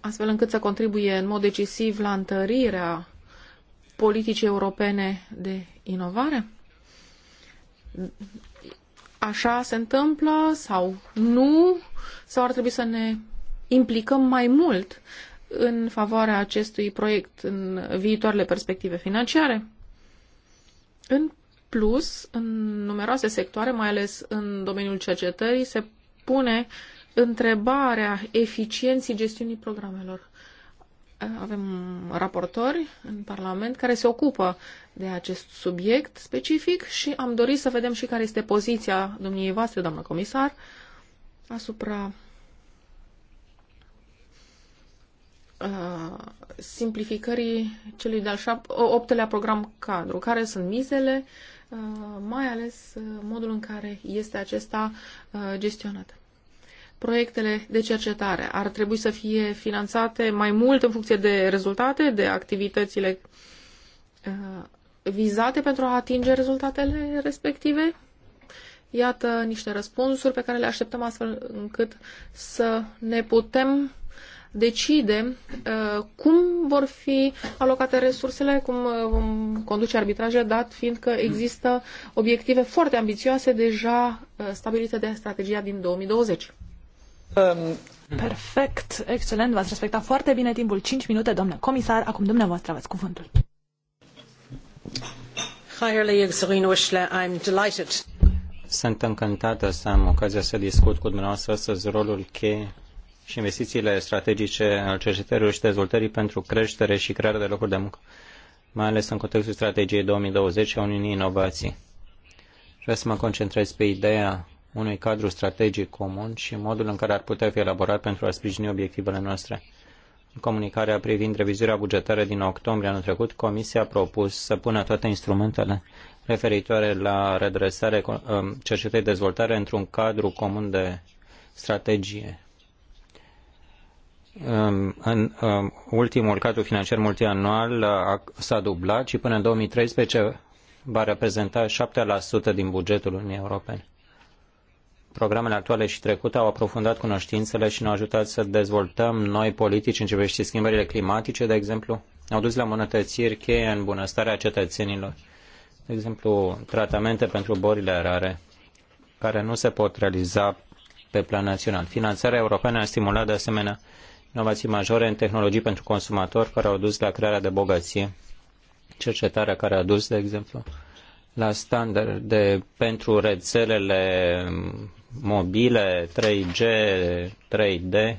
astfel încât să contribuie în mod decisiv la întărirea politicii europene de inovare? Așa se întâmplă sau nu? Sau ar trebui să ne implicăm mai mult în favoarea acestui proiect în viitoarele perspective financiare? În plus, în numeroase sectoare, mai ales în domeniul cercetării, se pune întrebarea eficienții gestiunii programelor. Avem raportori în Parlament care se ocupă de acest subiect specific și am dorit să vedem și care este poziția dumneavoastră, doamnă comisar, asupra Uh, simplificării celui de-al optelea program cadru, care sunt mizele, uh, mai ales uh, modul în care este acesta gestionat. Proiectele de cercetare ar trebui să fie finanțate mai mult în funcție de rezultate, de activitățile vizate pentru a atinge rezultatele respective? Iată niște răspunsuri pe care le așteptăm astfel încât să ne putem decide uh, cum vor fi alocate resursele, cum uh, vom conduce arbitrajele, dat fiind că există obiective foarte ambițioase deja uh, stabilite de strategia din 2020. Um. Perfect, excelent, v-ați respectat foarte bine timpul. 5 minute, domnule comisar, acum dumneavoastră aveți cuvântul. Sunt încântată să am ocazia să discut cu dumneavoastră astăzi rolul cheie și investițiile strategice al cercetării și dezvoltării pentru creștere și crearea de locuri de muncă, mai ales în contextul strategiei 2020 a Uniunii Inovații. Vreau să mă concentrez pe ideea unui cadru strategic comun și modul în care ar putea fi elaborat pentru a sprijini obiectivele noastre. În comunicarea privind revizuirea bugetară din octombrie anul trecut, Comisia a propus să pună toate instrumentele referitoare la redresare, ă, cercetării dezvoltare într-un cadru comun de strategie în ultimul cadru financiar multianual uh, s-a dublat și până în 2013 va reprezenta 7% din bugetul Uniunii Europene. Programele actuale și trecute au aprofundat cunoștințele și ne-au ajutat să dezvoltăm noi politici în ce privește schimbările climatice, de exemplu. Au dus la îmbunătățiri cheie în bunăstarea cetățenilor. De exemplu, tratamente pentru bolile rare, care nu se pot realiza pe plan național. Finanțarea europeană a stimulat de asemenea inovații majore în tehnologii pentru consumatori care au dus la crearea de bogăție, cercetarea care a dus, de exemplu, la standarde pentru rețelele mobile 3G, 3D,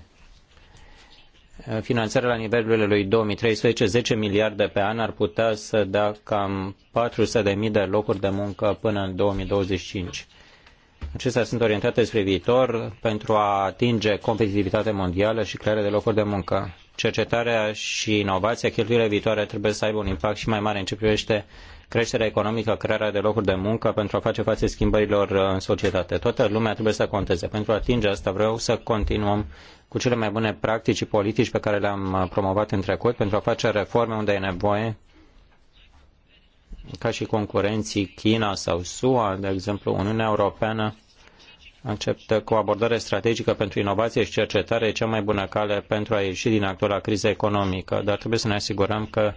finanțarea la nivelul lui 2013, 10 miliarde pe an ar putea să dea cam 400.000 de locuri de muncă până în 2025. Acestea sunt orientate spre viitor pentru a atinge competitivitatea mondială și crearea de locuri de muncă. Cercetarea și inovația, cheltuielile viitoare trebuie să aibă un impact și mai mare în ce privește creșterea economică, crearea de locuri de muncă pentru a face față schimbărilor în societate. Toată lumea trebuie să conteze. Pentru a atinge asta vreau să continuăm cu cele mai bune practici și politici pe care le-am promovat în trecut pentru a face reforme unde e nevoie ca și concurenții China sau SUA, de exemplu, Uniunea Europeană acceptă cu o abordare strategică pentru inovație și cercetare cea mai bună cale pentru a ieși din actuala criză economică, dar trebuie să ne asigurăm că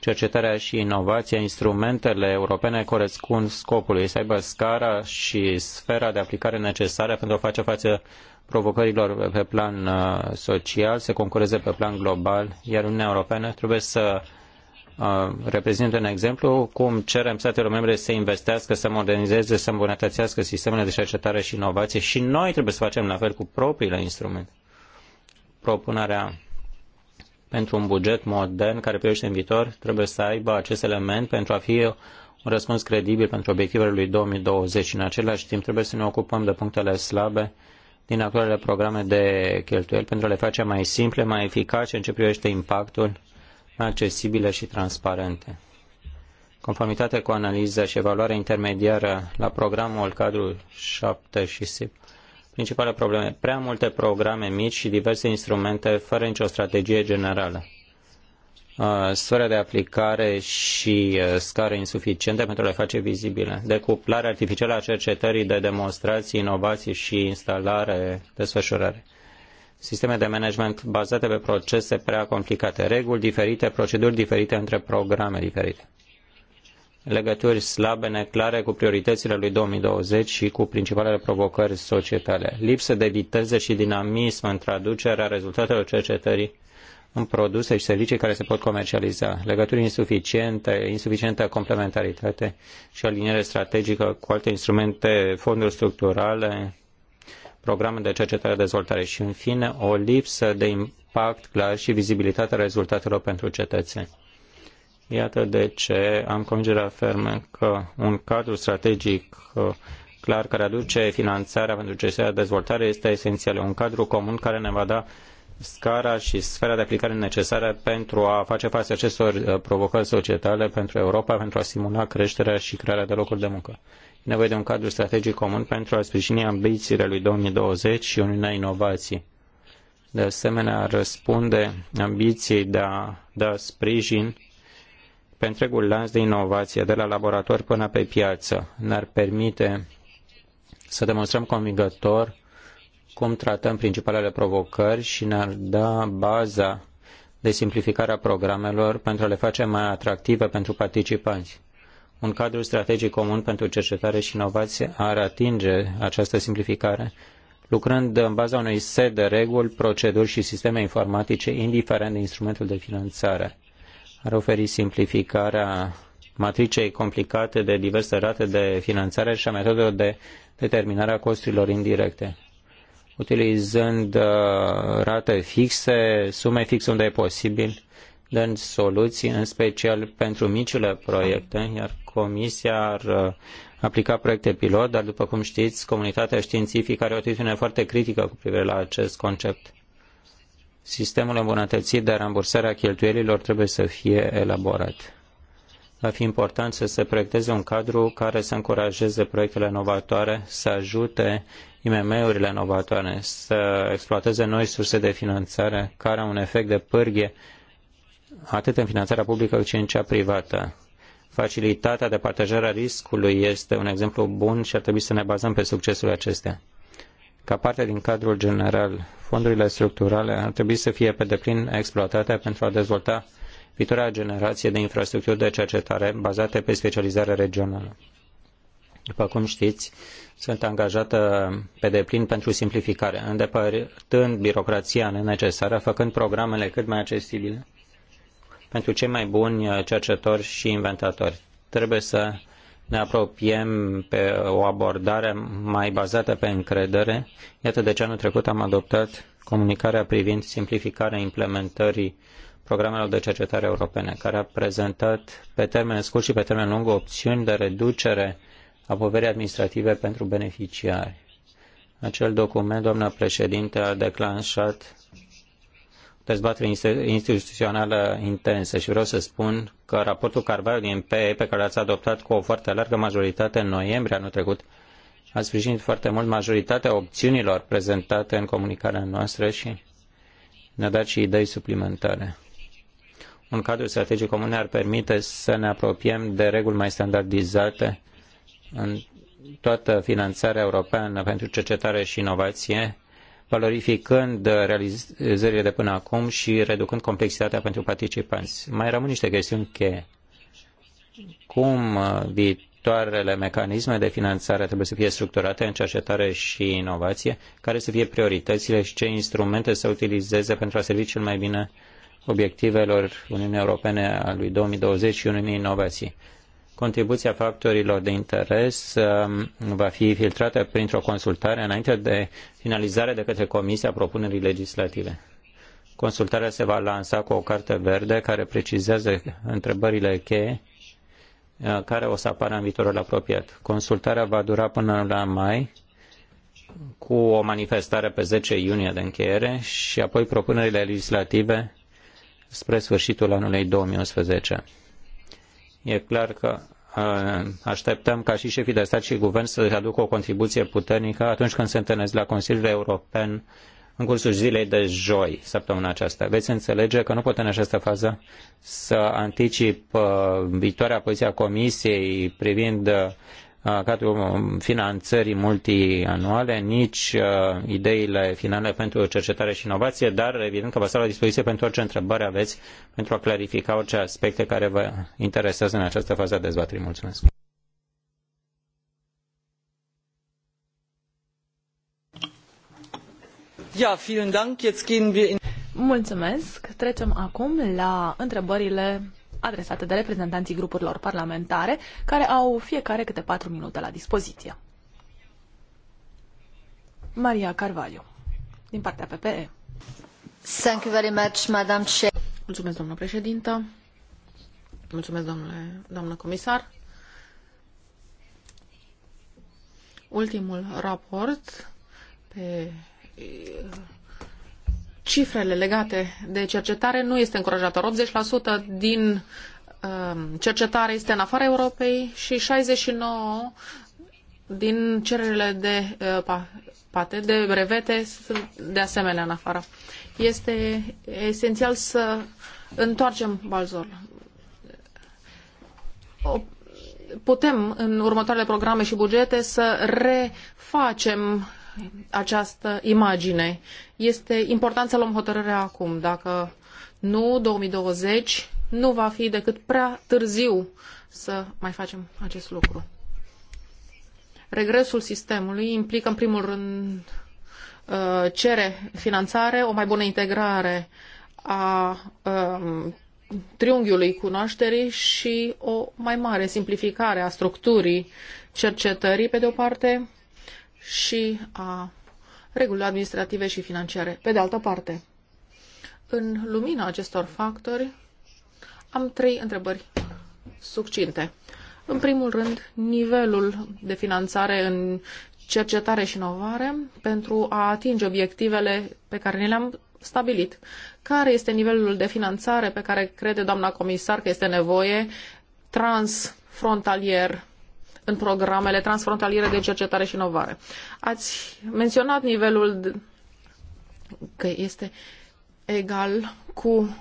cercetarea și inovația, instrumentele europene corespund scopului, să aibă scara și sfera de aplicare necesară pentru a face față provocărilor pe plan uh, social, să concureze pe plan global, iar Uniunea Europeană trebuie să reprezintă un exemplu cum cerem statelor membre să investească, să modernizeze, să îmbunătățească sistemele de cercetare și inovație și noi trebuie să facem la fel cu propriile instrumente. Propunerea pentru un buget modern care privește în viitor trebuie să aibă acest element pentru a fi un răspuns credibil pentru obiectivele lui 2020 și în același timp trebuie să ne ocupăm de punctele slabe din actualele programe de cheltuieli pentru a le face mai simple, mai eficace în ce privește impactul accesibile și transparente. Conformitate cu analiza și evaluarea intermediară la programul cadrul 7 și SIP, principale probleme, prea multe programe mici și diverse instrumente fără nicio strategie generală. Uh, Sfera de aplicare și uh, scară insuficiente pentru a le face vizibile. Decuplarea artificială a cercetării de demonstrații, inovații și instalare, desfășurare sisteme de management bazate pe procese prea complicate, reguli diferite, proceduri diferite între programe diferite, legături slabe, neclare cu prioritățile lui 2020 și cu principalele provocări societale, lipsă de viteză și dinamism în traducerea rezultatelor cercetării în produse și servicii care se pot comercializa, legături insuficiente, insuficientă complementaritate și aliniere strategică cu alte instrumente, fonduri structurale, programe de cercetare dezvoltare și, în fine, o lipsă de impact clar și vizibilitatea rezultatelor pentru cetățeni. Iată de ce am convingerea fermă că un cadru strategic uh, clar care aduce finanțarea pentru cercetarea de dezvoltare este esențial. Un cadru comun care ne va da scara și sfera de aplicare necesară pentru a face față acestor uh, provocări societale pentru Europa, pentru a simula creșterea și crearea de locuri de muncă nevoie de un cadru strategic comun pentru a sprijini ambițiile lui 2020 și Uniunea Inovației. De asemenea, răspunde ambiției de a da sprijin pe întregul lanț de inovație, de la laborator până pe piață. Ne-ar permite să demonstrăm convingător cum tratăm principalele provocări și ne-ar da baza de simplificare a programelor pentru a le face mai atractive pentru participanți. Un cadru strategic comun pentru cercetare și inovație ar atinge această simplificare, lucrând în baza unui set de reguli, proceduri și sisteme informatice, indiferent de instrumentul de finanțare. Ar oferi simplificarea matricei complicate de diverse rate de finanțare și a metodelor de determinare a costurilor indirecte utilizând uh, rate fixe, sume fixe unde e posibil, dând soluții, în special pentru micile proiecte, iar Comisia ar uh, aplica proiecte pilot, dar după cum știți, comunitatea științifică are o atitudine foarte critică cu privire la acest concept. Sistemul îmbunătățit de rambursare a cheltuielilor trebuie să fie elaborat. Va fi important să se proiecteze un cadru care să încurajeze proiectele inovatoare, să ajute IMM-urile inovatoare să exploateze noi surse de finanțare care au un efect de pârghie atât în finanțarea publică cât și în cea privată. Facilitatea de partajare a riscului este un exemplu bun și ar trebui să ne bazăm pe succesul acestea. Ca parte din cadrul general, fondurile structurale ar trebui să fie pe deplin exploatate pentru a dezvolta viitoarea generație de infrastructuri de cercetare bazate pe specializare regională. După cum știți, sunt angajată pe deplin pentru simplificare, îndepărtând birocrația nenecesară, făcând programele cât mai accesibile pentru cei mai buni uh, cercetori și inventatori. Trebuie să ne apropiem pe o abordare mai bazată pe încredere. Iată de ce anul trecut am adoptat comunicarea privind simplificarea implementării programelor de cercetare europene, care a prezentat pe termen scurt și pe termen lung opțiuni de reducere a poverii administrative pentru beneficiari. Acel document, doamna președinte, a declanșat dezbatere instituțională intensă și vreau să spun că raportul Carvalho din PE pe care l-ați adoptat cu o foarte largă majoritate în noiembrie anul trecut a sprijinit foarte mult majoritatea opțiunilor prezentate în comunicarea noastră și ne-a dat și idei suplimentare. Un cadru strategic comun ar permite să ne apropiem de reguli mai standardizate în toată finanțarea europeană pentru cercetare și inovație, valorificând uh, realizările de până acum și reducând complexitatea pentru participanți. Mai rămân niște chestiuni cheie. Cum uh, viitoarele mecanisme de finanțare trebuie să fie structurate în cercetare și inovație, care să fie prioritățile și ce instrumente să utilizeze pentru a servi cel mai bine obiectivelor Uniunii Europene a lui 2020 și Uniunii Inovației contribuția factorilor de interes um, va fi filtrată printr-o consultare înainte de finalizare de către Comisia propunerii legislative. Consultarea se va lansa cu o carte verde care precizează întrebările cheie uh, care o să apară în viitorul apropiat. Consultarea va dura până la mai cu o manifestare pe 10 iunie de încheiere și apoi propunerile legislative spre sfârșitul anului 2011. E clar că Ă, așteptăm ca și șefii de stat și guvern să aducă o contribuție puternică atunci când se întâlnesc la Consiliul European în cursul zilei de joi, săptămâna aceasta. Veți înțelege că nu putem în această fază să anticip ă, viitoarea poziție a Comisiei privind cadrul finanțării multianuale, nici uh, ideile finale pentru cercetare și inovație, dar evident că vă stau la dispoziție pentru orice întrebare aveți pentru a clarifica orice aspecte care vă interesează în această fază a dezbaterii. Mulțumesc! Ja, vielen Dank. Jetzt gehen wir in Mulțumesc. Trecem acum la întrebările adresate de reprezentanții grupurilor parlamentare, care au fiecare câte patru minute la dispoziție. Maria Carvalho, din partea PPE. Thank you very much, Madam Chair. Mulțumesc, doamnă președintă. Mulțumesc, domnule, doamnă comisar. Ultimul raport pe cifrele legate de cercetare nu este încurajator. 80% din um, cercetare este în afara Europei și 69 din cererile de uh, pate, de brevete, sunt de asemenea în afara. Este esențial să întoarcem balzor. Putem, în următoarele programe și bugete, să refacem această imagine este important să luăm hotărârea acum. Dacă nu, 2020 nu va fi decât prea târziu să mai facem acest lucru. Regresul sistemului implică, în primul rând, uh, cere finanțare, o mai bună integrare a um, triunghiului cunoașterii și o mai mare simplificare a structurii cercetării, pe de o parte, și a regulile administrative și financiare. Pe de altă parte, în lumina acestor factori, am trei întrebări succinte. În primul rând, nivelul de finanțare în cercetare și inovare pentru a atinge obiectivele pe care ne le-am stabilit. Care este nivelul de finanțare pe care crede doamna comisar că este nevoie transfrontalier în programele transfrontaliere de cercetare și inovare. Ați menționat nivelul de, că este egal cu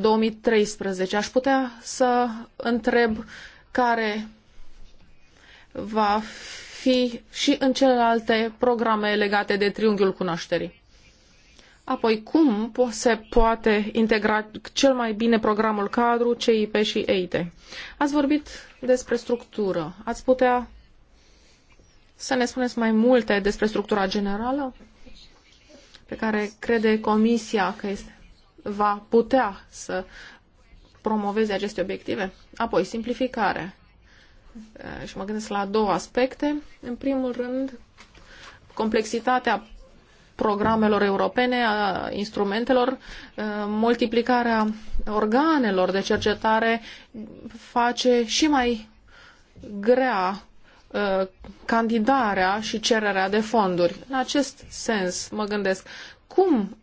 2013. Uh, Aș putea să întreb care va fi și în celelalte programe legate de triunghiul cunoașterii. Apoi, cum se poate integra cel mai bine programul cadru CIP și EIT? Ați vorbit despre structură. Ați putea să ne spuneți mai multe despre structura generală pe care crede Comisia că este, va putea să promoveze aceste obiective? Apoi, simplificare. Și mă gândesc la două aspecte. În primul rând, complexitatea programelor europene, a instrumentelor, uh, multiplicarea organelor de cercetare face și mai grea uh, candidarea și cererea de fonduri. În acest sens mă gândesc cum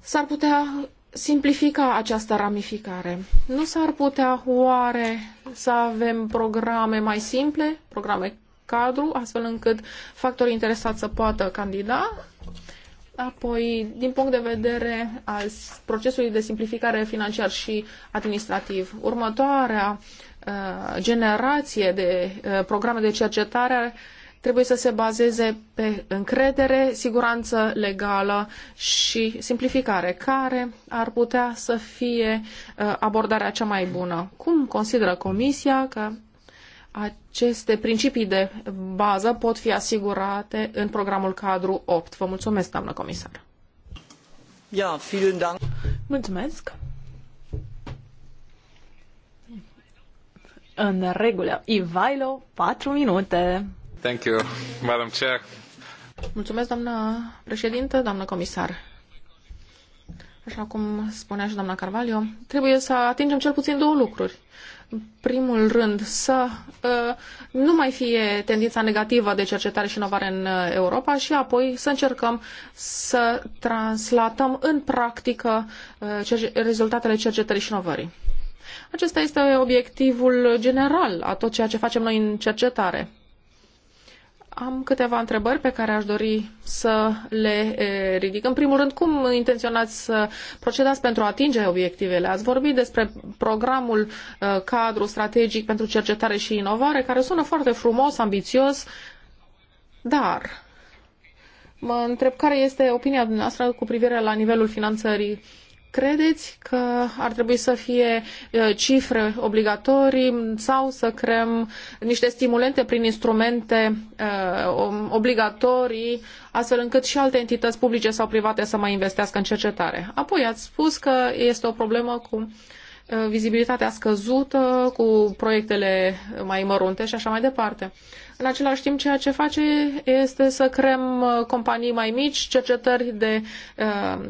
s-ar putea simplifica această ramificare? Nu s-ar putea oare să avem programe mai simple, programe cadru, astfel încât factorii interesați să poată candida. Apoi, din punct de vedere al procesului de simplificare financiar și administrativ, următoarea uh, generație de uh, programe de cercetare trebuie să se bazeze pe încredere, siguranță legală și simplificare, care ar putea să fie uh, abordarea cea mai bună. Cum consideră Comisia că aceste principii de bază pot fi asigurate în programul cadru 8. Vă mulțumesc, doamnă comisar. Ja, vielen Dank. Mulțumesc. În regulă. Ivailo, 4 minute. Thank you, Madam Chair. Mulțumesc, doamnă președintă, doamnă comisar. Așa cum spunea și doamna Carvalho, trebuie să atingem cel puțin două lucruri în primul rând, să uh, nu mai fie tendința negativă de cercetare și inovare în uh, Europa și apoi să încercăm să translatăm în practică uh, rezultatele cercetării și inovării. Acesta este obiectivul general a tot ceea ce facem noi în cercetare. Am câteva întrebări pe care aș dori să le ridic. În primul rând, cum intenționați să procedați pentru a atinge obiectivele? Ați vorbit despre programul cadru strategic pentru cercetare și inovare, care sună foarte frumos, ambițios, dar mă întreb care este opinia dumneavoastră cu privire la nivelul finanțării Credeți că ar trebui să fie cifre obligatorii sau să creăm niște stimulente prin instrumente obligatorii, astfel încât și alte entități publice sau private să mai investească în cercetare? Apoi ați spus că este o problemă cu vizibilitatea scăzută, cu proiectele mai mărunte și așa mai departe. În același timp, ceea ce face este să creăm companii mai mici, cercetări de uh,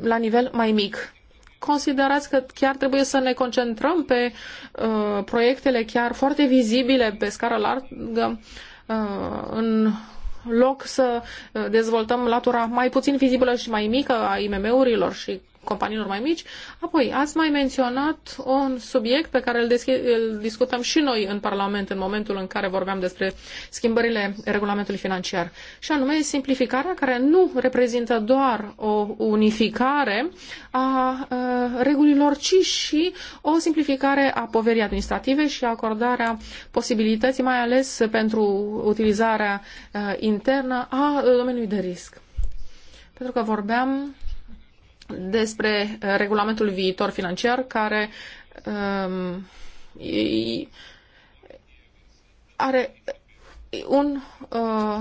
la nivel mai mic. Considerați că chiar trebuie să ne concentrăm pe uh, proiectele chiar foarte vizibile pe scară largă uh, în loc să uh, dezvoltăm latura mai puțin vizibilă și mai mică a IMM-urilor și companiilor mai mici. Apoi, ați mai menționat un subiect pe care îl, îl discutăm și noi în Parlament în momentul în care vorbeam despre schimbările regulamentului financiar, și anume simplificarea care nu reprezintă doar o unificare a regulilor, ci și o simplificare a poverii administrative și acordarea posibilității, mai ales pentru utilizarea internă a domeniului de risc. Pentru că vorbeam despre uh, regulamentul viitor financiar care um, are un uh,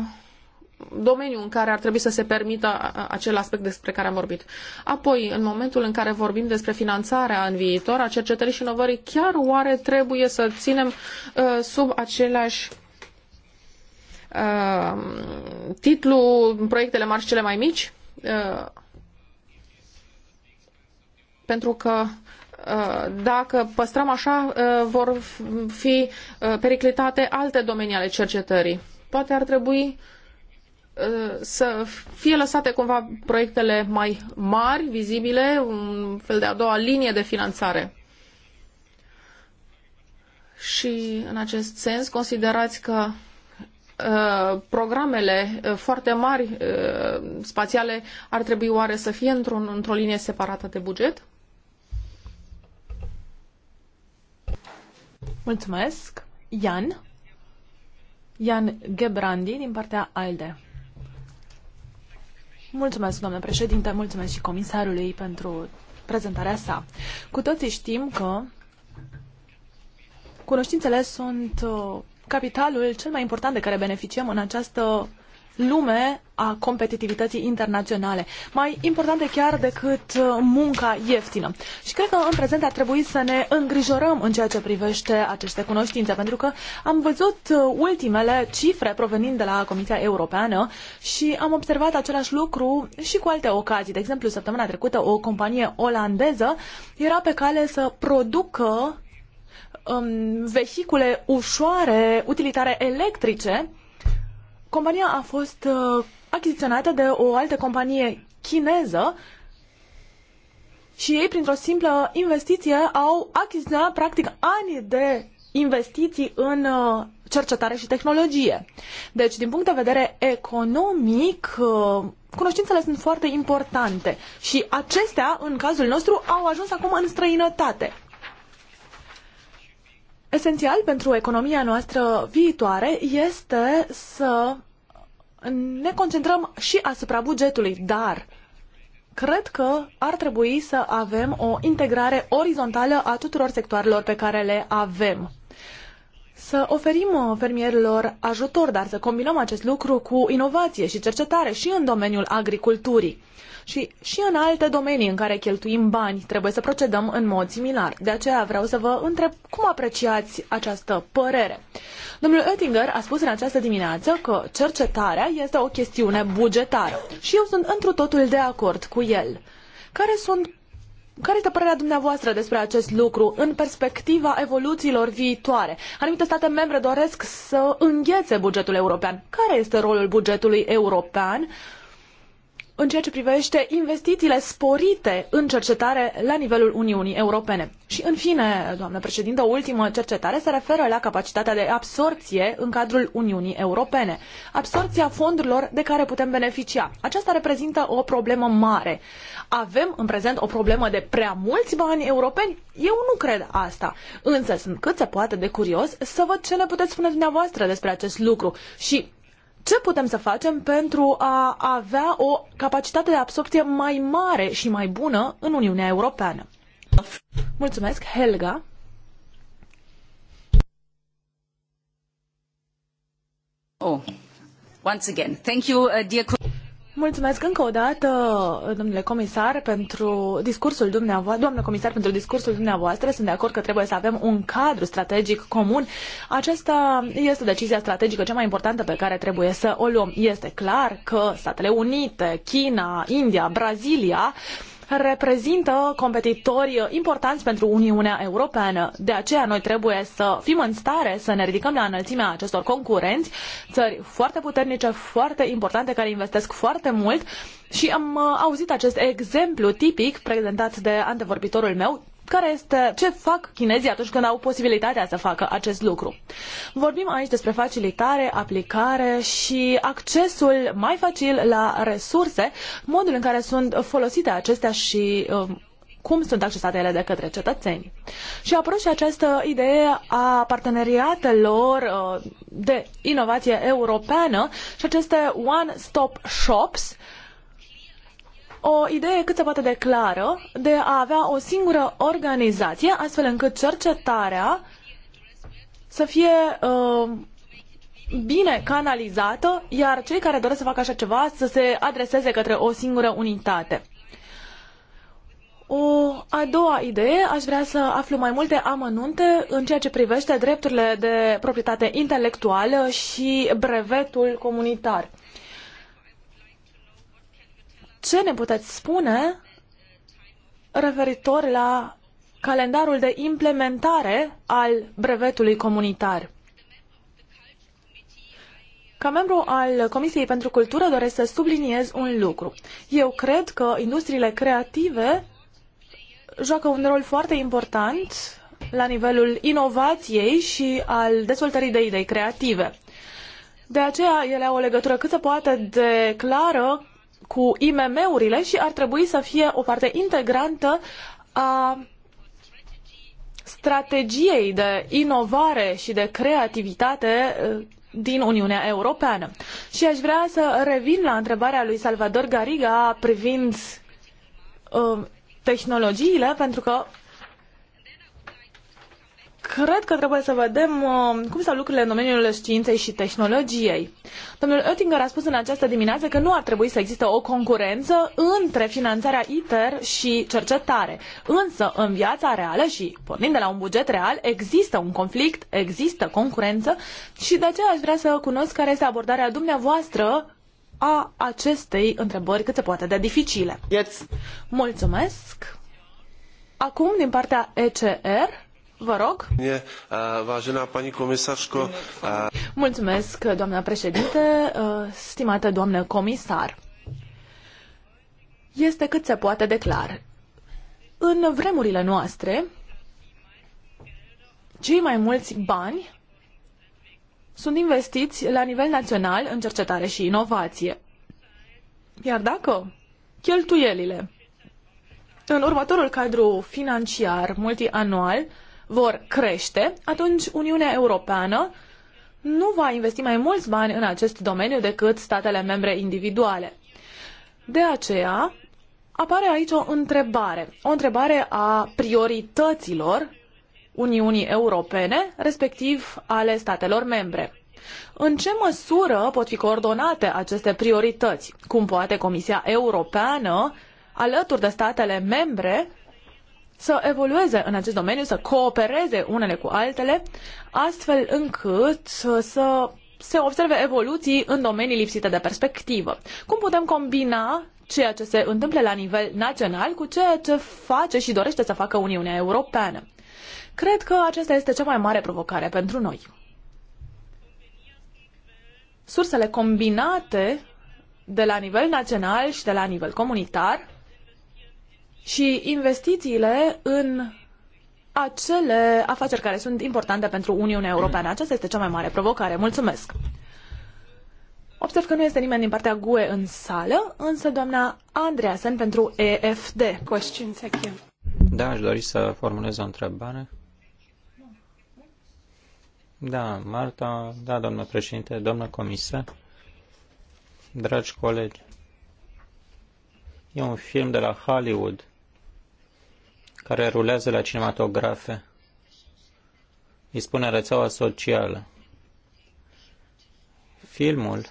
domeniu în care ar trebui să se permită uh, acel aspect despre care am vorbit. Apoi, în momentul în care vorbim despre finanțarea în viitor a cercetării și inovării, chiar oare trebuie să ținem uh, sub același uh, titlu proiectele mari și cele mai mici? Uh, pentru că ă, dacă păstrăm așa, ă, vor fi ă, periclitate alte domenii ale cercetării. Poate ar trebui să fie lăsate cumva proiectele mai mari, vizibile, un fel de a doua linie de finanțare. Și în acest sens considerați că programele foarte mari spațiale ar trebui oare să fie într-o într linie separată de buget? Mulțumesc. Ian. Ian Gebrandi din partea ALDE. Mulțumesc, doamnă președinte, mulțumesc și comisarului pentru prezentarea sa. Cu toții știm că cunoștințele sunt uh, capitalul cel mai important de care beneficiem în această lume a competitivității internaționale, mai importante chiar decât uh, munca ieftină. Și cred că în prezent ar trebui să ne îngrijorăm în ceea ce privește aceste cunoștințe, pentru că am văzut uh, ultimele cifre provenind de la Comisia Europeană și am observat același lucru și cu alte ocazii. De exemplu, săptămâna trecută o companie olandeză era pe cale să producă um, vehicule ușoare, utilitare electrice, compania a fost uh, achiziționată de o altă companie chineză și ei, printr-o simplă investiție, au achiziționat practic ani de investiții în uh, cercetare și tehnologie. Deci, din punct de vedere economic, uh, cunoștințele sunt foarte importante și acestea, în cazul nostru, au ajuns acum în străinătate. Esențial pentru economia noastră viitoare este să ne concentrăm și asupra bugetului, dar cred că ar trebui să avem o integrare orizontală a tuturor sectoarelor pe care le avem. Să oferim uh, fermierilor ajutor, dar să combinăm acest lucru cu inovație și cercetare și în domeniul agriculturii. Și și în alte domenii în care cheltuim bani trebuie să procedăm în mod similar. De aceea vreau să vă întreb cum apreciați această părere. Domnul Oettinger a spus în această dimineață că cercetarea este o chestiune bugetară și eu sunt întru totul de acord cu el. Care sunt care este părerea dumneavoastră despre acest lucru în perspectiva evoluțiilor viitoare? Anumite state membre doresc să înghețe bugetul european. Care este rolul bugetului european în ceea ce privește investițiile sporite în cercetare la nivelul Uniunii Europene. Și în fine, doamnă președintă, o ultimă cercetare se referă la capacitatea de absorție în cadrul Uniunii Europene. Absorția fondurilor de care putem beneficia. Aceasta reprezintă o problemă mare. Avem în prezent o problemă de prea mulți bani europeni? Eu nu cred asta. Însă sunt cât se poate de curios să văd ce ne puteți spune dumneavoastră despre acest lucru și ce putem să facem pentru a avea o capacitate de absorpție mai mare și mai bună în Uniunea Europeană. Mulțumesc, Helga. Oh, once again, thank you, uh, dear Mulțumesc încă o dată, domnule comisar, pentru discursul dumneavoastră, doamnă comisar, pentru discursul dumneavoastră. Sunt de acord că trebuie să avem un cadru strategic comun. Aceasta este decizia strategică cea mai importantă pe care trebuie să o luăm. Este clar că Statele Unite, China, India, Brazilia reprezintă competitori importanți pentru Uniunea Europeană. De aceea noi trebuie să fim în stare să ne ridicăm la înălțimea acestor concurenți, țări foarte puternice, foarte importante, care investesc foarte mult și am uh, auzit acest exemplu tipic prezentat de antevorbitorul meu, care este, ce fac chinezii atunci când au posibilitatea să facă acest lucru. Vorbim aici despre facilitare, aplicare și accesul mai facil la resurse, modul în care sunt folosite acestea și um, cum sunt accesate ele de către cetățeni. Și a apărut și această idee a parteneriatelor uh, de inovație europeană și aceste one-stop shops uh, o idee cât se poate de clară de a avea o singură organizație, astfel încât cercetarea să fie uh, bine canalizată, iar cei care doresc să facă așa ceva să se adreseze către o singură unitate. O a doua idee, aș vrea să aflu mai multe amănunte în ceea ce privește drepturile de proprietate intelectuală și brevetul comunitar ce ne puteți spune referitor la calendarul de implementare al brevetului comunitar? Ca membru al Comisiei pentru Cultură doresc să subliniez un lucru. Eu cred că industriile creative joacă un rol foarte important la nivelul inovației și al dezvoltării de idei creative. De aceea, ele au o legătură cât se poate de clară cu IMM-urile și ar trebui să fie o parte integrantă a strategiei de inovare și de creativitate uh, din Uniunea Europeană. Și aș vrea să revin la întrebarea lui Salvador Gariga privind uh, tehnologiile, pentru că cred că trebuie să vedem uh, cum stau lucrurile în domeniul științei și tehnologiei. Domnul Oettinger a spus în această dimineață că nu ar trebui să existe o concurență între finanțarea ITER și cercetare. Însă, în viața reală și pornind de la un buget real, există un conflict, există concurență și de aceea aș vrea să cunosc care este abordarea dumneavoastră a acestei întrebări cât se poate de dificile. Yes. Mulțumesc! Acum, din partea ECR, Vă rog. Vážená pani Mulțumesc, doamna președinte, stimată doamnă comisar. Este cât se poate declar. În vremurile noastre, cei mai mulți bani sunt investiți la nivel național în cercetare și inovație. Iar dacă cheltuielile în următorul cadru financiar multianual vor crește, atunci Uniunea Europeană nu va investi mai mulți bani în acest domeniu decât statele membre individuale. De aceea, apare aici o întrebare, o întrebare a priorităților Uniunii Europene, respectiv ale statelor membre. În ce măsură pot fi coordonate aceste priorități? Cum poate Comisia Europeană, alături de statele membre, să evolueze în acest domeniu, să coopereze unele cu altele, astfel încât să se observe evoluții în domenii lipsite de perspectivă. Cum putem combina ceea ce se întâmplă la nivel național cu ceea ce face și dorește să facă Uniunea Europeană? Cred că aceasta este cea mai mare provocare pentru noi. Sursele combinate de la nivel național și de la nivel comunitar și investițiile în acele afaceri care sunt importante pentru Uniunea Europeană. Mm. Aceasta este cea mai mare provocare. Mulțumesc! Observ că nu este nimeni din partea GUE în sală, însă doamna Andreasen pentru EFD. Question, thank you. Da, aș dori să formulez o întrebare. Da, Marta, da, doamnă președinte, doamnă comisar, dragi colegi, e un film de la Hollywood care rulează la cinematografe. Îi spune rețeaua socială. Filmul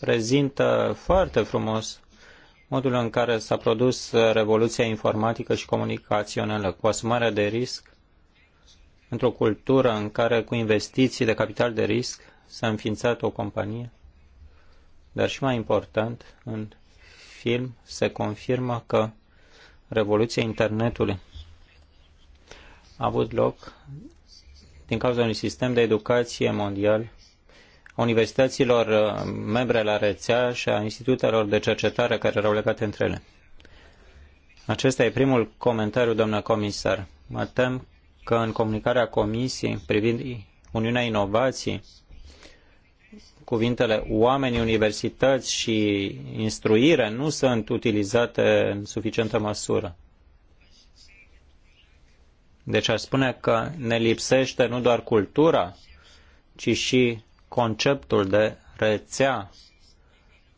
prezintă foarte frumos modul în care s-a produs revoluția informatică și comunicațională, cu asumarea de risc, într-o cultură în care cu investiții de capital de risc s-a înființat o companie, dar și mai important, în film se confirmă că revoluția internetului a avut loc din cauza unui sistem de educație mondial a universităților uh, membre la rețea și a institutelor de cercetare care erau legate între ele. Acesta e primul comentariu, doamnă comisar. Mă tem că în comunicarea comisiei privind Uniunea Inovației, cuvintele oameni, universități și instruire nu sunt utilizate în suficientă măsură. Deci aș spune că ne lipsește nu doar cultura, ci și conceptul de rețea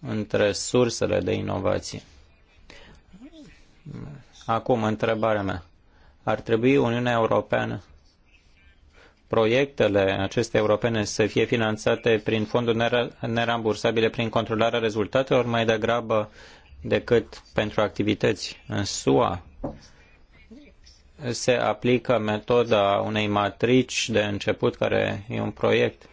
între sursele de inovație. Acum, întrebarea mea. Ar trebui Uniunea Europeană, proiectele acestea europene să fie finanțate prin fonduri nerambursabile prin controlarea rezultatelor mai degrabă decât pentru activități în SUA? se aplică metoda unei matrici de început, care e un proiect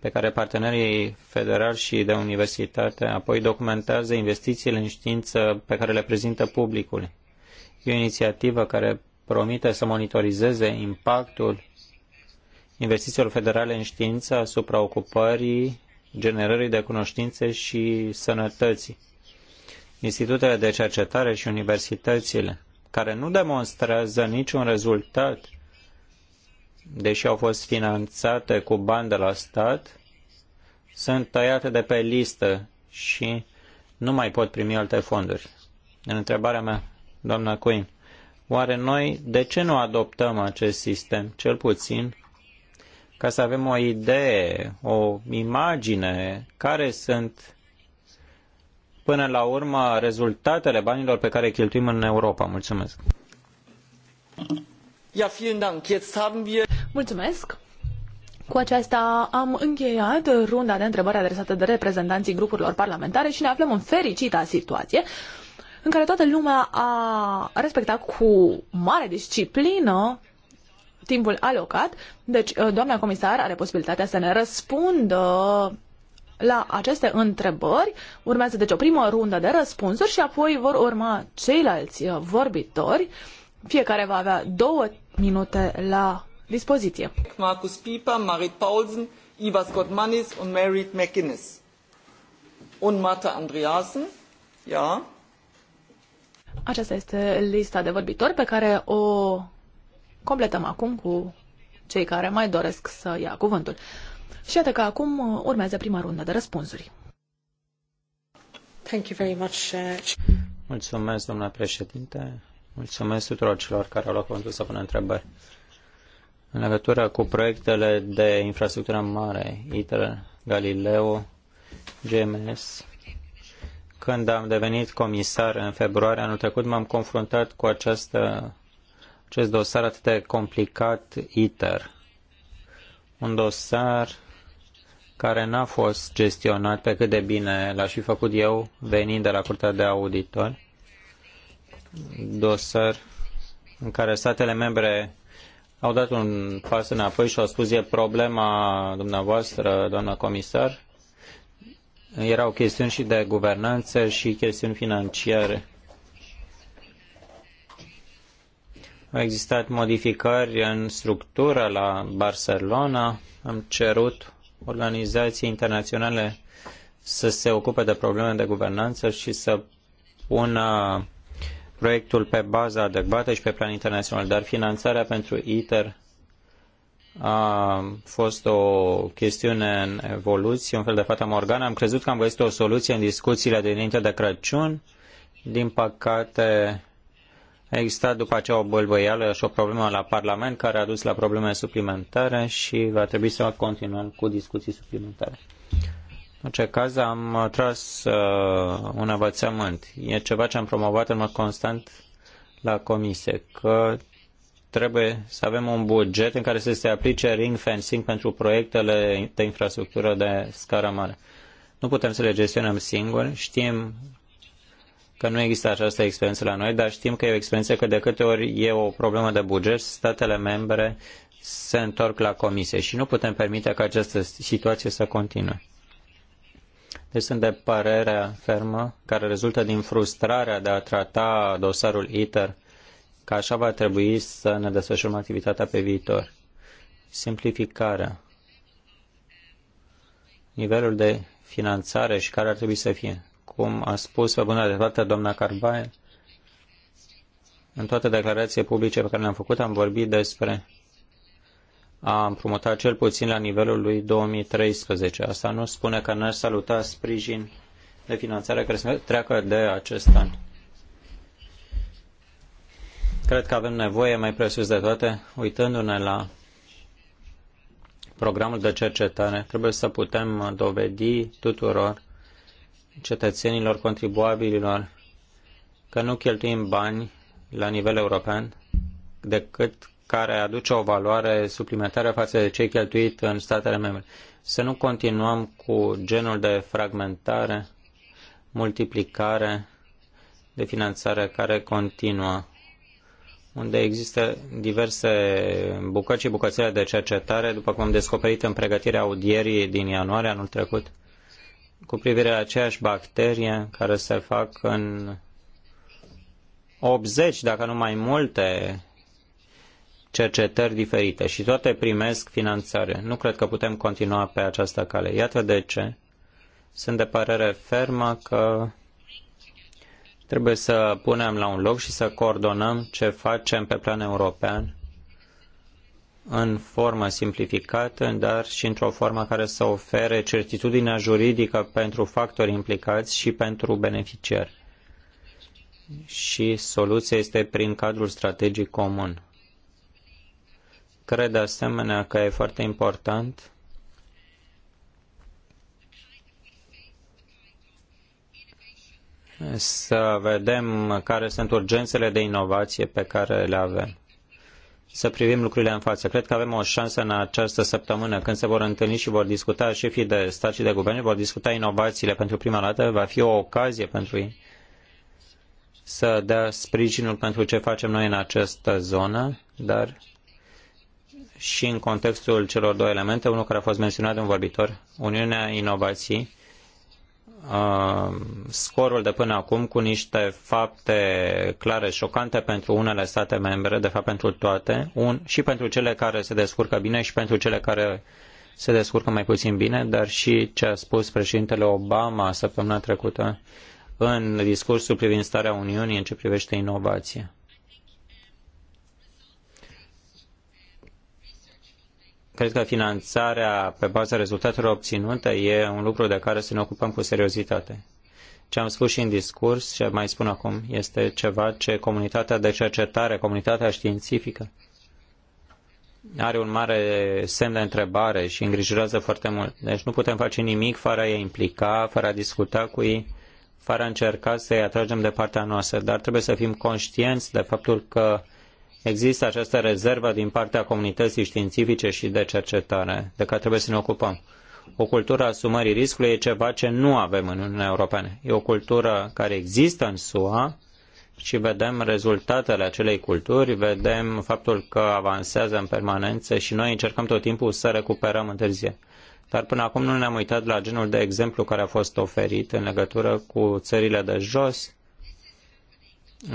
pe care partenerii federali și de universitate apoi documentează investițiile în știință pe care le prezintă publicul. E o inițiativă care promite să monitorizeze impactul investițiilor federale în știință asupra ocupării, generării de cunoștințe și sănătății. Institutele de cercetare și universitățile care nu demonstrează niciun rezultat, deși au fost finanțate cu bani de la stat, sunt tăiate de pe listă și nu mai pot primi alte fonduri. În întrebarea mea, doamna Queen, oare noi de ce nu adoptăm acest sistem, cel puțin ca să avem o idee, o imagine, care sunt până la urmă rezultatele banilor pe care îi cheltuim în Europa. Mulțumesc. Mulțumesc. Cu aceasta am încheiat runda de întrebări adresată de reprezentanții grupurilor parlamentare și ne aflăm în fericita situație în care toată lumea a respectat cu mare disciplină timpul alocat. Deci, doamna comisar are posibilitatea să ne răspundă la aceste întrebări. Urmează deci o primă rundă de răspunsuri și apoi vor urma ceilalți uh, vorbitori. Fiecare va avea două minute la dispoziție. Marcus Pieper, Marit Paulsen, Iva Scott Manis und Merit McGuinness. Und Marta Andreasen, ja. Aceasta este lista de vorbitori pe care o completăm acum cu cei care mai doresc să ia cuvântul. Și iată că acum uh, urmează prima rundă de răspunsuri. Thank you very much. Uh, Mulțumesc, domnule președinte. Mulțumesc tuturor celor care au luat cuvântul să pună întrebări. În legătură cu proiectele de infrastructură mare, ITER, Galileo, GMS, când am devenit comisar în februarie anul trecut, m-am confruntat cu această, acest dosar atât de complicat ITER un dosar care n-a fost gestionat pe cât de bine l-aș fi făcut eu venind de la Curtea de Auditori. Dosar în care statele membre au dat un pas înapoi și au spus e problema dumneavoastră, doamnă comisar. Erau chestiuni și de guvernanță și chestiuni financiare. Au existat modificări în structură la Barcelona. Am cerut organizații internaționale să se ocupe de probleme de guvernanță și să pună proiectul pe baza adecvată și pe plan internațional, dar finanțarea pentru ITER a fost o chestiune în evoluție, un fel de fata morgană. Am crezut că am găsit o soluție în discuțiile dinainte de Crăciun. Din păcate, a existat după aceea o bălbăială și o problemă la Parlament care a dus la probleme suplimentare și va trebui să continuăm cu discuții suplimentare. În orice caz, am tras uh, un învățământ. E ceva ce am promovat în mod constant la comisie, că trebuie să avem un buget în care să se aplice ring fencing pentru proiectele de infrastructură de scară mare. Nu putem să le gestionăm singuri, știm că nu există această experiență la noi, dar știm că e o experiență că de câte ori e o problemă de buget, statele membre se întorc la comisie și nu putem permite ca această situație să continue. Deci sunt de părere fermă care rezultă din frustrarea de a trata dosarul ITER că așa va trebui să ne desfășurăm activitatea pe viitor. Simplificarea. Nivelul de finanțare și care ar trebui să fie cum a spus pe bună dreptate doamna Carbaie, în toate declarațiile publice pe care le-am făcut, am vorbit despre a împrumuta cel puțin la nivelul lui 2013. Asta nu spune că n-aș saluta sprijin de finanțare care să treacă de acest an. Cred că avem nevoie, mai presus de toate, uitându-ne la programul de cercetare, trebuie să putem dovedi tuturor cetățenilor contribuabililor că nu cheltuim bani la nivel european decât care aduce o valoare suplimentară față de cei cheltuit în statele membre. Să nu continuăm cu genul de fragmentare, multiplicare de finanțare care continuă, unde există diverse bucăți și bucățele de cercetare, după cum am descoperit în pregătirea audierii din ianuarie anul trecut cu privire la aceeași bacterie care se fac în 80, dacă nu mai multe, cercetări diferite și toate primesc finanțare. Nu cred că putem continua pe această cale. Iată de ce sunt de părere fermă că trebuie să punem la un loc și să coordonăm ce facem pe plan european în formă simplificată, dar și într-o formă care să ofere certitudinea juridică pentru factorii implicați și pentru beneficiari. Și soluția este prin cadrul strategic comun. Cred de asemenea că e foarte important să vedem care sunt urgențele de inovație pe care le avem să privim lucrurile în față. Cred că avem o șansă în această săptămână când se vor întâlni și vor discuta șefii de stat și de guvern, vor discuta inovațiile pentru prima dată, va fi o ocazie pentru ei să dea sprijinul pentru ce facem noi în această zonă, dar și în contextul celor două elemente, unul care a fost menționat de un vorbitor, Uniunea Inovației Um, scorul de până acum cu niște fapte clare, șocante pentru unele state membre, de fapt pentru toate, un, și pentru cele care se descurcă bine și pentru cele care se descurcă mai puțin bine, dar și ce a spus președintele Obama săptămâna trecută în discursul privind starea Uniunii în ce privește inovația. Cred că finanțarea pe baza rezultatelor obținute e un lucru de care să ne ocupăm cu seriozitate. Ce am spus și în discurs, și mai spun acum, este ceva ce comunitatea de cercetare, comunitatea științifică, are un mare semn de întrebare și îngrijorează foarte mult. Deci nu putem face nimic fără a implica, fără a discuta cu ei, fără a încerca să-i atragem de partea noastră, dar trebuie să fim conștienți de faptul că există această rezervă din partea comunității științifice și de cercetare, de care trebuie să ne ocupăm. O cultură a asumării riscului e ceva ce nu avem în Uniunea Europeană. E o cultură care există în SUA și vedem rezultatele acelei culturi, vedem faptul că avansează în permanență și noi încercăm tot timpul să recuperăm întârziere. Dar până acum nu ne-am uitat la genul de exemplu care a fost oferit în legătură cu țările de jos,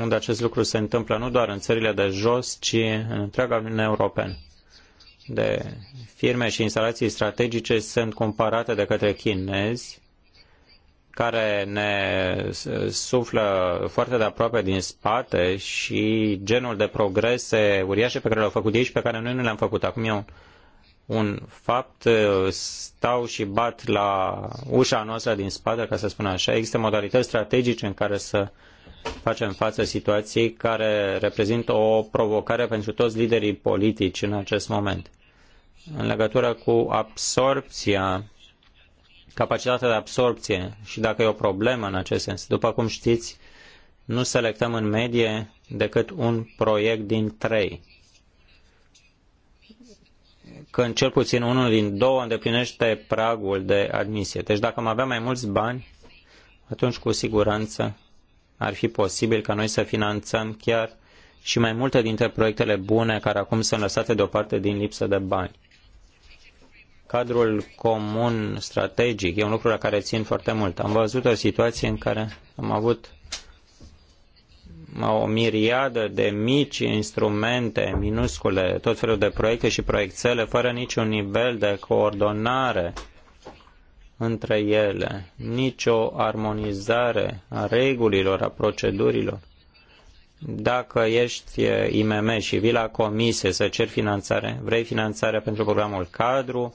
unde acest lucru se întâmplă nu doar în țările de jos, ci în întreaga Uniune Europeană. De firme și instalații strategice sunt cumpărate de către chinezi care ne suflă foarte de aproape din spate și genul de progrese uriașe pe care le-au făcut ei și pe care noi nu le-am făcut. Acum eu un, un fapt, stau și bat la ușa noastră din spate, ca să spun așa. Există modalități strategice în care să uh, facem față situației care reprezintă o provocare pentru toți liderii politici în acest moment. În legătură cu absorpția, capacitatea de absorpție și dacă e o problemă în acest sens. După cum știți, nu selectăm în medie decât un proiect din trei. Când cel puțin unul din două îndeplinește pragul de admisie. Deci dacă am avea mai mulți bani, atunci cu siguranță ar fi posibil ca noi să finanțăm chiar și mai multe dintre proiectele bune care acum sunt lăsate deoparte din lipsă de bani. Cadrul comun strategic e un lucru la care țin foarte mult. Am văzut o situație în care am avut o miriadă de mici instrumente minuscule, tot felul de proiecte și proiectele, fără niciun nivel de coordonare între ele, nicio armonizare a regulilor, a procedurilor. Dacă ești IMM și vii la comisie să ceri finanțare, vrei finanțare pentru programul cadru,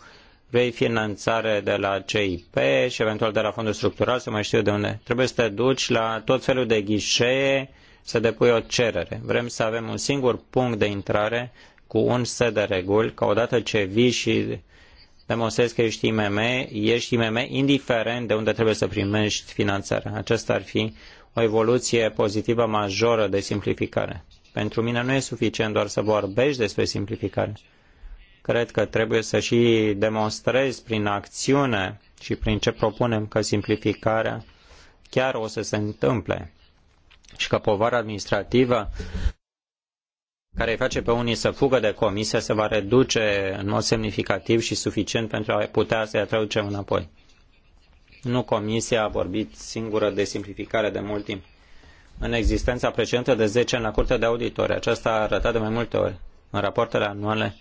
vrei finanțare de la CIP și eventual de la fondul structural, să mai știu de unde. Trebuie să te duci la tot felul de ghișee, să depui o cerere. Vrem să avem un singur punct de intrare cu un set de reguli, ca odată ce vii și demonstrezi că ești IMM, ești IMM indiferent de unde trebuie să primești finanțarea. Aceasta ar fi o evoluție pozitivă majoră de simplificare. Pentru mine nu e suficient doar să vorbești despre simplificare. Cred că trebuie să și demonstrezi prin acțiune și prin ce propunem că simplificarea chiar o să se întâmple și că povara administrativă care îi face pe unii să fugă de comisie se va reduce în mod semnificativ și suficient pentru a putea să-i atrage înapoi. Nu comisia a vorbit singură de simplificare de mult timp. În existența precedentă de zece ani la Curtea de Auditori, aceasta a arătat de mai multe ori în rapoartele anuale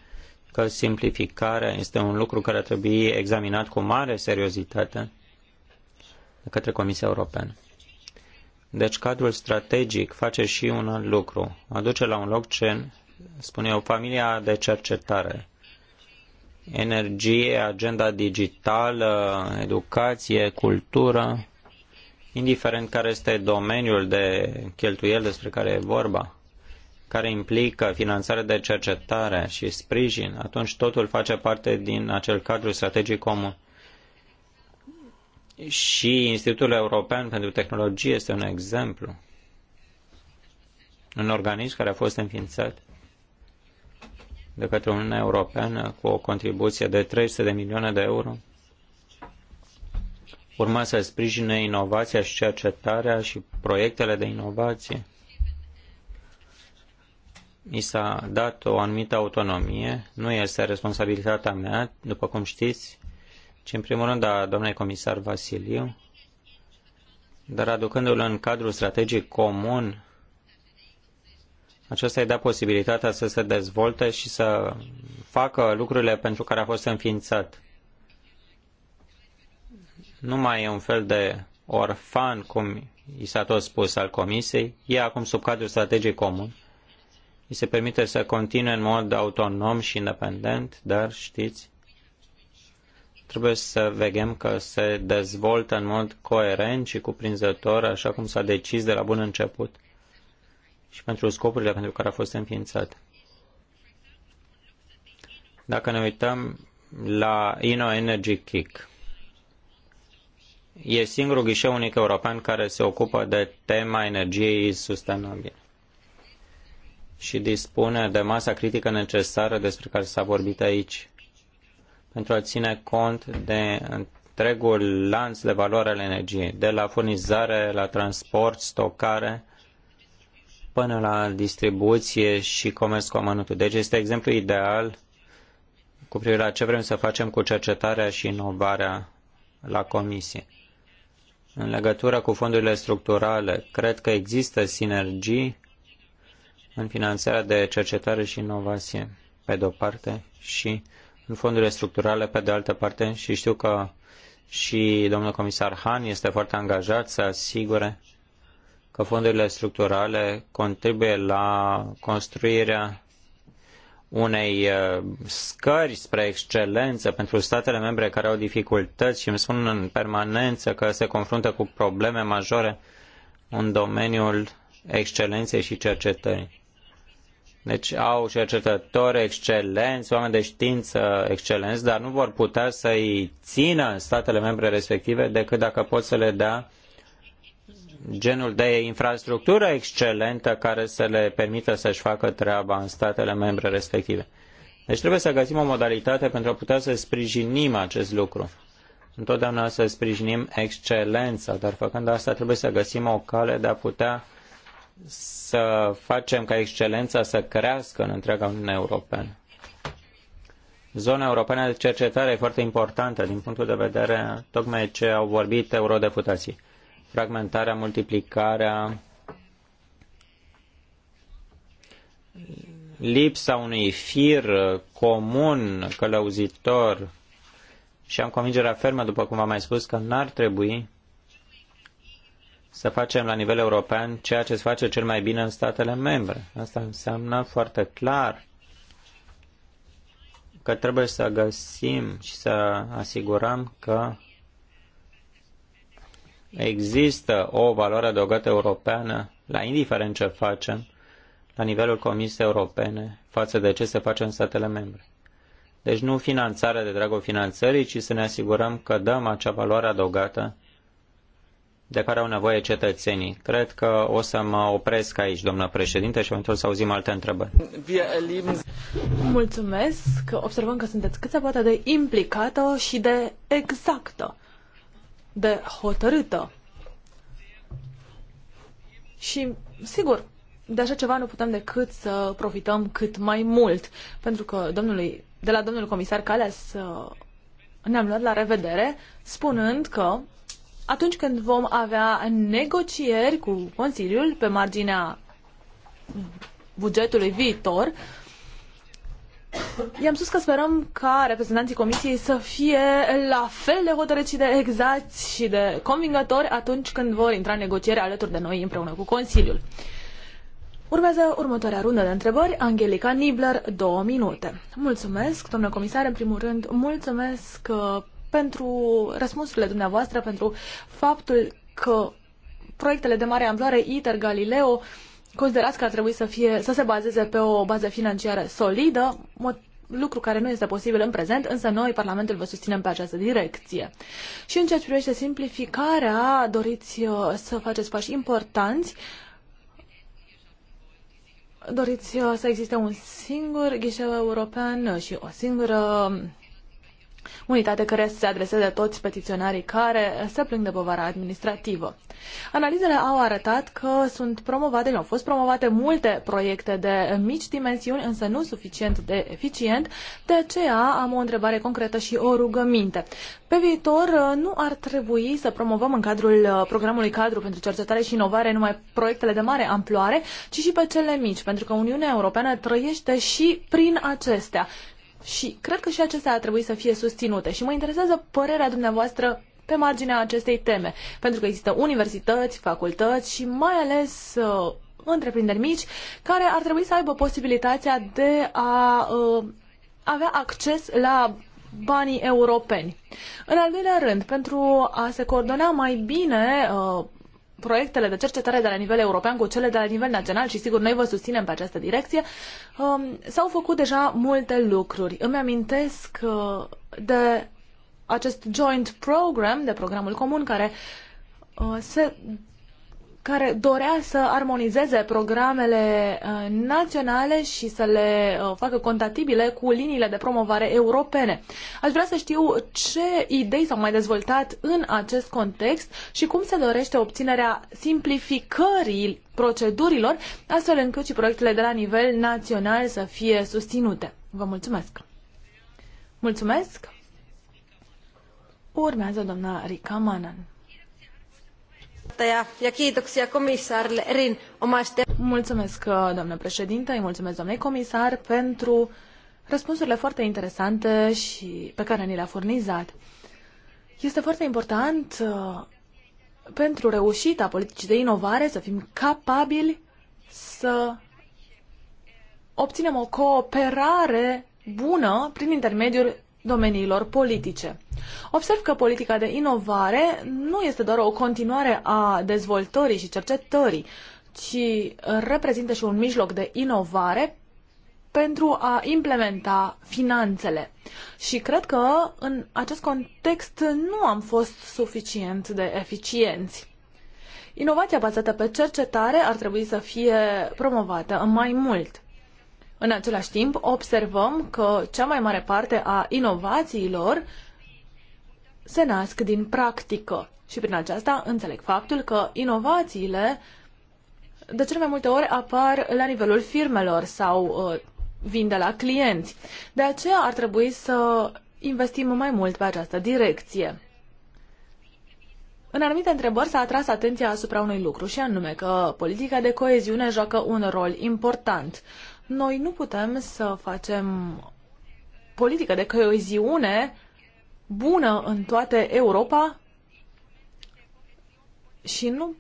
că simplificarea este un lucru care trebuie examinat cu mare seriozitate de către Comisia Europeană. Deci cadrul strategic face și un alt lucru. Aduce la un loc ce spune o familia de cercetare. Energie, agenda digitală, educație, cultură, indiferent care este domeniul de cheltuiel despre care e vorba, care implică finanțare de cercetare și sprijin, atunci totul face parte din acel cadru strategic comun. Și Institutul European pentru Tehnologie este un exemplu. Un organism care a fost înființat de către Uniunea Europeană cu o contribuție de 300 de milioane de euro urma să sprijine inovația și cercetarea și proiectele de inovație. Mi s-a dat o anumită autonomie, nu este responsabilitatea mea, după cum știți, ci deci, în primul rând a da, domnului comisar Vasiliu, dar aducându-l în cadrul strategic comun, acesta îi da posibilitatea să se dezvolte și să facă lucrurile pentru care a fost înființat. Nu mai e un fel de orfan, cum i s-a tot spus, al comisiei, e acum sub cadrul strategic comun. Îi se permite să continue în mod autonom și independent, dar știți, Trebuie să vegem că se dezvoltă în mod coerent și cuprinzător, așa cum s-a decis de la bun început și pentru scopurile pentru care a fost înființat. Dacă ne uităm la Inno Energy Kick, e singurul ghișeu unic european care se ocupă de tema energiei sustenabile și dispune de masa critică necesară despre care s-a vorbit aici pentru a ține cont de întregul lanț de valoare al energiei, de la furnizare, la transport, stocare, până la distribuție și comerț cu amănuntul. Deci este exemplu ideal cu privire la ce vrem să facem cu cercetarea și inovarea la comisie. În legătură cu fondurile structurale, cred că există sinergii în finanțarea de cercetare și inovație, pe de-o parte, și în fondurile structurale, pe de altă parte, și știu că și domnul comisar Han este foarte angajat să asigure că fondurile structurale contribuie la construirea unei uh, scări spre excelență pentru statele membre care au dificultăți și îmi spun în permanență că se confruntă cu probleme majore în domeniul excelenței și cercetării. Deci au cercetători excelenți, oameni de știință excelenți, dar nu vor putea să-i țină în statele membre respective decât dacă pot să le dea genul de infrastructură excelentă care să le permită să-și facă treaba în statele membre respective. Deci trebuie să găsim o modalitate pentru a putea să sprijinim acest lucru. Întotdeauna să sprijinim excelența, dar făcând asta trebuie să găsim o cale de a putea să facem ca excelența să crească în întreaga Uniune Europeană. Zona europeană de cercetare e foarte importantă din punctul de vedere tocmai ce au vorbit eurodeputații. Fragmentarea, multiplicarea, lipsa unui fir comun călăuzitor și am convingerea fermă, după cum am mai spus, că n-ar trebui să facem la nivel european ceea ce se face cel mai bine în statele membre. Asta înseamnă foarte clar că trebuie să găsim și să asigurăm că există o valoare adăugată europeană la indiferent ce facem la nivelul Comisiei Europene față de ce se face în statele membre. Deci nu finanțarea de dragul finanțării, ci să ne asigurăm că dăm acea valoare adăugată de care au nevoie cetățenii. Cred că o să mă opresc aici, doamnă președinte, și eventual să auzim alte întrebări. Mulțumesc. Că observăm că sunteți cât se poate de implicată și de exactă, de hotărâtă. Și, sigur, de așa ceva nu putem decât să profităm cât mai mult, pentru că domnului, de la domnul comisar să uh, ne-am luat la revedere, spunând că atunci când vom avea negocieri cu Consiliul pe marginea bugetului viitor, I-am spus că sperăm ca reprezentanții Comisiei să fie la fel de hotărâți și de exacti și de convingători atunci când vor intra în negociere alături de noi împreună cu Consiliul. Urmează următoarea rundă de întrebări. Angelica Nibler, două minute. Mulțumesc, domnule comisar, în primul rând, mulțumesc uh, pentru răspunsurile dumneavoastră, pentru faptul că proiectele de mare amploare ITER, Galileo, considerați că ar trebui să, fie, să se bazeze pe o bază financiară solidă, lucru care nu este posibil în prezent, însă noi, Parlamentul, vă susținem pe această direcție. Și în ceea ce privește simplificarea, doriți uh, să faceți pași importanți, doriți uh, să existe un singur ghișeu european și o singură unitate care să se adreseze toți petiționarii care se plâng de povara administrativă. Analizele au arătat că sunt promovate, au fost promovate multe proiecte de mici dimensiuni, însă nu suficient de eficient, de aceea am o întrebare concretă și o rugăminte. Pe viitor nu ar trebui să promovăm în cadrul programului cadru pentru cercetare și inovare numai proiectele de mare amploare, ci și pe cele mici, pentru că Uniunea Europeană trăiește și prin acestea și cred că și acestea ar trebui să fie susținute. Și mă interesează părerea dumneavoastră pe marginea acestei teme, pentru că există universități, facultăți și mai ales uh, întreprinderi mici care ar trebui să aibă posibilitatea de a uh, avea acces la banii europeni. În al doilea rând, pentru a se coordona mai bine uh, proiectele de cercetare de la nivel european cu cele de la nivel național și sigur noi vă susținem pe această direcție, um, s-au făcut deja multe lucruri. Îmi amintesc uh, de acest joint program, de programul comun care uh, se care dorea să armonizeze programele uh, naționale și să le uh, facă contatibile cu liniile de promovare europene. Aș vrea să știu ce idei s-au mai dezvoltat în acest context și cum se dorește obținerea simplificării procedurilor, astfel încât și proiectele de la nivel național să fie susținute. Vă mulțumesc! Mulțumesc! Urmează doamna Rica Manan ja kiitoksia Mulțumesc, uh, doamnă președintă, îi mulțumesc, doamnei comisar, pentru răspunsurile foarte interesante și pe care ni le-a furnizat. Este foarte important uh, pentru reușita politicii de inovare să fim capabili să obținem o cooperare bună prin intermediul domeniilor politice. Observ că politica de inovare nu este doar o continuare a dezvoltării și cercetării, ci reprezintă și un mijloc de inovare pentru a implementa finanțele. Și cred că în acest context nu am fost suficient de eficienți. Inovația bazată pe cercetare ar trebui să fie promovată mai mult. În același timp, observăm că cea mai mare parte a inovațiilor se nasc din practică și prin aceasta înțeleg faptul că inovațiile de cele mai multe ori apar la nivelul firmelor sau uh, vin de la clienți. De aceea ar trebui să investim mai mult pe această direcție. În anumite întrebări s-a atras atenția asupra unui lucru și anume că politica de coeziune joacă un rol important. Noi nu putem să facem politică de coeziune bună în toată Europa și nu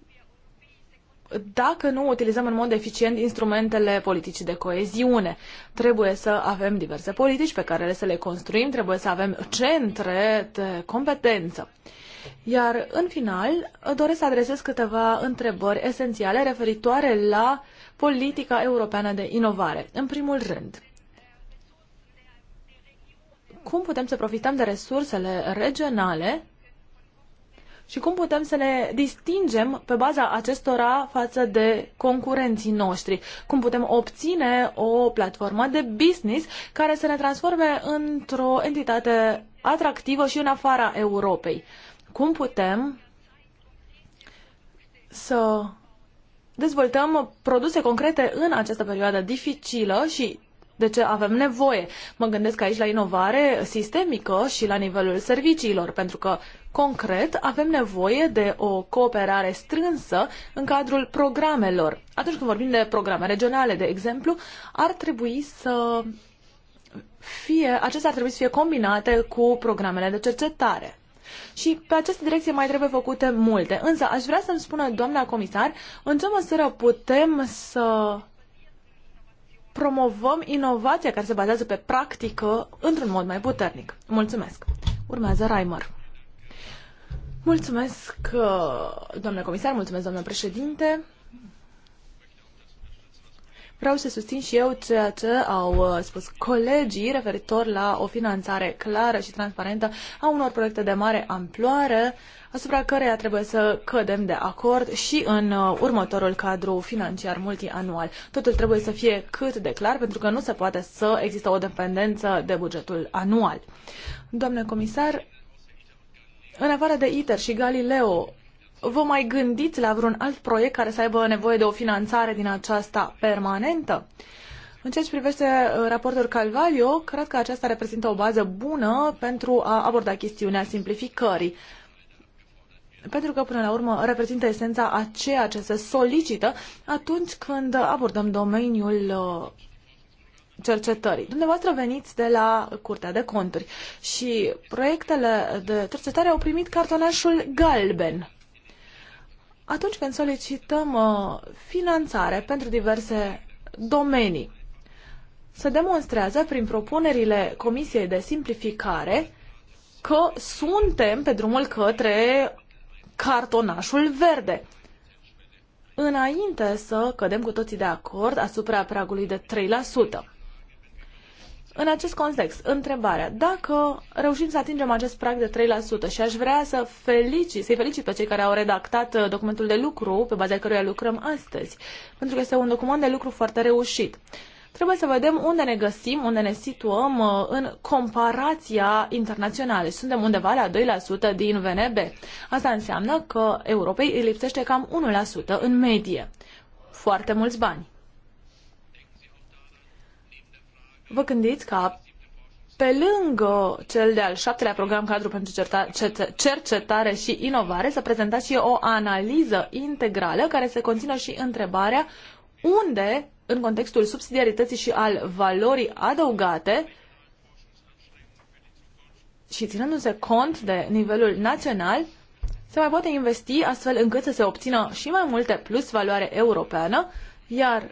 dacă nu utilizăm în mod eficient instrumentele politicii de coeziune. Trebuie să avem diverse politici pe care să le construim, trebuie să avem centre de competență. Iar în final, doresc să adresez câteva întrebări esențiale referitoare la uh, politica europeană de inovare. În primul rând, cum putem să profităm de resursele regionale și cum putem să ne distingem pe baza acestora față de concurenții noștri? Cum putem obține o platformă de business care să ne transforme într-o entitate atractivă și în afara Europei? Cum putem să dezvoltăm produse concrete în această perioadă dificilă și de ce avem nevoie. Mă gândesc aici la inovare sistemică și la nivelul serviciilor, pentru că, concret, avem nevoie de o cooperare strânsă în cadrul programelor. Atunci când vorbim de programe regionale, de exemplu, ar trebui să fie, acestea ar trebui să fie combinate cu programele de cercetare și pe această direcție mai trebuie făcute multe. Însă aș vrea să-mi spună, doamna comisar, în ce măsură putem să promovăm inovația care se bazează pe practică într-un mod mai puternic. Mulțumesc. Urmează Reimer. Mulțumesc, uh, doamne comisar, mulțumesc, doamne președinte. Vreau să susțin și eu ceea ce au uh, spus colegii referitor la o finanțare clară și transparentă a unor proiecte de mare amploare, asupra căreia trebuie să cădem de acord și în uh, următorul cadru financiar multianual. Totul trebuie să fie cât de clar, pentru că nu se poate să există o dependență de bugetul anual. Doamne comisar, în afară de ITER și Galileo, vă mai gândiți la vreun alt proiect care să aibă nevoie de o finanțare din aceasta permanentă? În ceea ce privește uh, raportul Calvalio, cred că aceasta reprezintă o bază bună pentru a aborda chestiunea simplificării. Pentru că, până la urmă, reprezintă esența a ceea ce se solicită atunci când abordăm domeniul uh, cercetării. Dumneavoastră veniți de la Curtea de Conturi și proiectele de cercetare au primit cartonașul galben atunci când solicităm uh, finanțare pentru diverse domenii. Se demonstrează prin propunerile Comisiei de Simplificare că suntem pe drumul către cartonașul verde. Înainte să cădem cu toții de acord asupra pragului de 3%. În acest context, întrebarea, dacă reușim să atingem acest prag de 3% și aș vrea să felicit, să-i felicit pe cei care au redactat uh, documentul de lucru pe baza căruia lucrăm astăzi, pentru că este un document de lucru foarte reușit. Trebuie să vedem unde ne găsim, unde ne situăm uh, în comparația internațională. Suntem undeva la 2% din VNB. Asta înseamnă că Europei îi lipsește cam 1% în medie. Foarte mulți bani. vă gândiți ca pe lângă cel de-al șaptelea program cadru pentru cercetare și inovare, să prezentați și o analiză integrală care se conțină și întrebarea unde, în contextul subsidiarității și al valorii adăugate, și ținându-se cont de nivelul național, se mai poate investi astfel încât să se obțină și mai multe plus valoare europeană, iar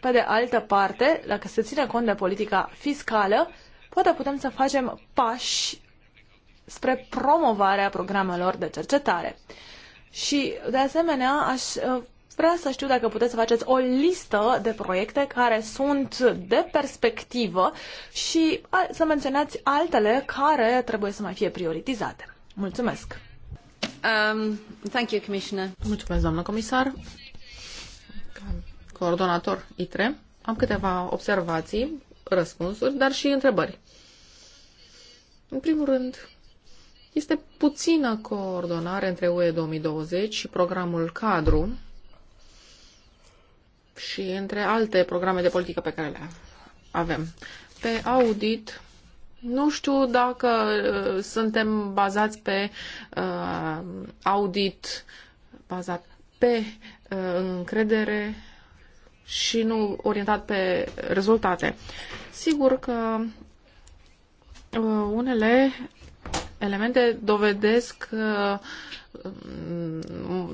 pe de altă parte, dacă se ține cont de politica fiscală, poate putem să facem pași spre promovarea programelor de cercetare. Și, de asemenea, aș uh, vrea să știu dacă puteți să faceți o listă de proiecte care sunt de perspectivă și să menționați altele care trebuie să mai fie prioritizate. Mulțumesc! Um, thank you, Commissioner. Mulțumesc, doamnă comisar coordonator ITRE, am câteva observații, răspunsuri, dar și întrebări. În primul rând, este puțină coordonare între UE 2020 și programul cadru și între alte programe de politică pe care le avem. Pe audit, nu știu dacă uh, suntem bazați pe uh, audit bazat pe uh, încredere și nu orientat pe rezultate. Sigur că uh, unele elemente dovedesc uh,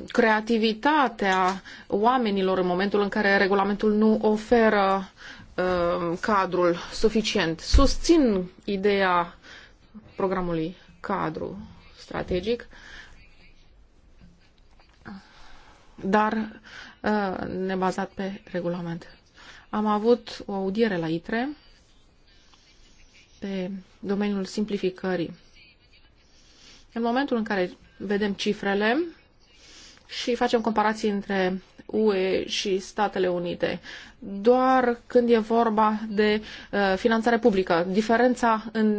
creativitatea oamenilor în momentul în care regulamentul nu oferă uh, cadrul suficient. Susțin ideea programului cadru strategic, dar Uh, nebazat pe regulament. Am avut o audiere la ITRE pe domeniul simplificării. În momentul în care vedem cifrele și facem comparații între UE și Statele Unite, doar când e vorba de uh, finanțare publică. Diferența în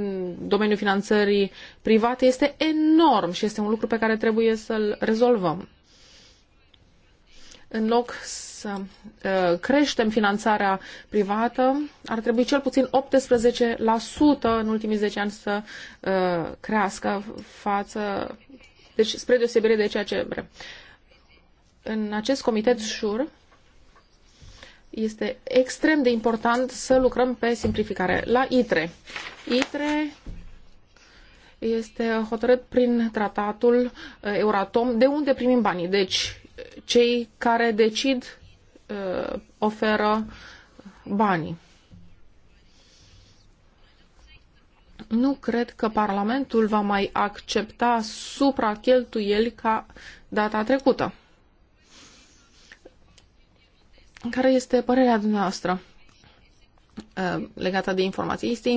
domeniul finanțării private este enorm și este un lucru pe care trebuie să-l rezolvăm în loc să uh, creștem finanțarea privată, ar trebui cel puțin 18% în ultimii 10 ani să uh, crească față, deci spre deosebire de ceea ce vrem. În acest comitet șur este extrem de important să lucrăm pe simplificare. La ITRE. ITRE este hotărât prin tratatul uh, Euratom, de unde primim banii. Deci, cei care decid uh, oferă banii. Nu cred că Parlamentul va mai accepta supracheltuieli ca data trecută. Care este părerea dumneavoastră uh, legată de informații? Este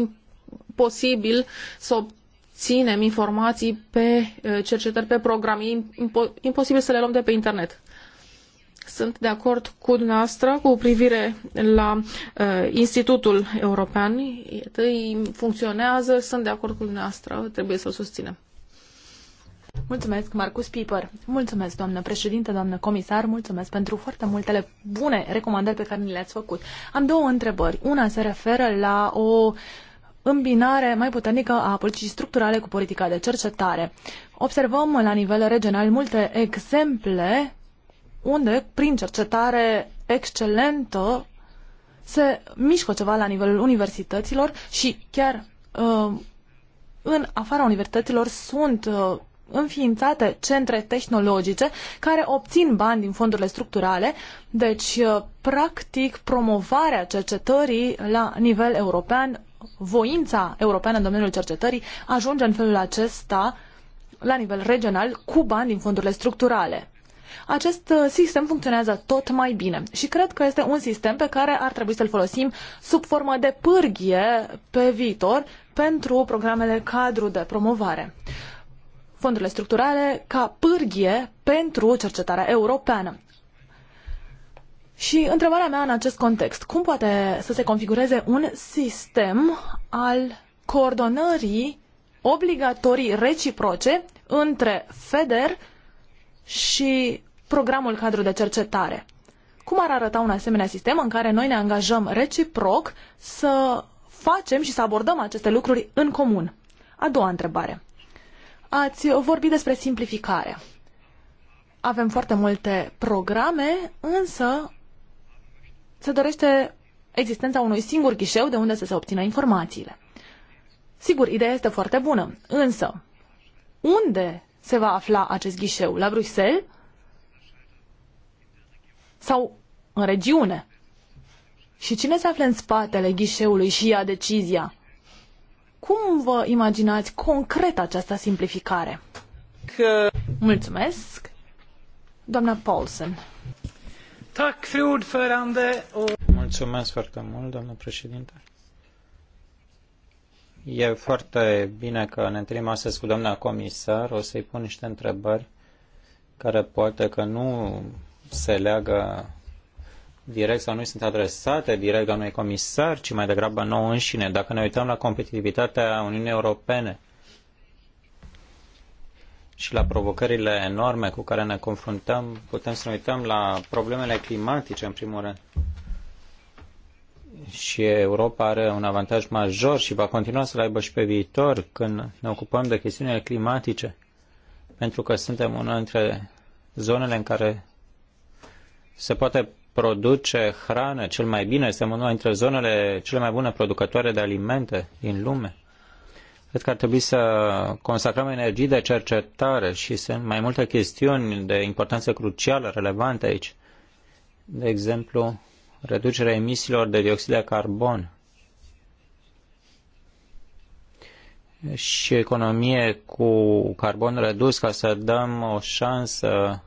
imposibil să obținem obținem informații pe cercetări, pe programe. E imposibil să le luăm de pe internet. Sunt de acord cu dumneavoastră cu privire la uh, Institutul European. Ei funcționează, sunt de acord cu dumneavoastră, trebuie să-l susținem. Mulțumesc, Marcus Piper. Mulțumesc, doamnă președinte, doamnă comisar, mulțumesc pentru foarte multele bune recomandări pe care ni le-ați făcut. Am două întrebări. Una se referă la o uh, îmbinare mai puternică a politicii structurale cu politica de cercetare. Observăm la nivel regional multe exemple unde, prin cercetare excelentă, se mișcă ceva la nivelul universităților și chiar uh, în afara universităților sunt uh, înființate centre tehnologice care obțin bani din fondurile structurale, deci uh, practic promovarea cercetării la nivel european voința europeană în domeniul cercetării ajunge în felul acesta la nivel regional cu bani din fondurile structurale. Acest uh, sistem funcționează tot mai bine și cred că este un sistem pe care ar trebui să-l folosim sub formă de pârghie pe viitor pentru programele cadru de promovare. Fondurile structurale ca pârghie pentru cercetarea europeană. Și întrebarea mea în acest context, cum poate să se configureze un sistem al coordonării obligatorii reciproce între FEDER și programul cadru de cercetare? Cum ar arăta un asemenea sistem în care noi ne angajăm reciproc să facem și să abordăm aceste lucruri în comun? A doua întrebare. Ați vorbit despre simplificare. Avem foarte multe programe, însă se dorește existența unui singur ghișeu de unde să se obțină informațiile. Sigur, ideea este foarte bună, însă unde se va afla acest ghișeu? La Bruxelles sau în regiune? Și cine se află în spatele ghișeului și ia decizia? Cum vă imaginați concret această simplificare? Că... Mulțumesc! Doamna Paulsen. Mulțumesc foarte mult, domnule președinte. E foarte bine că ne întâlnim astăzi cu doamna comisar. O să-i pun niște întrebări care poate că nu se leagă direct sau nu sunt adresate direct doamnei comisar, ci mai degrabă nouă înșine. Dacă ne uităm la competitivitatea Uniunii Europene, și la provocările enorme cu care ne confruntăm, putem să ne uităm la problemele climatice, în primul rând. Și Europa are un avantaj major și va continua să-l aibă și pe viitor când ne ocupăm de chestiunile climatice, pentru că suntem una dintre zonele în care se poate produce hrană cel mai bine, suntem una dintre zonele cele mai bune producătoare de alimente din lume Cred că ar trebui să consacrăm energii de cercetare și sunt mai multe chestiuni de importanță crucială, relevante aici. De exemplu, reducerea emisiilor de dioxid de carbon și economie cu carbon redus ca să dăm o șansă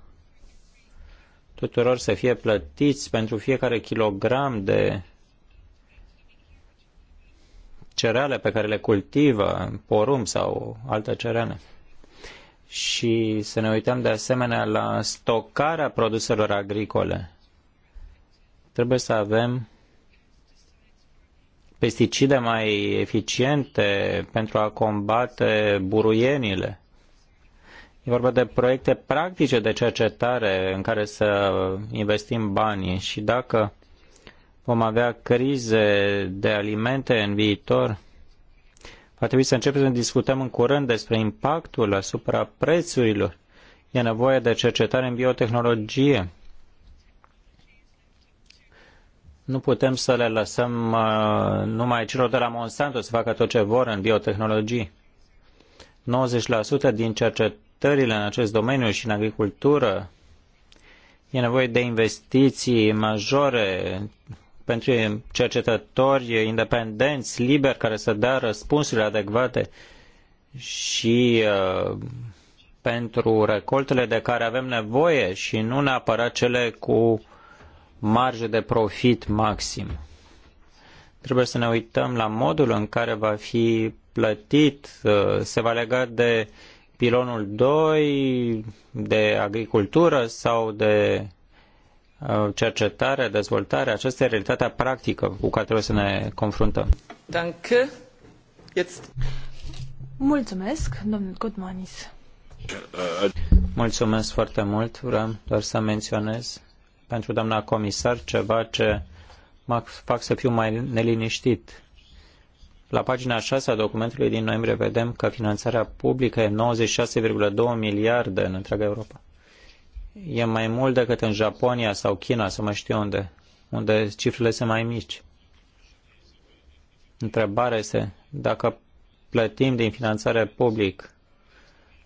tuturor să fie plătiți pentru fiecare kilogram de cereale pe care le cultivă, porumb sau alte cereale. Și să ne uităm de asemenea la stocarea produselor agricole. Trebuie să avem pesticide mai eficiente pentru a combate buruienile. E vorba de proiecte practice de cercetare în care să investim banii și dacă vom avea crize de alimente în viitor, va trebui să începem să discutăm în curând despre impactul asupra prețurilor. E nevoie de cercetare în biotehnologie. Nu putem să le lăsăm uh, numai celor de la Monsanto să facă tot ce vor în biotehnologie. 90% din cercetările în acest domeniu și în agricultură e nevoie de investiții majore pentru cercetători independenți, liberi, care să dea răspunsurile adecvate și uh, pentru recoltele de care avem nevoie și nu neapărat cele cu marge de profit maxim. Trebuie să ne uităm la modul în care va fi plătit, uh, se va lega de pilonul 2, de agricultură sau de Uh, cercetare, dezvoltare. Aceasta e realitatea practică cu care trebuie să ne confruntăm. Danke. Jetzt. Mulțumesc, domnul Godmanis. Mulțumesc foarte mult. Vreau doar să menționez pentru doamna comisar ceva ce mă fac să fiu mai neliniștit. La pagina 6 a documentului din noiembrie vedem că finanțarea publică e 96,2 miliarde în întreaga Europa e mai mult decât în Japonia sau China, să mă știu unde, unde cifrele sunt mai mici. Întrebarea este dacă plătim din finanțare public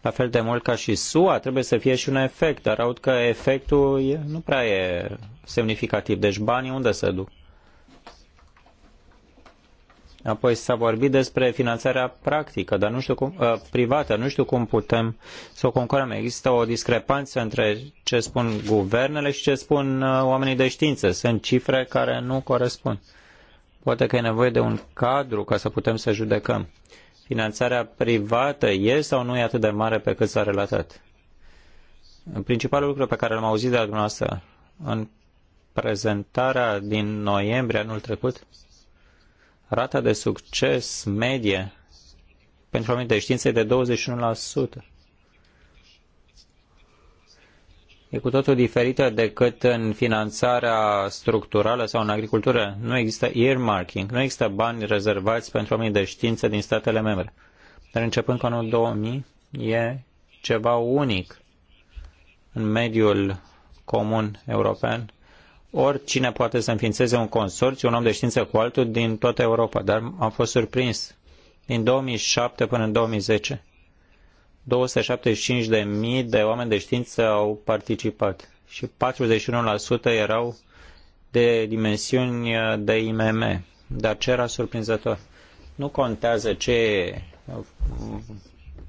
la fel de mult ca și SUA, trebuie să fie și un efect, dar aud că efectul nu prea e semnificativ. Deci banii unde se duc? Apoi s-a vorbit despre finanțarea practică, dar nu știu cum, uh, privată, nu știu cum putem să o concurăm. Există o discrepanță între ce spun guvernele și ce spun uh, oamenii de știință. Sunt cifre care nu corespund. Poate că e nevoie de un cadru ca să putem să judecăm. Finanțarea privată e sau nu e atât de mare pe cât s-a relatat? Principalul lucru pe care l-am auzit de la dumneavoastră în prezentarea din noiembrie anul trecut Rata de succes medie pentru oameni de știință e de 21%. E cu totul diferită decât în finanțarea structurală sau în agricultură. Nu există earmarking, nu există bani rezervați pentru oamenii de știință din statele membre. Dar începând cu anul 2000 e ceva unic în mediul comun european oricine poate să înființeze un consorțiu, un om de știință cu altul din toată Europa, dar am fost surprins. Din 2007 până în 2010, 275.000 de mii de oameni de știință au participat și 41% erau de dimensiuni de IMM. Dar ce era surprinzător? Nu contează ce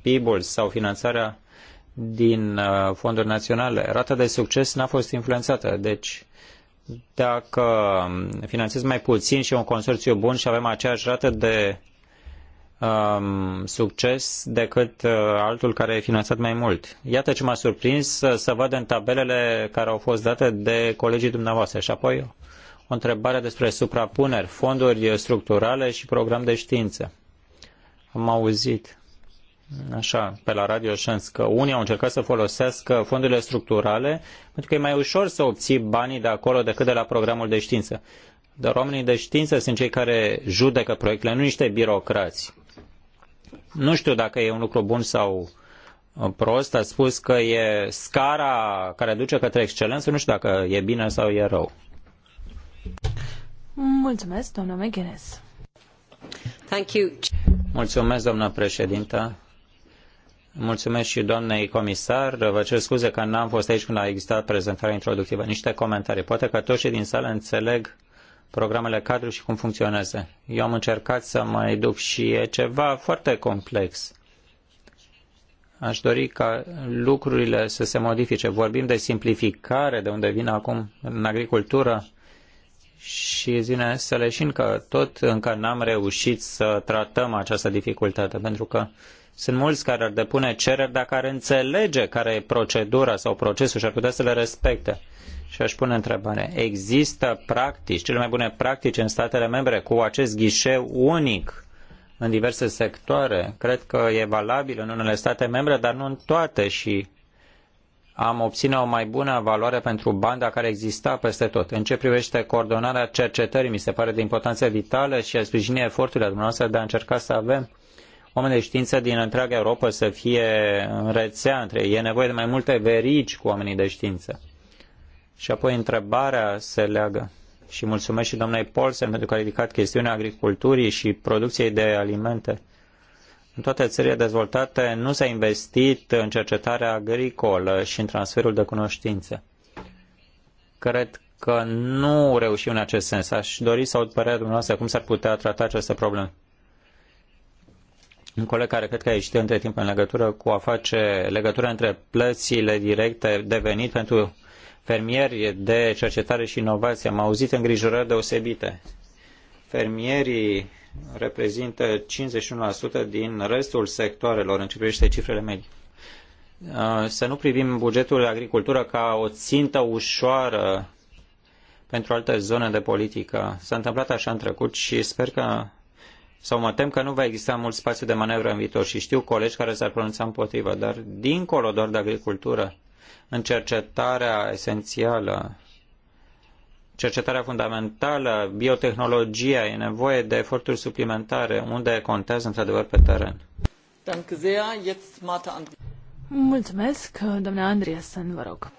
PIB-ul sau finanțarea din uh, fonduri naționale. Rata de succes n-a fost influențată, deci dacă finanțezi mai puțin și un consorțiu bun și avem aceeași rată de um, succes decât uh, altul care e finanțat mai mult. Iată ce m-a surprins să, să văd în tabelele care au fost date de colegii dumneavoastră. Și apoi o întrebare despre suprapuneri, fonduri structurale și program de știință. Am auzit așa, pe la Radio Șans, că unii au încercat să folosească fondurile structurale pentru că e mai ușor să obții banii de acolo decât de la programul de știință. Dar oamenii de știință sunt cei care judecă proiectele, nu niște birocrați. Nu știu dacă e un lucru bun sau uh, prost, a spus că e scara care duce către excelență, nu știu dacă e bine sau e rău. Mulțumesc, domnule McGuinness. Mulțumesc, doamnă președintă. Mulțumesc și doamnei comisar. Vă cer scuze că n-am fost aici când a existat prezentarea introductivă. Niște comentarii. Poate că toți din sală înțeleg programele cadru și cum funcționează. Eu am încercat să mă duc și e ceva foarte complex. Aș dori ca lucrurile să se modifice. Vorbim de simplificare, de unde vine acum în agricultură și zine să leșin că tot încă n-am reușit să tratăm această dificultate, pentru că sunt mulți care ar depune cereri, dacă ar înțelege care e procedura sau procesul și ar putea să le respecte. Și aș pune întrebare. Există practici, cele mai bune practici în statele membre cu acest ghișeu unic în diverse sectoare? Cred că e valabil în unele state membre, dar nu în toate și am obține o mai bună valoare pentru banda care exista peste tot. În ce privește coordonarea cercetării, mi se pare de importanță vitală și a sprijini eforturile dumneavoastră de a încerca să avem oameni de știință din întreaga Europa să fie în rețea între ei. E nevoie de mai multe verici cu oamenii de știință. Și apoi întrebarea se leagă. Și mulțumesc și domnului Paulsen pentru că a ridicat chestiunea agriculturii și producției de alimente. În toate țările dezvoltate nu s-a investit în cercetarea agricolă și în transferul de cunoștințe. Cred că nu reușim în acest sens. Aș dori să aud părerea dumneavoastră cum s-ar putea trata această problemă un coleg care cred că a ieșit între timp în legătură cu a face legătura între plățile directe de venit pentru fermieri de cercetare și inovație. Am auzit îngrijorări deosebite. Fermierii reprezintă 51% din restul sectoarelor în ce privește cifrele medii. Uh, să nu privim bugetul de agricultură ca o țintă ușoară pentru alte zone de politică. S-a întâmplat așa în trecut și sper că sau mă tem că nu va exista mult spațiu de manevră în viitor și știu colegi care s-ar pronunța împotrivă, dar dincolo doar de agricultură, în cercetarea esențială, cercetarea fundamentală, biotehnologia, e nevoie de eforturi suplimentare, unde contează într-adevăr pe teren. Mulțumesc, domnule Andriesen, vă rog.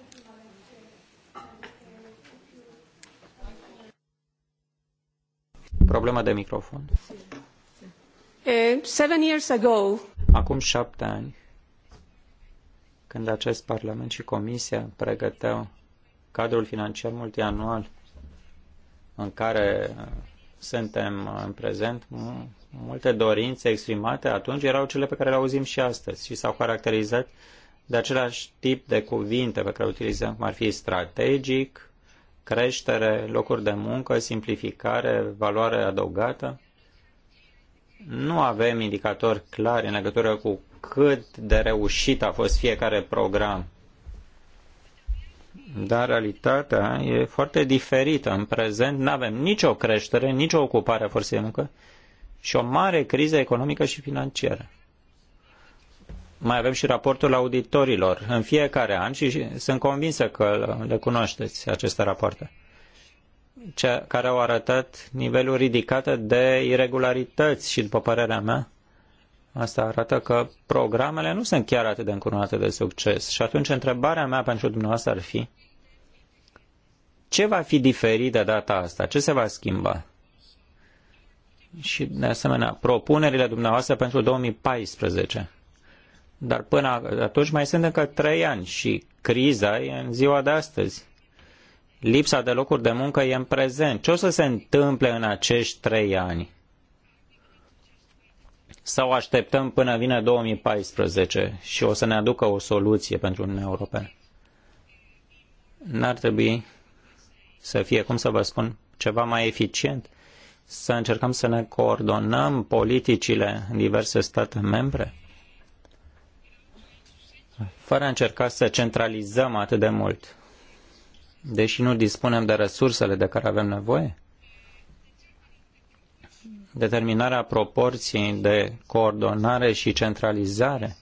Problema de microfon. Uh, seven years ago, Acum șapte ani, când acest Parlament și Comisia pregăteau cadrul financiar multianual în care suntem în prezent, multe dorințe exprimate atunci erau cele pe care le auzim și astăzi și s-au caracterizat de același tip de cuvinte pe care le utilizăm, cum ar fi strategic, creștere, locuri de muncă, simplificare, valoare adăugată nu avem indicatori clari în legătură cu cât de reușit a fost fiecare program. Dar realitatea e foarte diferită. În prezent nu avem nicio creștere, nicio ocupare a forței de muncă și o mare criză economică și financiară. Mai avem și raportul auditorilor în fiecare an și sunt convinsă că le cunoașteți aceste rapoarte care au arătat niveluri ridicate de irregularități și, după părerea mea, asta arată că programele nu sunt chiar atât de încurunate de succes. Și atunci întrebarea mea pentru dumneavoastră ar fi ce va fi diferit de data asta? Ce se va schimba? Și, de asemenea, propunerile dumneavoastră pentru 2014. Dar până atunci mai sunt încă trei ani și criza e în ziua de astăzi lipsa de locuri de muncă e în prezent. Ce o să se întâmple în acești trei ani? Sau așteptăm până vine 2014 și o să ne aducă o soluție pentru Uniunea Europeană? N-ar trebui să fie, cum să vă spun, ceva mai eficient? Să încercăm să ne coordonăm politicile în diverse state membre? Fără a încerca să centralizăm atât de mult deși nu dispunem de resursele de care avem nevoie? Determinarea proporției de coordonare și centralizare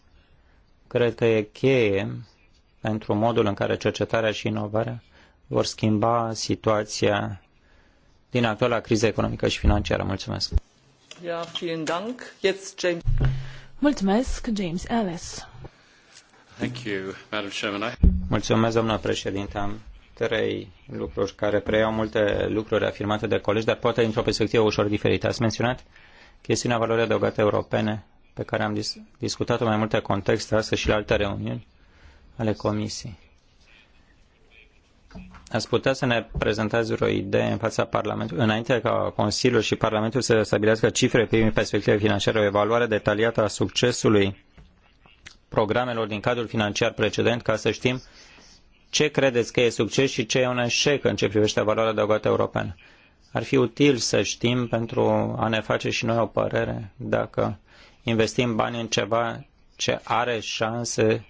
cred că e cheie pentru modul în care cercetarea și inovarea vor schimba situația din actuala criză economică și financiară. Mulțumesc! Ja, vielen Dank. Jetzt James. Mulțumesc, James Ellis. Thank you, Madam Chairman. Mulțumesc, domnule președinte. Am trei lucruri care preiau multe lucruri afirmate de colegi, dar poate într o perspectivă ușor diferită. Ați menționat chestiunea valorii adăugate europene, pe care am dis- discutat-o mai multe contexte astăzi și la alte reuniuni ale comisiei. Ați putea să ne prezentați o idee în fața Parlamentului, înainte ca Consiliul și Parlamentul să stabilească cifre primii perspective financiare, o evaluare detaliată a succesului programelor din cadrul financiar precedent, ca să știm ce credeți că e succes și ce e un eșec în ce privește valoarea adăugată europeană. Ar fi util să știm pentru a ne face și noi o părere dacă investim bani în ceva ce are șanse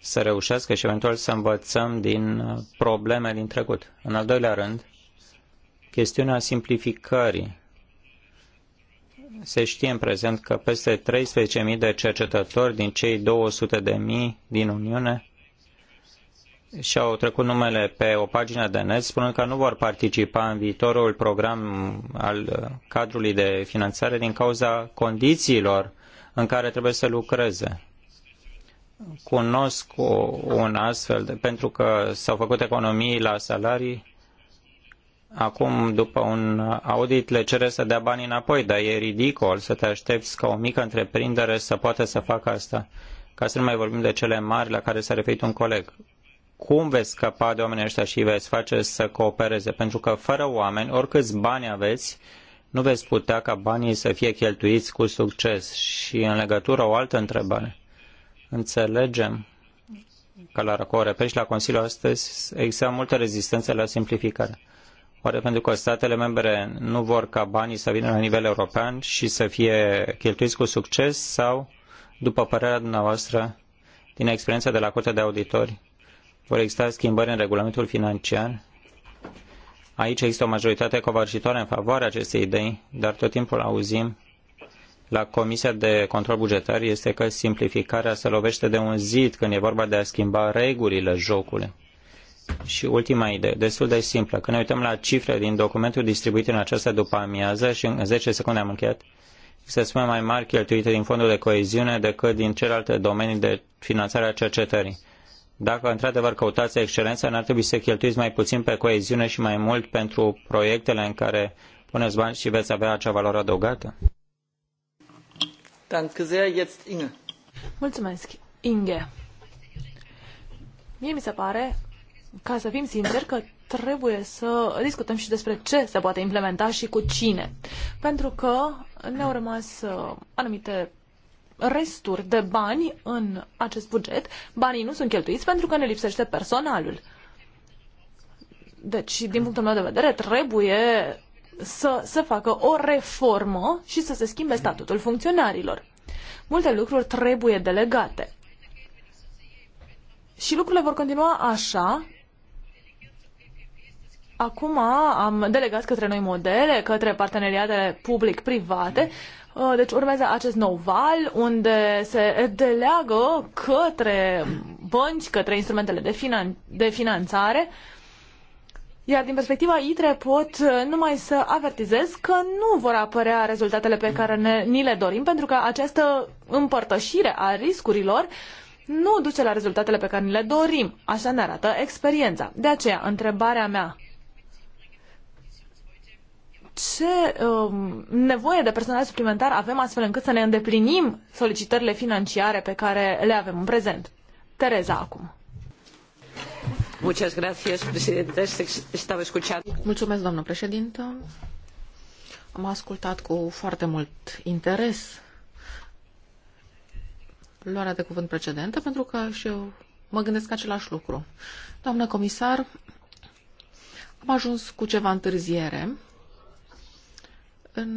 să reușească și eventual să învățăm din probleme din trecut. În al doilea rând, chestiunea simplificării. Se știe în prezent că peste 13.000 de cercetători din cei 200.000 din Uniune și au trecut numele pe o pagină de net spunând că nu vor participa în viitorul program al uh, cadrului de finanțare din cauza condițiilor în care trebuie să lucreze. Cunosc un astfel, de, pentru că s-au făcut economii la salarii, acum după un audit le cere să dea bani înapoi, dar e ridicol să te aștepți ca o mică întreprindere să poată să facă asta ca să nu mai vorbim de cele mari la care s-a referit un coleg cum veți scăpa de oamenii ăștia și veți face să coopereze, pentru că fără oameni, oricâți bani aveți, nu veți putea ca banii să fie cheltuiți cu succes. Și în legătură o altă întrebare. Înțelegem că la pe și la Consiliu astăzi există multă rezistență la simplificare. Oare pentru că statele membre nu vor ca banii să vină la nivel european și să fie cheltuiți cu succes sau, după părerea dumneavoastră, din experiența de la Curtea de Auditori, vor exista schimbări în regulamentul financiar. Aici există o majoritate covârșitoare în favoarea acestei idei, dar tot timpul auzim la Comisia de Control Bugetar este că simplificarea se lovește de un zid când e vorba de a schimba regulile jocului. Și ultima idee, destul de simplă. Când ne uităm la cifre din documentul distribuit în această după amiază și în 10 secunde am încheiat, se spune mai mari cheltuite din fondul de coeziune decât din celelalte domenii de finanțare a cercetării. Dacă într-adevăr căutați excelența, n-ar trebui să cheltuiți mai puțin pe coeziune și mai mult pentru proiectele în care puneți bani și veți avea acea valoare adăugată? Danke sehr, jetzt Inge. Mulțumesc, Inge. Mie mi se pare, ca să fim sinceri, că trebuie să discutăm și despre ce se poate implementa și cu cine. Pentru că ne-au rămas uh, anumite resturi de bani în acest buget. Banii nu sunt cheltuiți pentru că ne lipsește personalul. Deci, din punctul meu de vedere, trebuie să se facă o reformă și să se schimbe statutul funcționarilor. Multe lucruri trebuie delegate. Și lucrurile vor continua așa. Acum am delegat către noi modele, către parteneriatele public-private, Uh, deci urmează acest nou val unde se deleagă către bănci, către instrumentele de, finan- de finanțare. Iar din perspectiva ITRE pot uh, numai să avertizez că nu vor apărea rezultatele pe care ne, ni le dorim, pentru că această împărtășire a riscurilor nu duce la rezultatele pe care ni le dorim. Așa ne arată experiența. De aceea, întrebarea mea ce um, nevoie de personal suplimentar avem astfel încât să ne îndeplinim solicitările financiare pe care le avem în prezent. Tereza acum. Mulțumesc, doamnă președintă. Am ascultat cu foarte mult interes luarea de cuvânt precedentă, pentru că și eu mă gândesc același lucru. Doamnă comisar, am ajuns cu ceva întârziere în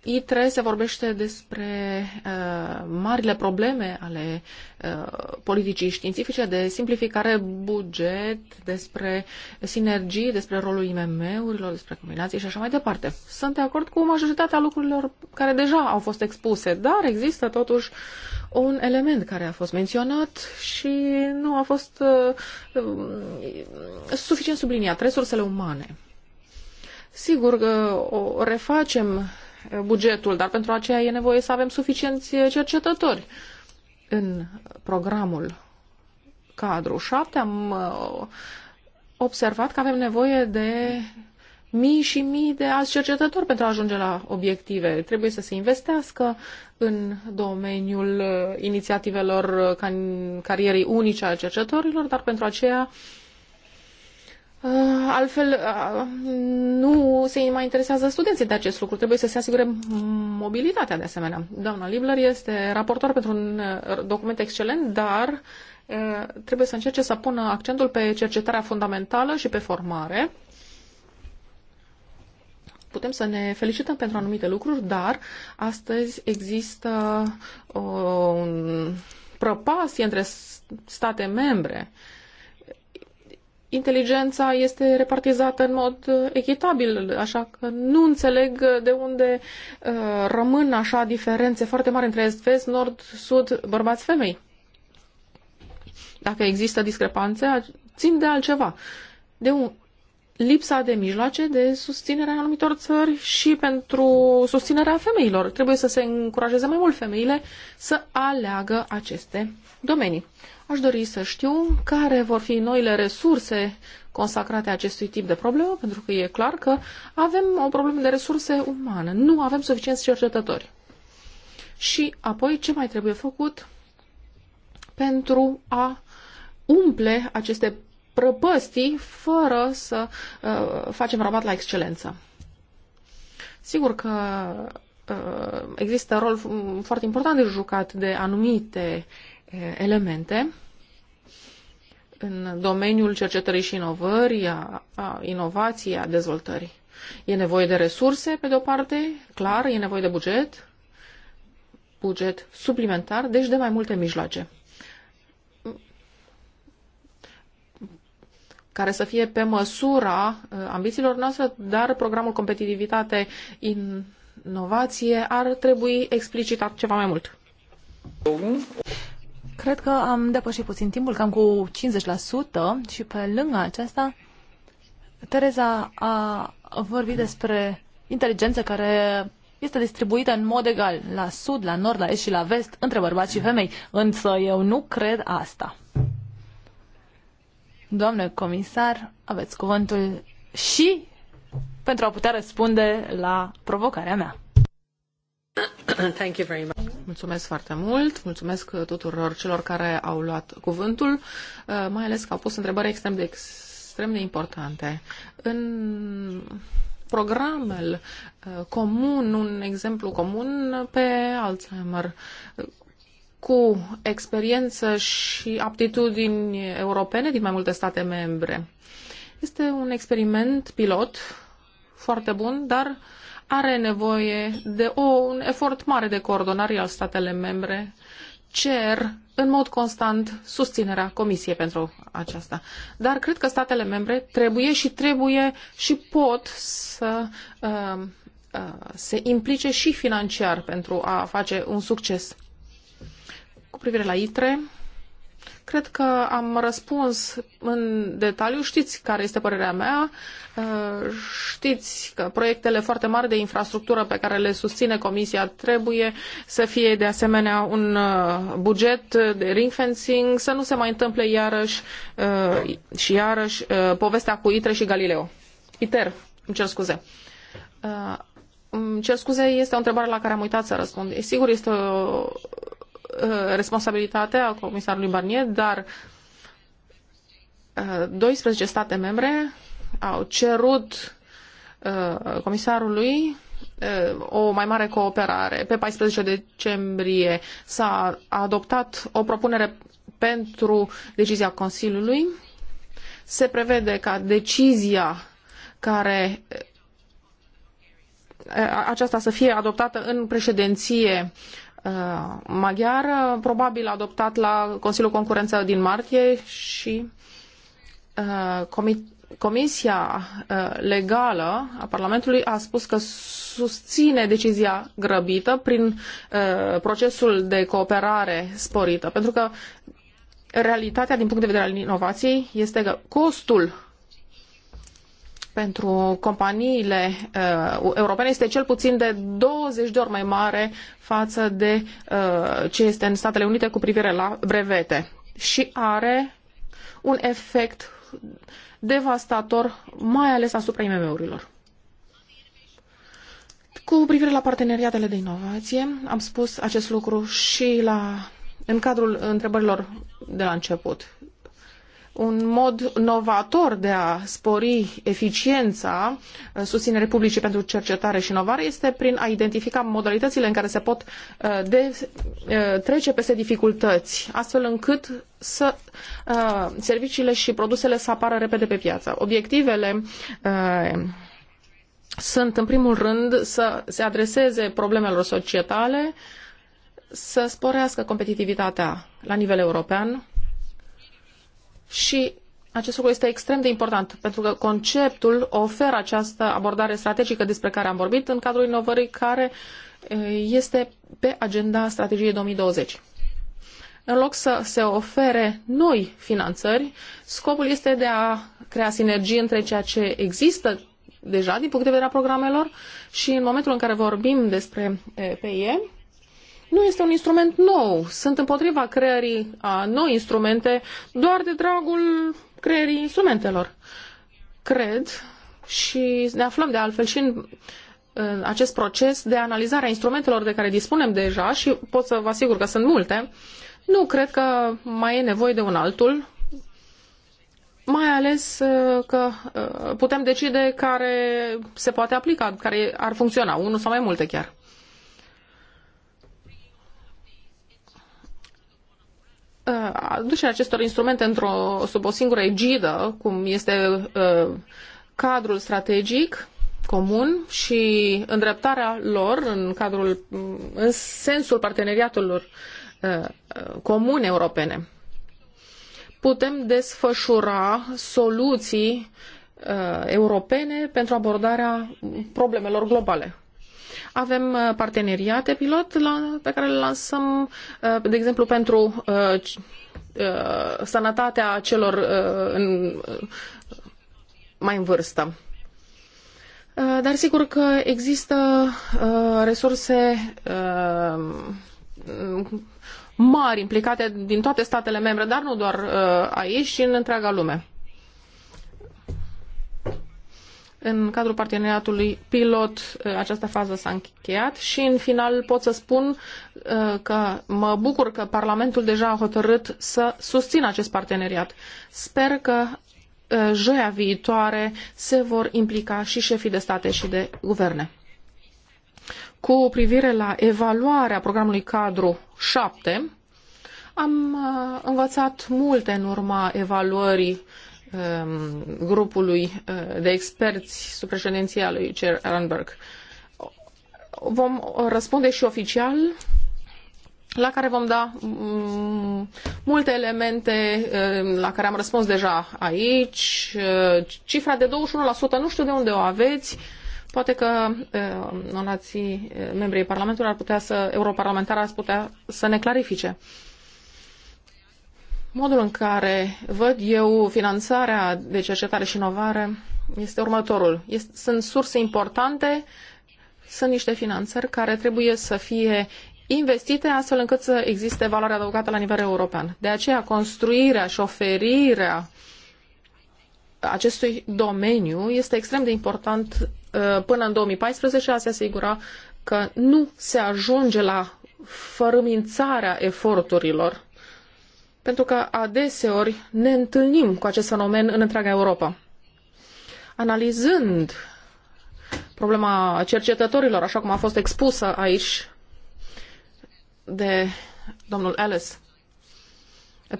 I3 se vorbește despre uh, marile probleme ale uh, politicii științifice, de simplificare buget, despre sinergii, despre rolul IMM-urilor, despre combinații și așa mai departe. Sunt de acord cu majoritatea lucrurilor care deja au fost expuse, dar există totuși un element care a fost menționat și nu a fost uh, um, suficient subliniat, resursele umane. Sigur că uh, o refacem uh, bugetul, dar pentru aceea e nevoie să avem suficienți uh, cercetători. În programul cadru 7 am observat că avem nevoie de mii și mii de alți cercetători pentru a ajunge la obiective. Trebuie să se investească în domeniul inițiativelor carierei unice a cercetătorilor, dar pentru aceea uh, Uh, altfel, uh, nu se mai interesează studenții de acest lucru. Trebuie să se asigure mobilitatea de asemenea. Doamna Libler este raportor pentru un uh, document excelent, dar trebuie să încerce să pună accentul pe cercetarea fundamentală și pe formare. Putem să ne felicităm pentru anumite lucruri, dar astăzi există o prăpastie între state membre inteligența este repartizată în mod uh, echitabil, așa că nu înțeleg de unde uh, rămân așa diferențe foarte mari între est-vest, nord-sud, bărbați-femei. Dacă există discrepanțe, țin de altceva. De un, lipsa de mijloace de susținere a anumitor țări și pentru susținerea femeilor. Trebuie să se încurajeze mai mult femeile să aleagă aceste domenii. Aș dori să știu care vor fi noile resurse consacrate acestui tip de problemă, pentru că e clar că avem o problemă de resurse umane. Nu avem suficienți cercetători. Și apoi ce mai trebuie făcut pentru a umple aceste prăpăstii fără să uh, facem rabat la excelență. Sigur că uh, există rol foarte important de jucat de anumite uh, elemente în domeniul cercetării și inovării, a, a inovației, a dezvoltării. E nevoie de resurse, pe de-o parte, clar, e nevoie de buget, buget suplimentar, deci de mai multe mijloace. care să fie pe măsura uh, ambițiilor noastre, dar programul competitivitate inovație ar trebui explicitat ceva mai mult. Cred că am depășit puțin timpul, cam cu 50% și pe lângă aceasta Tereza a vorbit despre inteligență care este distribuită în mod egal la sud, la nord, la est și la vest între bărbați și femei, însă eu nu cred asta. Doamne comisar, aveți cuvântul și pentru a putea răspunde la provocarea mea. Mulțumesc foarte mult, mulțumesc tuturor celor care au luat cuvântul, uh, mai ales că au pus întrebări extrem de, extrem de importante. În programul uh, comun, un exemplu comun pe Alzheimer, cu experiență și aptitudini europene din mai multe state membre. Este un experiment pilot foarte bun, dar uh, are nevoie de o, un efort mare de coordonare al statele membre. Cer în mod constant susținerea Comisiei pentru aceasta. Dar cred că statele membre trebuie și trebuie și pot să uh, uh, se implice și financiar pentru a face un succes. Cu privire la ITRE, Cred că am răspuns în detaliu. Știți care este părerea mea. Uh, știți că proiectele foarte mari de infrastructură pe care le susține Comisia trebuie să fie de asemenea un uh, buget de ring fencing, să nu se mai întâmple iarăși uh, și iarăși povestea cu ITRE și Galileo. ITER, îmi cer scuze. Îmi cer scuze, este o întrebare la care am uitat să răspund. E sigur, este o Uh, responsabilitate a comisarului Barnier, dar 12 uh, state membre au cerut uh, comisarului o mai mare cooperare. Pe 14 decembrie s-a adoptat o propunere pentru decizia Consiliului. Se prevede ca decizia care aceasta să fie adoptată în președinție Uh, maghiară, probabil adoptat la Consiliul Concurență din martie și uh, Comisia uh, Legală a Parlamentului a spus că susține decizia grăbită prin procesul de cooperare sporită, pentru că realitatea din punct de vedere al inovației este că costul pentru companiile uh, europene este cel puțin de 20 de ori mai mare față de uh, ce este în Statele Unite cu privire la brevete și are un efect devastator, mai ales asupra IMM-urilor. Cu privire la parteneriatele de inovație, am spus acest lucru și la, în cadrul întrebărilor de la început un mod novator de a spori eficiența uh, susținerii publice pentru cercetare și inovare este prin a identifica modalitățile în care se pot uh, de, uh, trece peste dificultăți, astfel încât să serviciile și produsele să apară repede pe piață. Obiectivele sunt, în primul rând, să se adreseze problemelor societale, să sporească competitivitatea la nivel european, și acest lucru este extrem de important, pentru că conceptul oferă această abordare strategică despre care am vorbit în cadrul inovării care este pe agenda strategiei 2020. În loc să se ofere noi finanțări, scopul este de a crea sinergie între ceea ce există deja din punct de vedere a programelor și în momentul în care vorbim despre PIE, nu este un instrument nou. Sunt împotriva creării a noi instrumente doar de dragul creării instrumentelor. Cred și ne aflăm de altfel și în acest proces de analizare a instrumentelor de care dispunem deja și pot să vă asigur că sunt multe, nu cred că mai e nevoie de un altul, mai ales uh, că uh, putem decide care se poate aplica, care ar funcționa, unul sau mai multe chiar. Uh, aducerea acestor instrumente într-o, sub o singură egidă, cum este uh, cadrul strategic comun și îndreptarea lor în cadrul în sensul parteneriatelor uh, comune europene. Putem desfășura soluții europene pentru abordarea problemelor globale. Avem uh, parteneriate pilot la, pe care le lansăm, uh, de exemplu, pentru uh, sănătatea celor în, mai în vârstă. Dar sigur că există resurse mari implicate din toate statele membre, dar nu doar aici, ci în întreaga lume. În cadrul parteneriatului pilot, uh, această fază s-a încheiat și, în final, pot să spun uh, că mă bucur că Parlamentul deja a hotărât să susțină acest parteneriat. Sper că uh, joia viitoare se vor implica și șefii de state și de guverne. Cu privire la evaluarea programului cadru 7, am învățat multe în urma evaluării Um, grupului uh, de experți sub președinția lui Cer Arenberg. Vom răspunde și oficial la care vom da mm, multe elemente um, la care am răspuns deja aici. Uh, cifra de 21% nu știu de unde o aveți. Poate că um, nonații uh, membrii Parlamentului ar putea să, europarlamentar ar putea să ne clarifice. Modul în care văd eu finanțarea de cercetare și inovare este următorul. Este, sunt surse importante, sunt niște finanțări care trebuie să fie investite astfel încât să existe valoare adăugată la nivel european. De aceea construirea și oferirea acestui domeniu este extrem de important uh, până în 2014 a se asigura că nu se ajunge la fărâmințarea eforturilor pentru că adeseori ne întâlnim cu acest fenomen în întreaga Europa. Analizând problema cercetătorilor, așa cum a fost expusă aici de domnul Ellis,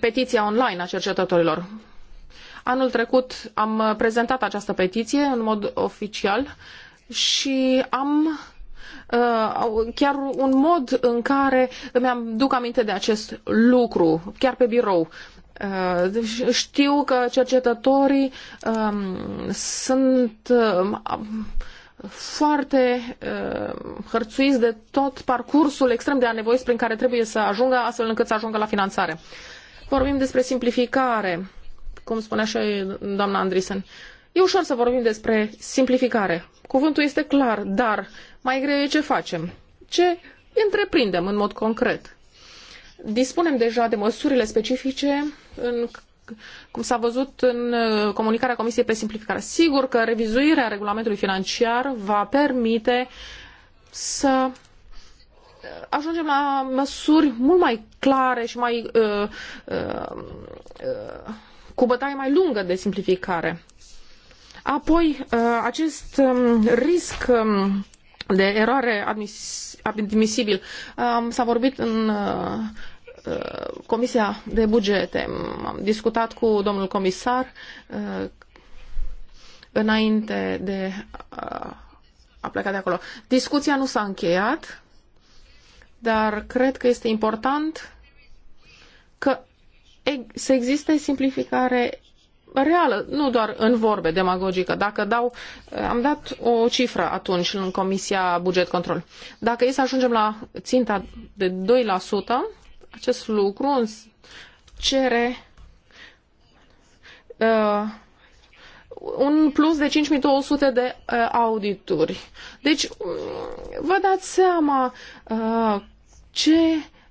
petiția online a cercetătorilor. Anul trecut am prezentat această petiție în mod oficial și am Uh, chiar un mod în care îmi aduc aminte de acest lucru, chiar pe birou. Uh, deci știu că cercetătorii um, sunt um, foarte uh, hărțuiți de tot parcursul extrem de anevoios prin care trebuie să ajungă, astfel încât să ajungă la finanțare. Vorbim despre simplificare, cum spunea și doamna Andrisen. E ușor să vorbim despre simplificare. Cuvântul este clar, dar mai greu e ce facem. Ce întreprindem în mod concret? Dispunem deja de măsurile specifice în cum s-a văzut în uh, comunicarea Comisiei pe simplificare. Sigur că revizuirea regulamentului financiar va permite să uh, ajungem la măsuri mult mai clare și mai uh, uh, uh, cu bătaie mai lungă de simplificare. Apoi, uh, acest um, risc um, de eroare admis, admisibil. S-a vorbit în uh, uh, Comisia de Bugete. Am discutat cu domnul comisar uh, înainte de a pleca de acolo. Discuția nu s-a încheiat, dar cred că este important că să existe simplificare reală, nu doar în vorbe demagogică. Dacă dau, am dat o cifră atunci în Comisia Buget Control. Dacă e să ajungem la ținta de 2%, acest lucru cere uh, un plus de 5200 de uh, audituri. Deci, uh, vă dați seama uh, ce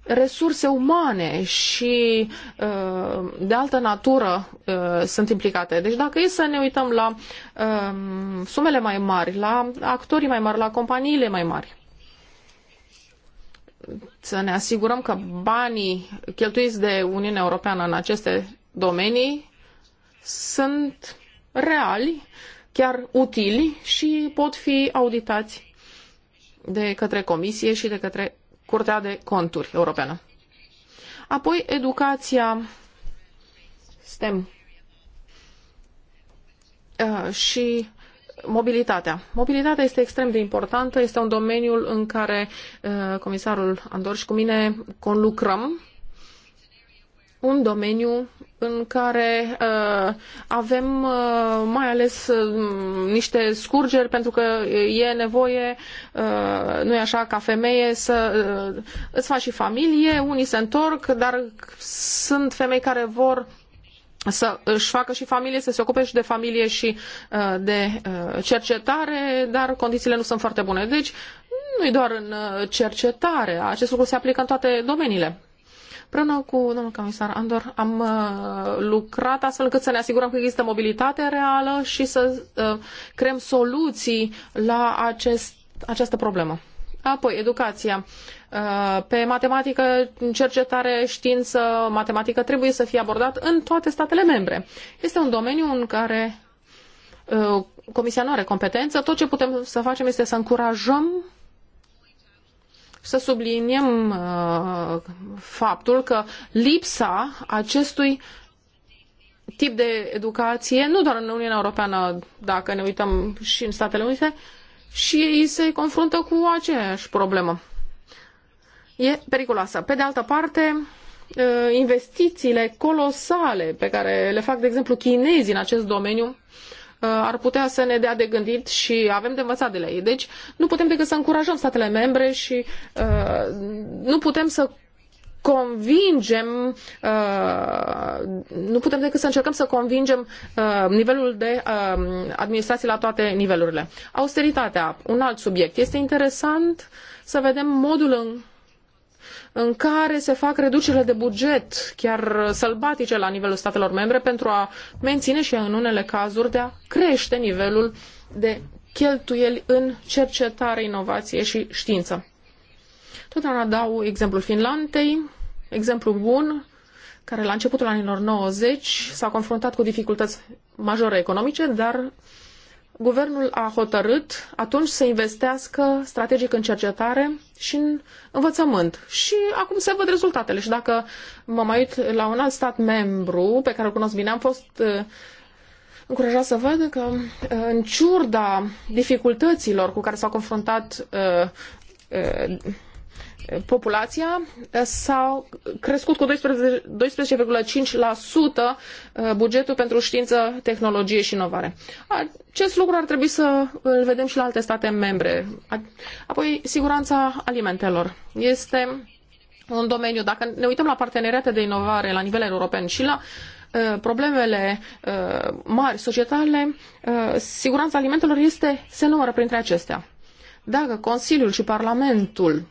resurse umane și uh, de altă natură uh, sunt implicate. Deci dacă e să ne uităm la um, sumele mai mari, la actorii mai mari, la companiile mai mari, să ne asigurăm că banii cheltuiți de Uniunea Europeană în aceste domenii sunt reali, chiar utili și pot fi auditați de către Comisie și de către Curtea de Conturi Europeană. Apoi, educația STEM uh, și mobilitatea. Mobilitatea este extrem de importantă, este un domeniu în care uh, comisarul Andor și cu mine conlucrăm un domeniu în care uh, avem uh, mai ales uh, niște scurgeri pentru că e nevoie, uh, nu e așa, ca femeie să uh, îți faci și familie, unii se întorc, dar sunt femei care vor să își facă și familie, să se ocupe și de familie și uh, de uh, cercetare, dar condițiile nu sunt foarte bune. Deci, nu e doar în uh, cercetare, acest lucru se aplică în toate domeniile. Împreună cu domnul comisar Andor am uh, lucrat astfel încât să ne asigurăm că există mobilitate reală și să uh, creăm soluții la acest, această problemă. Apoi, educația. Uh, pe matematică, cercetare, știință, matematică trebuie să fie abordat în toate statele membre. Este un domeniu în care Comisia nu are competență. Tot ce putem să facem este să încurajăm să subliniem uh, faptul că lipsa acestui tip de educație, nu doar în Uniunea Europeană, dacă ne uităm și în Statele Unite, și ei se confruntă cu aceeași problemă. E periculoasă. Pe de altă parte, uh, investițiile colosale pe care le fac, de exemplu, chinezii în acest domeniu Uh, ar putea să ne dea de gândit și avem de învățat de la ei. Deci nu putem decât să încurajăm statele membre și uh, nu putem să convingem, uh, nu putem decât să încercăm să convingem uh, nivelul de uh, administrație la toate nivelurile. Austeritatea, un alt subiect. Este interesant să vedem modul în în care se fac reducerile de buget, chiar sălbatice la nivelul statelor membre, pentru a menține și în unele cazuri de a crește nivelul de cheltuieli în cercetare, inovație și știință. Totdeauna dau exemplul Finlandei, exemplu bun, care la începutul anilor 90 s-a confruntat cu dificultăți majore economice, dar guvernul a hotărât atunci să investească strategic în cercetare și în învățământ. Și acum se văd rezultatele. Și dacă mă mai uit la un alt stat membru pe care îl cunosc bine, am fost uh, încurajat să văd că uh, în ciurda dificultăților cu care s-au confruntat uh, populația eh, s-au crescut cu 12,5% eh, bugetul pentru știință, tehnologie și inovare. Acest lucru ar trebui să îl vedem și la alte state membre. Apoi, siguranța alimentelor. Este un domeniu, dacă ne uităm la parteneriate de inovare la nivel european și la eh, problemele mari societale, siguranța alimentelor este, se numără printre acestea. Dacă Consiliul și Parlamentul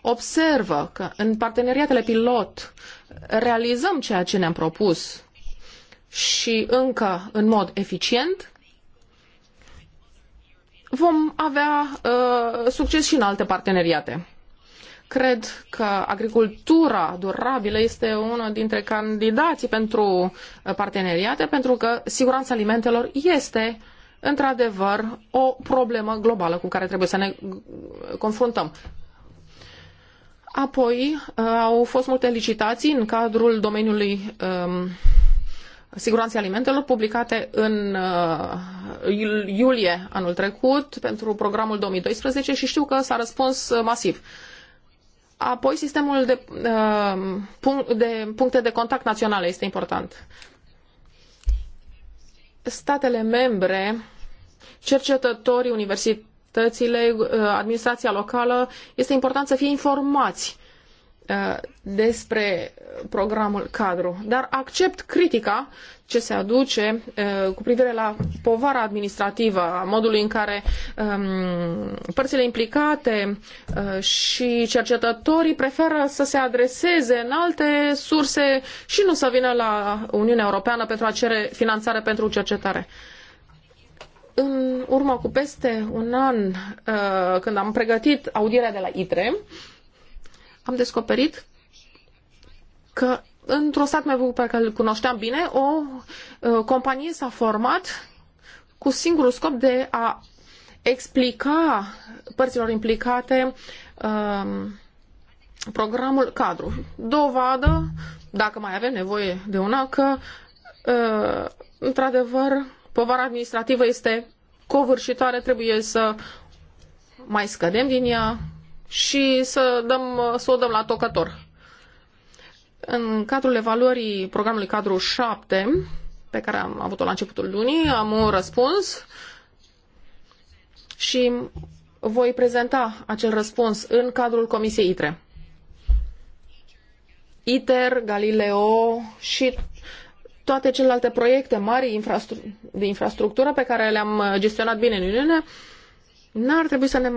observă că în parteneriatele pilot realizăm ceea ce ne-am propus și încă în mod eficient, vom avea uh, succes și în alte parteneriate. Cred că agricultura durabilă este una dintre candidații pentru uh, parteneriate, pentru că siguranța alimentelor este într-adevăr o problemă globală cu care trebuie să ne uh, confruntăm. Apoi uh, au fost multe licitații în cadrul domeniului um, siguranței alimentelor publicate în uh, iulie anul trecut pentru programul 2012 și știu că s-a răspuns uh, masiv. Apoi sistemul de, uh, punct, de puncte de contact naționale este important. Statele membre, cercetătorii universitari, autoritățile, uh, administrația locală, este important să fie informați uh, despre programul cadru. Dar accept critica ce se aduce uh, cu privire la povara administrativă, a modului în care um, părțile implicate și cercetătorii preferă să se adreseze în alte surse și nu să vină la Uniunea Europeană pentru a cere finanțare pentru cercetare. În urmă cu peste un an, uh, când am pregătit audierea de la ITRE, am descoperit că într-un stat mai pe care îl cunoșteam bine, o uh, companie s-a format cu singurul scop de a explica părților implicate um, programul cadru. Dovadă, dacă mai avem nevoie de una, că uh, într-adevăr povara administrativă este covârșitoare, trebuie să mai scădem din ea și să, dăm, să o dăm la tocător. În cadrul evaluării programului cadru 7, pe care am avut-o la începutul lunii, am un răspuns și voi prezenta acel răspuns în cadrul Comisiei ITRE. ITER, Galileo și toate celelalte proiecte mari de infrastructură pe care le-am uh, gestionat bine în Uniune, n-ar trebui să ne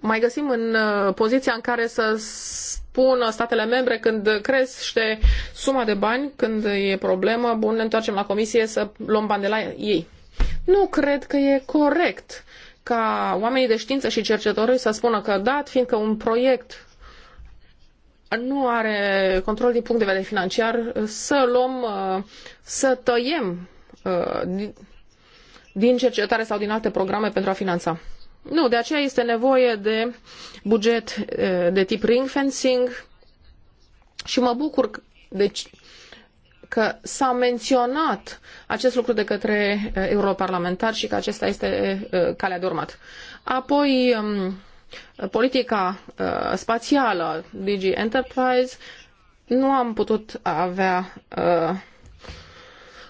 mai găsim în uh, poziția în care să spună statele membre când crește suma de bani, când e problemă, bun, ne întoarcem la comisie să luăm bani de la ei. Nu cred că e corect ca oamenii de știință și cercetători să spună că dat, fiindcă un proiect nu are control din punct de vedere financiar, să luăm, uh, să tăiem uh, din cercetare sau din alte programe pentru a finanța. Nu, de aceea este nevoie de buget uh, de tip ring fencing și mă bucur deci, că s-a menționat acest lucru de către europarlamentar și că acesta este calea de urmat. Apoi, um, politica uh, spațială DG Enterprise, nu am putut avea uh,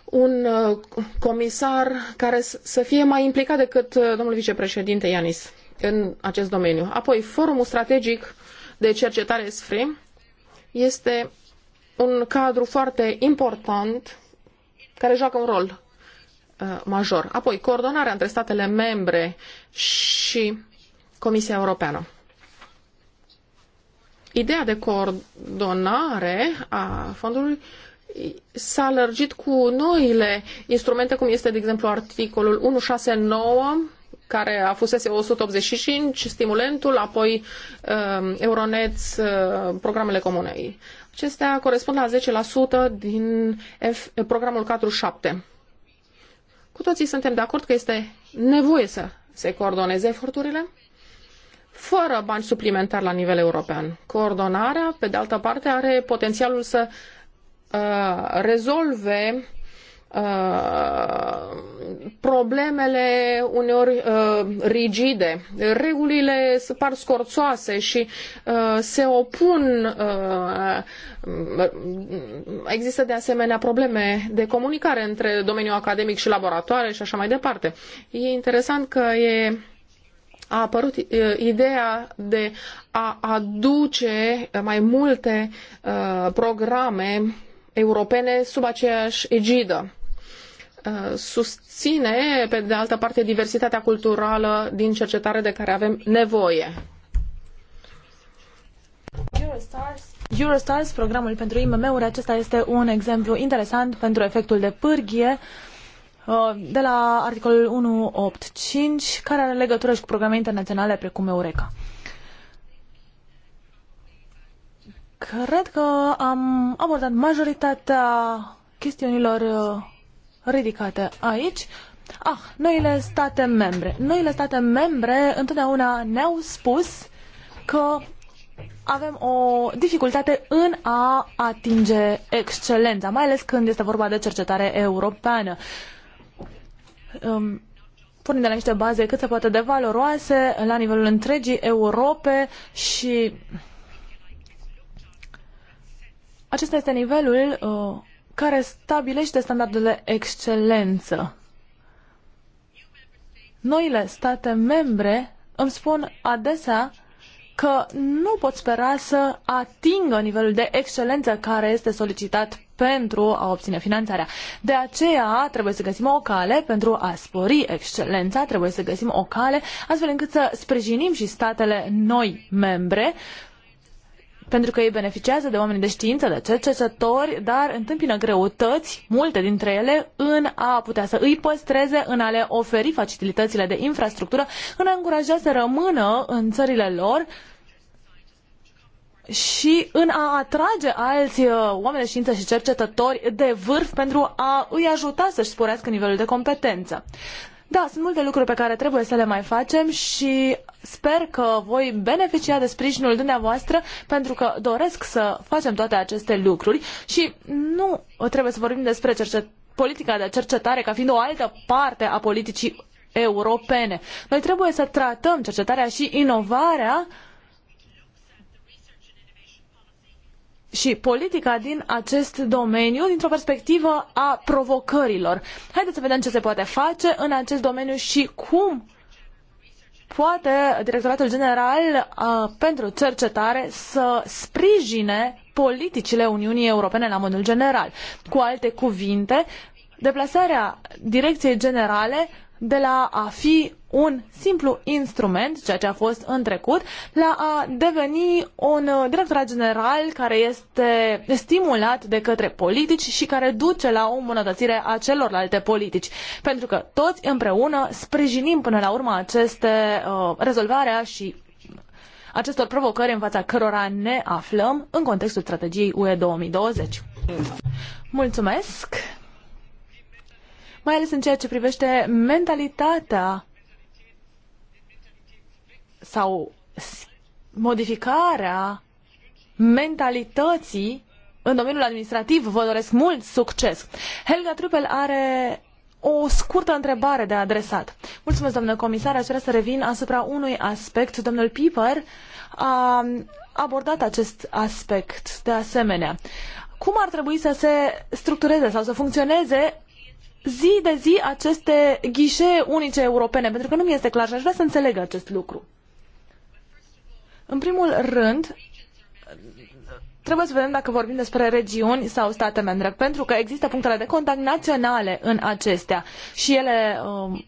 un uh, comisar care să fie mai implicat decât domnul vicepreședinte Ianis în acest domeniu. Apoi, forumul strategic de cercetare SFRI este un cadru foarte important care joacă un rol major. Apoi, coordonarea între statele membre și Comisia Europeană. Ideea de coordonare a fondului s-a lărgit cu noile instrumente, cum este, de exemplu, articolul 169, care a fusese 185, stimulentul, apoi uh, um, Euronet, uh, programele comunei. Acestea corespund la 10% din F, programul 47. Cu toții suntem de acord că este nevoie să se coordoneze eforturile fără bani suplimentari la nivel european. Coordonarea, pe de altă parte, are potențialul să uh, rezolve uh, problemele uneori uh, rigide. Regulile par scorțoase și uh, se opun. Uh, există de asemenea probleme de comunicare între domeniul academic și laboratoare și așa mai departe. E interesant că e a apărut ideea de a aduce mai multe uh, programe europene sub aceeași egidă. Uh, susține, pe de altă parte, diversitatea culturală din cercetare de care avem nevoie. Eurostars. Eurostars, programul pentru IMM-uri, acesta este un exemplu interesant pentru efectul de pârghie uh, Uh, de la articolul 185, care are legătură și cu programe internaționale precum Eureka. Cred că am abordat majoritatea chestiunilor uh, ridicate aici. Ah, noile state membre. Noile state membre întotdeauna ne-au spus că avem o dificultate în a atinge excelența, mai ales când este vorba de cercetare europeană. Uh, um, pornind de la niște baze cât se poate de valoroase la nivelul întregii Europe și acesta este nivelul uh, care stabilește standardele excelență. Noile state membre îmi spun adesea că nu pot spera să atingă nivelul de excelență care este solicitat pentru a obține finanțarea. De aceea trebuie să găsim o cale pentru a spori excelența, trebuie să găsim o cale astfel încât să sprijinim și statele noi membre pentru că ei beneficiază de oameni de știință, de cercetători, dar întâmpină greutăți, multe dintre ele, în a putea să îi păstreze, în a le oferi facilitățile de infrastructură, în a încuraja să rămână în țările lor și în a atrage alți uh, oameni de știință și cercetători de vârf pentru a îi ajuta să-și sporească nivelul de competență. Da, sunt multe lucruri pe care trebuie să le mai facem și sper că voi beneficia de sprijinul dumneavoastră pentru că doresc să facem toate aceste lucruri și nu trebuie să vorbim despre cercet- politica de cercetare ca fiind o altă parte a politicii europene. Noi trebuie să tratăm cercetarea și inovarea uh, și politica din acest domeniu dintr-o perspectivă a provocărilor. Haideți să vedem ce se poate face în acest domeniu și cum poate Directoratul General uh, pentru Cercetare să sprijine politicile Uniunii Europene la modul general. Cu alte cuvinte, deplasarea Direcției Generale de la a fi un simplu instrument, ceea ce a fost în trecut, la a deveni un uh, director general care este stimulat de către politici și care duce la o îmbunătățire a celorlalte politici. Pentru că toți împreună sprijinim până la urmă aceste uh, rezolvarea și acestor provocări în fața cărora ne aflăm în contextul strategiei UE 2020. Mulțumesc! mai ales în ceea ce privește mentalitatea sau modificarea mentalității în domeniul administrativ. Vă doresc mult succes! Helga Trupel are o scurtă întrebare de adresat. Mulțumesc, doamnă comisar. Aș vrea să revin asupra unui aspect. Domnul Piper a abordat acest aspect de asemenea. Cum ar trebui să se structureze sau să funcționeze zi de zi aceste ghișee unice europene, pentru că nu mi este clar și aș vrea să înțeleg acest lucru. În primul rând, trebuie să vedem dacă vorbim despre regiuni sau state membre, pentru că există punctele de contact naționale în acestea și ele uh,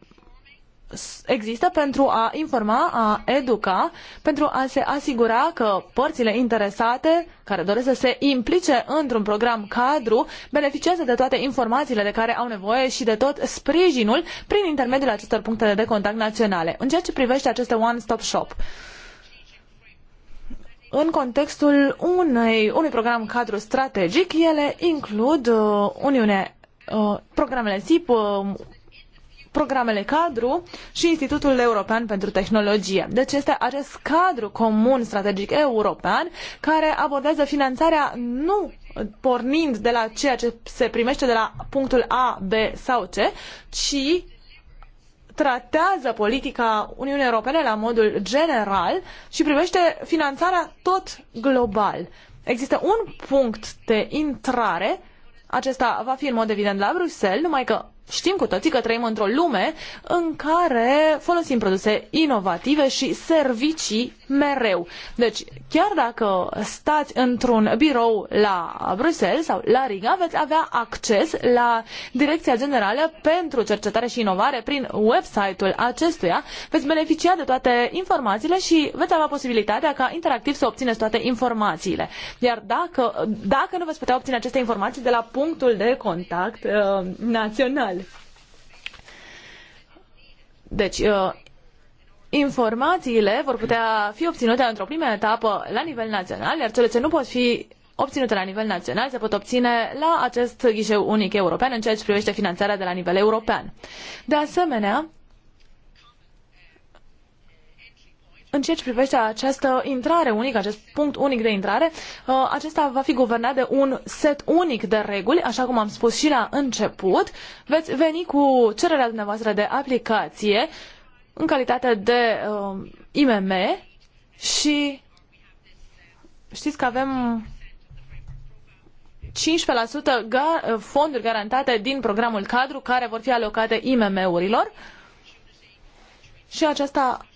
există pentru a informa, a educa, pentru a se asigura că părțile interesate care doresc să se implice într-un program cadru beneficiază de toate informațiile de care au nevoie și de tot sprijinul prin intermediul acestor puncte de contact naționale. În ceea ce privește aceste one-stop shop, în contextul unei, unui program cadru strategic, ele includ uh, Uniune, uh, programele SIP, uh, programele cadru și Institutul European pentru Tehnologie. Deci este acest cadru comun strategic european care abordează finanțarea nu pornind de la ceea ce se primește de la punctul A, B sau C, ci tratează politica Uniunii Europene la modul general și privește finanțarea tot global. Există un punct de intrare, acesta va fi în mod evident la Bruxelles, numai că știm cu toții că trăim într-o lume în care folosim produse inovative și servicii mereu. Deci, chiar dacă stați într-un birou la Bruxelles sau la Riga, veți avea acces la Direcția Generală pentru Cercetare și Inovare prin website-ul acestuia. Veți beneficia de toate informațiile și veți avea posibilitatea ca interactiv să obțineți toate informațiile. Iar dacă, dacă nu veți putea obține aceste informații de la punctul de contact uh, național, deci, uh, informațiile vor putea fi obținute într-o primă etapă la nivel național, iar cele ce nu pot fi obținute la nivel național se pot obține la acest ghișeu unic european în ceea ce privește finanțarea de la nivel european. De asemenea, în ceea ce privește această intrare unică, acest punct unic de intrare, uh, acesta va fi guvernat de un set unic de reguli, așa cum am spus și la început. Veți veni cu cererea dumneavoastră de aplicație în calitate de uh, IMM și știți că avem 15% ga- uh, fonduri garantate din programul cadru care vor fi alocate IMM-urilor și aceasta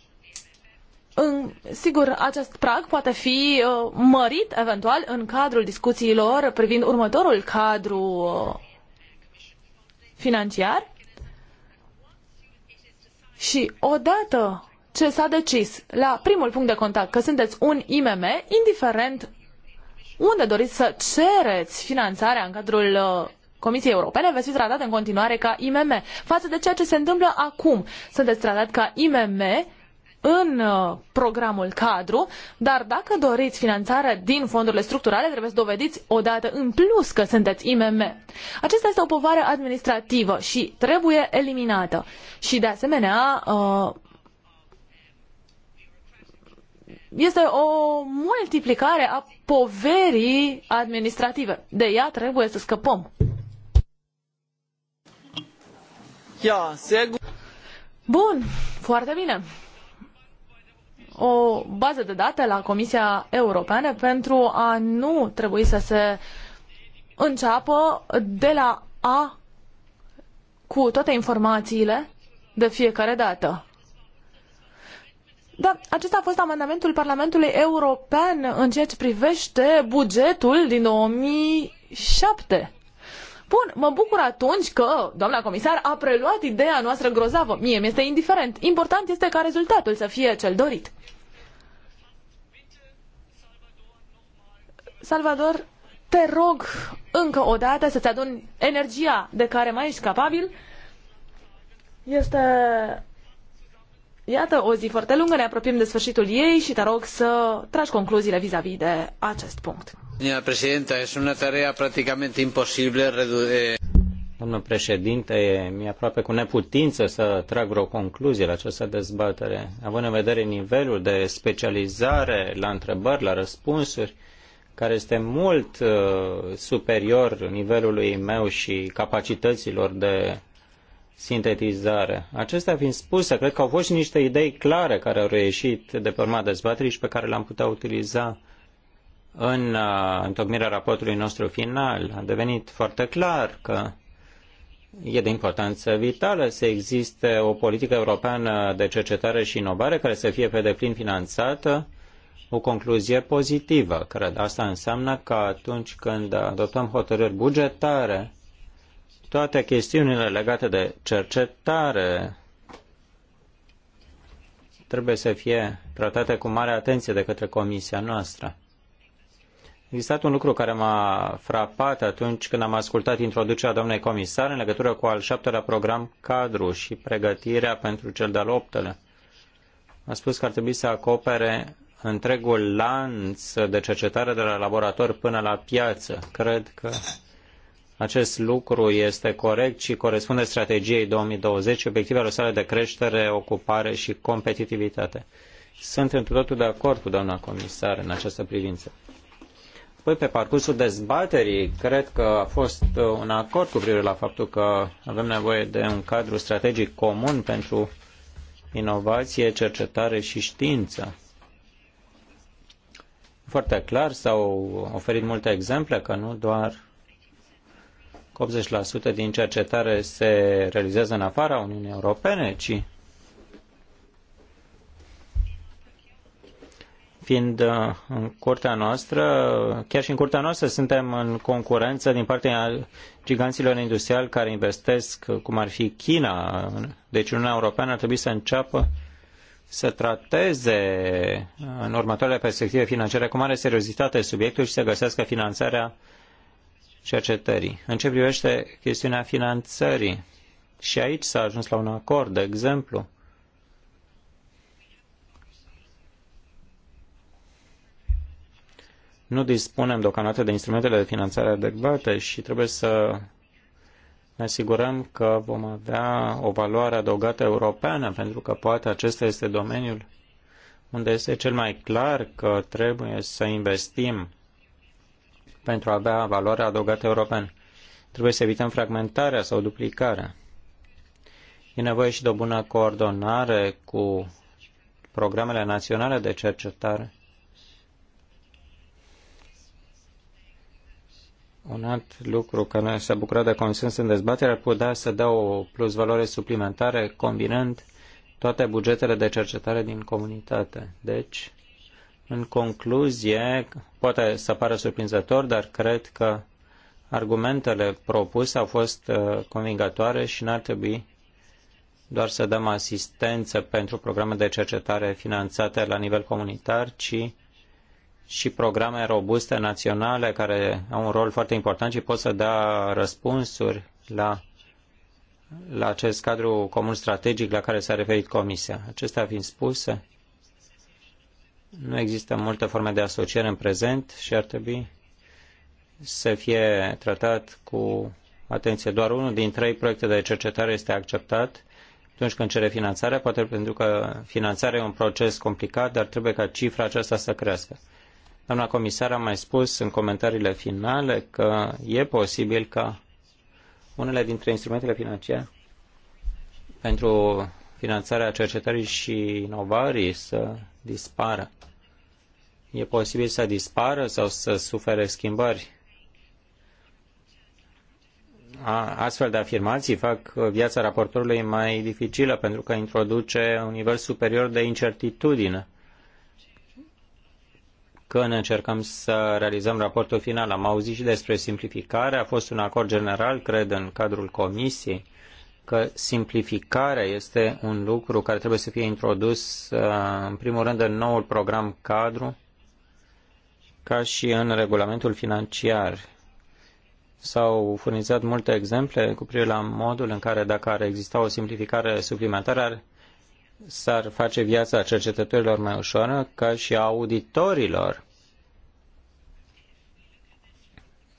în, sigur, acest prag poate fi uh, mărit eventual în cadrul discuțiilor privind următorul cadru uh, financiar. Și odată ce s-a decis la primul punct de contact că sunteți un IMM, indiferent unde doriți să cereți finanțarea în cadrul uh, Comisiei Europene, veți fi tratat în continuare ca IMM. Față de ceea ce se întâmplă acum, sunteți tratat ca IMM în uh, programul cadru, dar dacă doriți finanțarea din fondurile structurale, trebuie să dovediți odată în plus că sunteți IMM. Acesta este o povară administrativă și trebuie eliminată. Și de asemenea, uh, este o multiplicare a poverii administrative. De ea trebuie să scăpăm. Bun, foarte bine o bază de date la Comisia Europeană pentru a nu trebui să se înceapă de la A cu toate informațiile de fiecare dată. Da, acesta a fost amendamentul Parlamentului European în ceea ce privește bugetul din 2007. Bun, mă bucur atunci că doamna comisar a preluat ideea noastră grozavă. Mie mi-este indiferent. Important este ca rezultatul să fie cel dorit. Salvador, te rog încă o dată să-ți adun energia de care mai ești capabil. Este, iată, o zi foarte lungă, ne apropiem de sfârșitul ei și te rog să tragi concluziile vis-a-vis -vis de acest punct. Doamna președintă, este una tarea practicamente imposibilă. Eh, Domnul președinte, mi-e aproape cu neputință să trag vreo concluzie la această dezbatere, având în vedere nivelul de specializare la întrebări, la răspunsuri, care este mult uh, superior nivelului meu și capacităților de sintetizare. Acestea fiind spuse, cred că au fost niște idei clare care au reieșit de pe urma dezbaterii și pe care le-am putea utiliza în uh, întocmirea raportului nostru final a devenit foarte clar că e de importanță vitală să existe o politică europeană de cercetare și inovare care să fie pe deplin finanțată, o concluzie pozitivă, cred. Asta înseamnă că atunci când adoptăm hotărâri bugetare, toate chestiunile legate de cercetare trebuie să fie tratate cu mare atenție de către comisia noastră existat un lucru care m-a frapat atunci când am ascultat introducerea doamnei comisar în legătură cu al șaptelea program cadru și pregătirea pentru cel de-al optelea. A spus că ar trebui să acopere întregul lanț de cercetare de la laborator până la piață. Cred că acest lucru este corect și corespunde strategiei 2020, obiectivelor sale de creștere, ocupare și competitivitate. Sunt întotdeauna totul de acord cu doamna comisar în această privință. Păi pe parcursul dezbaterii, cred că a fost uh, un acord cu privire la faptul că avem nevoie de un cadru strategic comun pentru inovație, cercetare și știință. Foarte clar s-au oferit multe exemple că nu doar 80% din cercetare se realizează în afara Uniunii Europene, ci fiind uh, în curtea noastră, chiar și în curtea noastră suntem în concurență din partea giganților industriali care investesc, uh, cum ar fi China. Deci Uniunea Europeană ar trebui să înceapă să trateze uh, în următoarele perspective financiare cu mare seriozitate subiectul și să găsească finanțarea cercetării. În ce privește chestiunea finanțării, și aici s-a ajuns la un acord, de exemplu, nu dispunem deocamdată de instrumentele de finanțare adecvate și trebuie să ne asigurăm că vom avea o valoare adăugată europeană, pentru că poate acesta este domeniul unde este cel mai clar că trebuie să investim pentru a avea valoare adăugată europeană. Trebuie să evităm fragmentarea sau duplicarea. E nevoie și de o bună coordonare cu programele naționale de cercetare Un alt lucru care s-a bucurat de consens în dezbatere ar putea să dea o plus valoare suplimentare combinând toate bugetele de cercetare din comunitate. Deci, în concluzie, poate să pară surprinzător, dar cred că argumentele propuse au fost uh, convingătoare și n-ar trebui doar să dăm asistență pentru programe de cercetare finanțate la nivel comunitar, ci și programe robuste naționale care au un rol foarte important și pot să dea răspunsuri la, la acest cadru comun strategic la care s-a referit Comisia. Acestea fiind spuse, nu există multe forme de asociere în prezent și ar trebui să fie tratat cu atenție. Doar unul din trei proiecte de cercetare este acceptat atunci când cere finanțare, poate pentru că finanțarea e un proces complicat, dar trebuie ca cifra aceasta să crească. Doamna comisar a mai spus în comentariile finale că e posibil ca unele dintre instrumentele financiare pentru finanțarea cercetării și inovării să dispară. E posibil să dispară sau să sufere schimbări. Astfel de afirmații fac viața raportorului mai dificilă pentru că introduce un nivel superior de incertitudine când încercăm să realizăm raportul final. Am auzit și despre simplificare, a fost un acord general, cred, în cadrul comisiei, că simplificarea este un lucru care trebuie să fie introdus, uh, în primul rând, în noul program cadru, ca și în regulamentul financiar. S-au furnizat multe exemple cu privire la modul în care, dacă ar exista o simplificare suplimentară, ar s-ar face viața cercetătorilor mai ușoară ca și a auditorilor.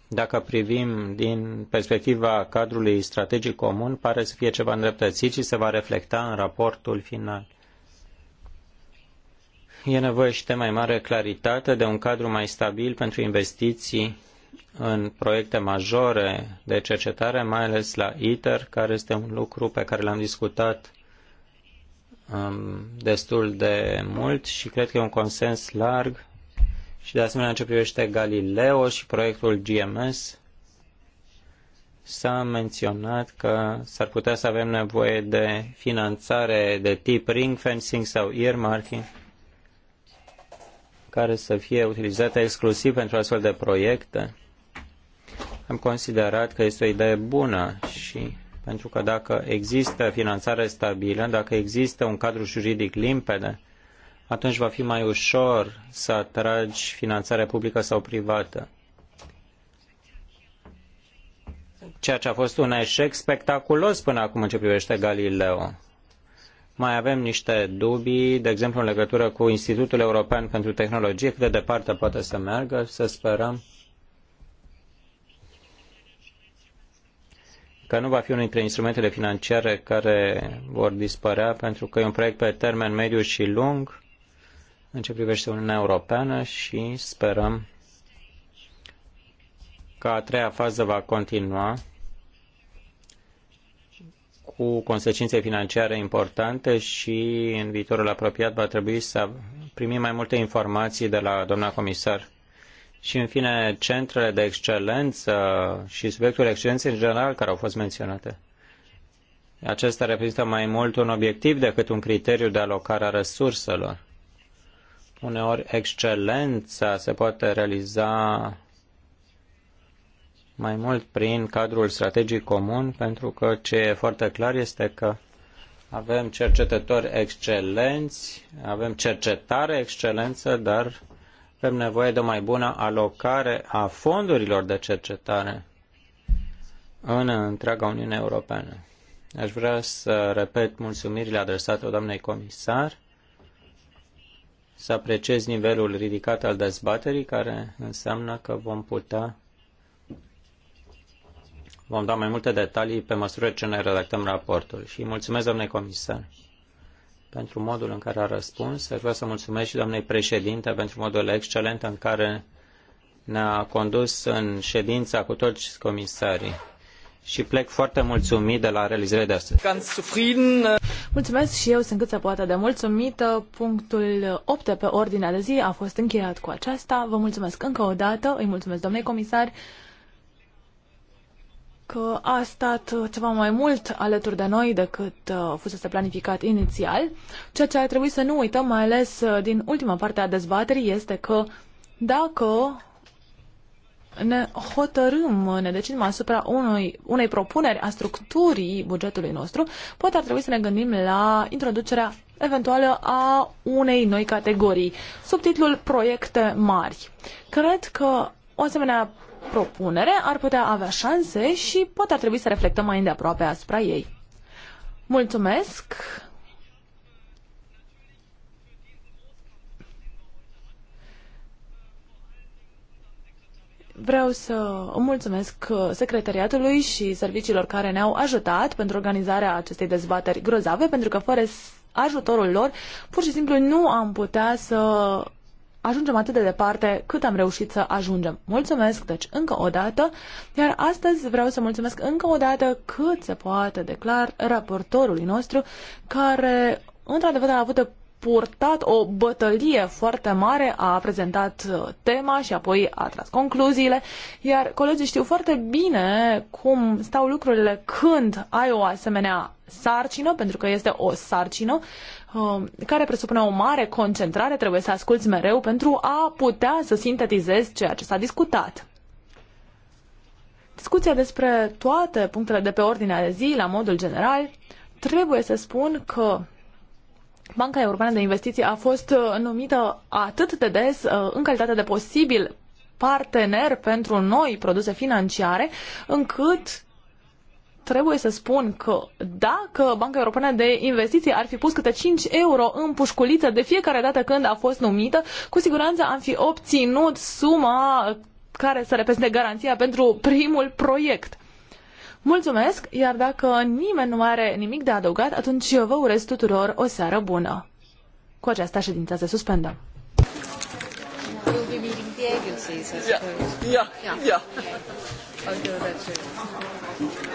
Dacă privim din perspectiva cadrului strategic comun, pare să fie ceva îndreptățit și se va reflecta în raportul final. E nevoie și de mai mare claritate, de un cadru mai stabil pentru investiții în proiecte majore de cercetare, mai ales la ITER, care este un lucru pe care l-am discutat Um, destul de mult și cred că e un consens larg și de asemenea în ce privește Galileo și proiectul GMS s-a menționat că s-ar putea să avem nevoie de finanțare de tip ring fencing sau earmarking care să fie utilizate exclusiv pentru astfel de proiecte. Am considerat că este o idee bună și pentru că dacă există finanțare stabilă, dacă există un cadru juridic limpede, atunci va fi mai ușor să atragi finanțare publică sau privată. Ceea ce a fost un eșec spectaculos până acum în ce privește Galileo. Mai avem niște dubii, de exemplu în legătură cu Institutul European pentru Tehnologie, cât de departe poate să meargă, să sperăm că nu va fi unul dintre instrumentele financiare care vor dispărea, pentru că e un proiect pe termen mediu și lung în ce privește Uniunea Europeană și sperăm că a treia fază va continua cu consecințe financiare importante și în viitorul apropiat va trebui să primim mai multe informații de la doamna comisar și, în fine, centrele de excelență și subiectul excelenței în general care au fost menționate. Acesta reprezintă mai mult un obiectiv decât un criteriu de alocare a resurselor. Uneori, excelența se poate realiza mai mult prin cadrul strategic comun, pentru că ce e foarte clar este că avem cercetători excelenți, avem cercetare excelență, dar avem nevoie de o mai bună alocare a fondurilor de cercetare în întreaga Uniune Europeană. Aș vrea să repet mulțumirile adresate doamnei comisar, să apreciez nivelul ridicat al dezbaterii, care înseamnă că vom putea Vom da mai multe detalii pe măsură ce ne redactăm raportul. Și mulțumesc, domnule comisar pentru modul în care a răspuns. Aș vrea să mulțumesc și doamnei președinte pentru modul excelent în care ne-a condus în ședința cu toți comisarii și plec foarte mulțumit de la realizarea de astăzi. Mulțumesc și eu sunt cât se poate de mulțumită. Punctul 8 pe ordinea de zi a fost încheiat cu aceasta. Vă mulțumesc încă o dată, îi mulțumesc doamnei comisari că a stat ceva mai mult alături de noi decât uh, fusese planificat inițial. Ceea ce ar trebui să nu uităm, mai ales uh, din ultima parte a dezbaterii, este că dacă ne hotărâm, uh, ne decidem asupra unui, unei propuneri a structurii bugetului nostru, poate ar trebui să ne gândim la introducerea eventuală a unei noi categorii, sub titlul Proiecte mari. Cred că o asemenea propunere ar putea avea șanse și poate ar trebui să reflectăm mai îndeaproape asupra ei. Mulțumesc! Vreau să mulțumesc secretariatului și serviciilor care ne-au ajutat pentru organizarea acestei dezbateri grozave, pentru că fără ajutorul lor, pur și simplu nu am putea să ajungem atât de departe cât am reușit să ajungem. Mulțumesc, deci, încă o dată, iar astăzi vreau să mulțumesc încă o dată cât se poate declar raportorului nostru, care, într-adevăr, a avut de purtat o bătălie foarte mare, a prezentat uh, tema și apoi a tras concluziile, iar colegii știu foarte bine cum stau lucrurile când ai o asemenea sarcină, pentru că este o sarcină, Um, care presupune o mare concentrare, trebuie să asculți mereu pentru a putea să sintetizezi ceea ce s-a discutat. Discuția despre toate punctele de pe ordinea de zi, la modul general, trebuie să spun că Banca Europeană de Investiții a fost uh, numită atât de des uh, în calitate de posibil partener pentru noi produse financiare, încât trebuie să spun că dacă Banca Europeană de Investiții ar fi pus câte 5 euro în pușculiță de fiecare dată când a fost numită, cu siguranță am fi obținut suma care să reprezinte garanția pentru primul proiect. Mulțumesc, iar dacă nimeni nu are nimic de adăugat, atunci eu vă urez tuturor o seară bună. Cu aceasta ședința se suspendă. Yeah, yeah, yeah. I'll do that too.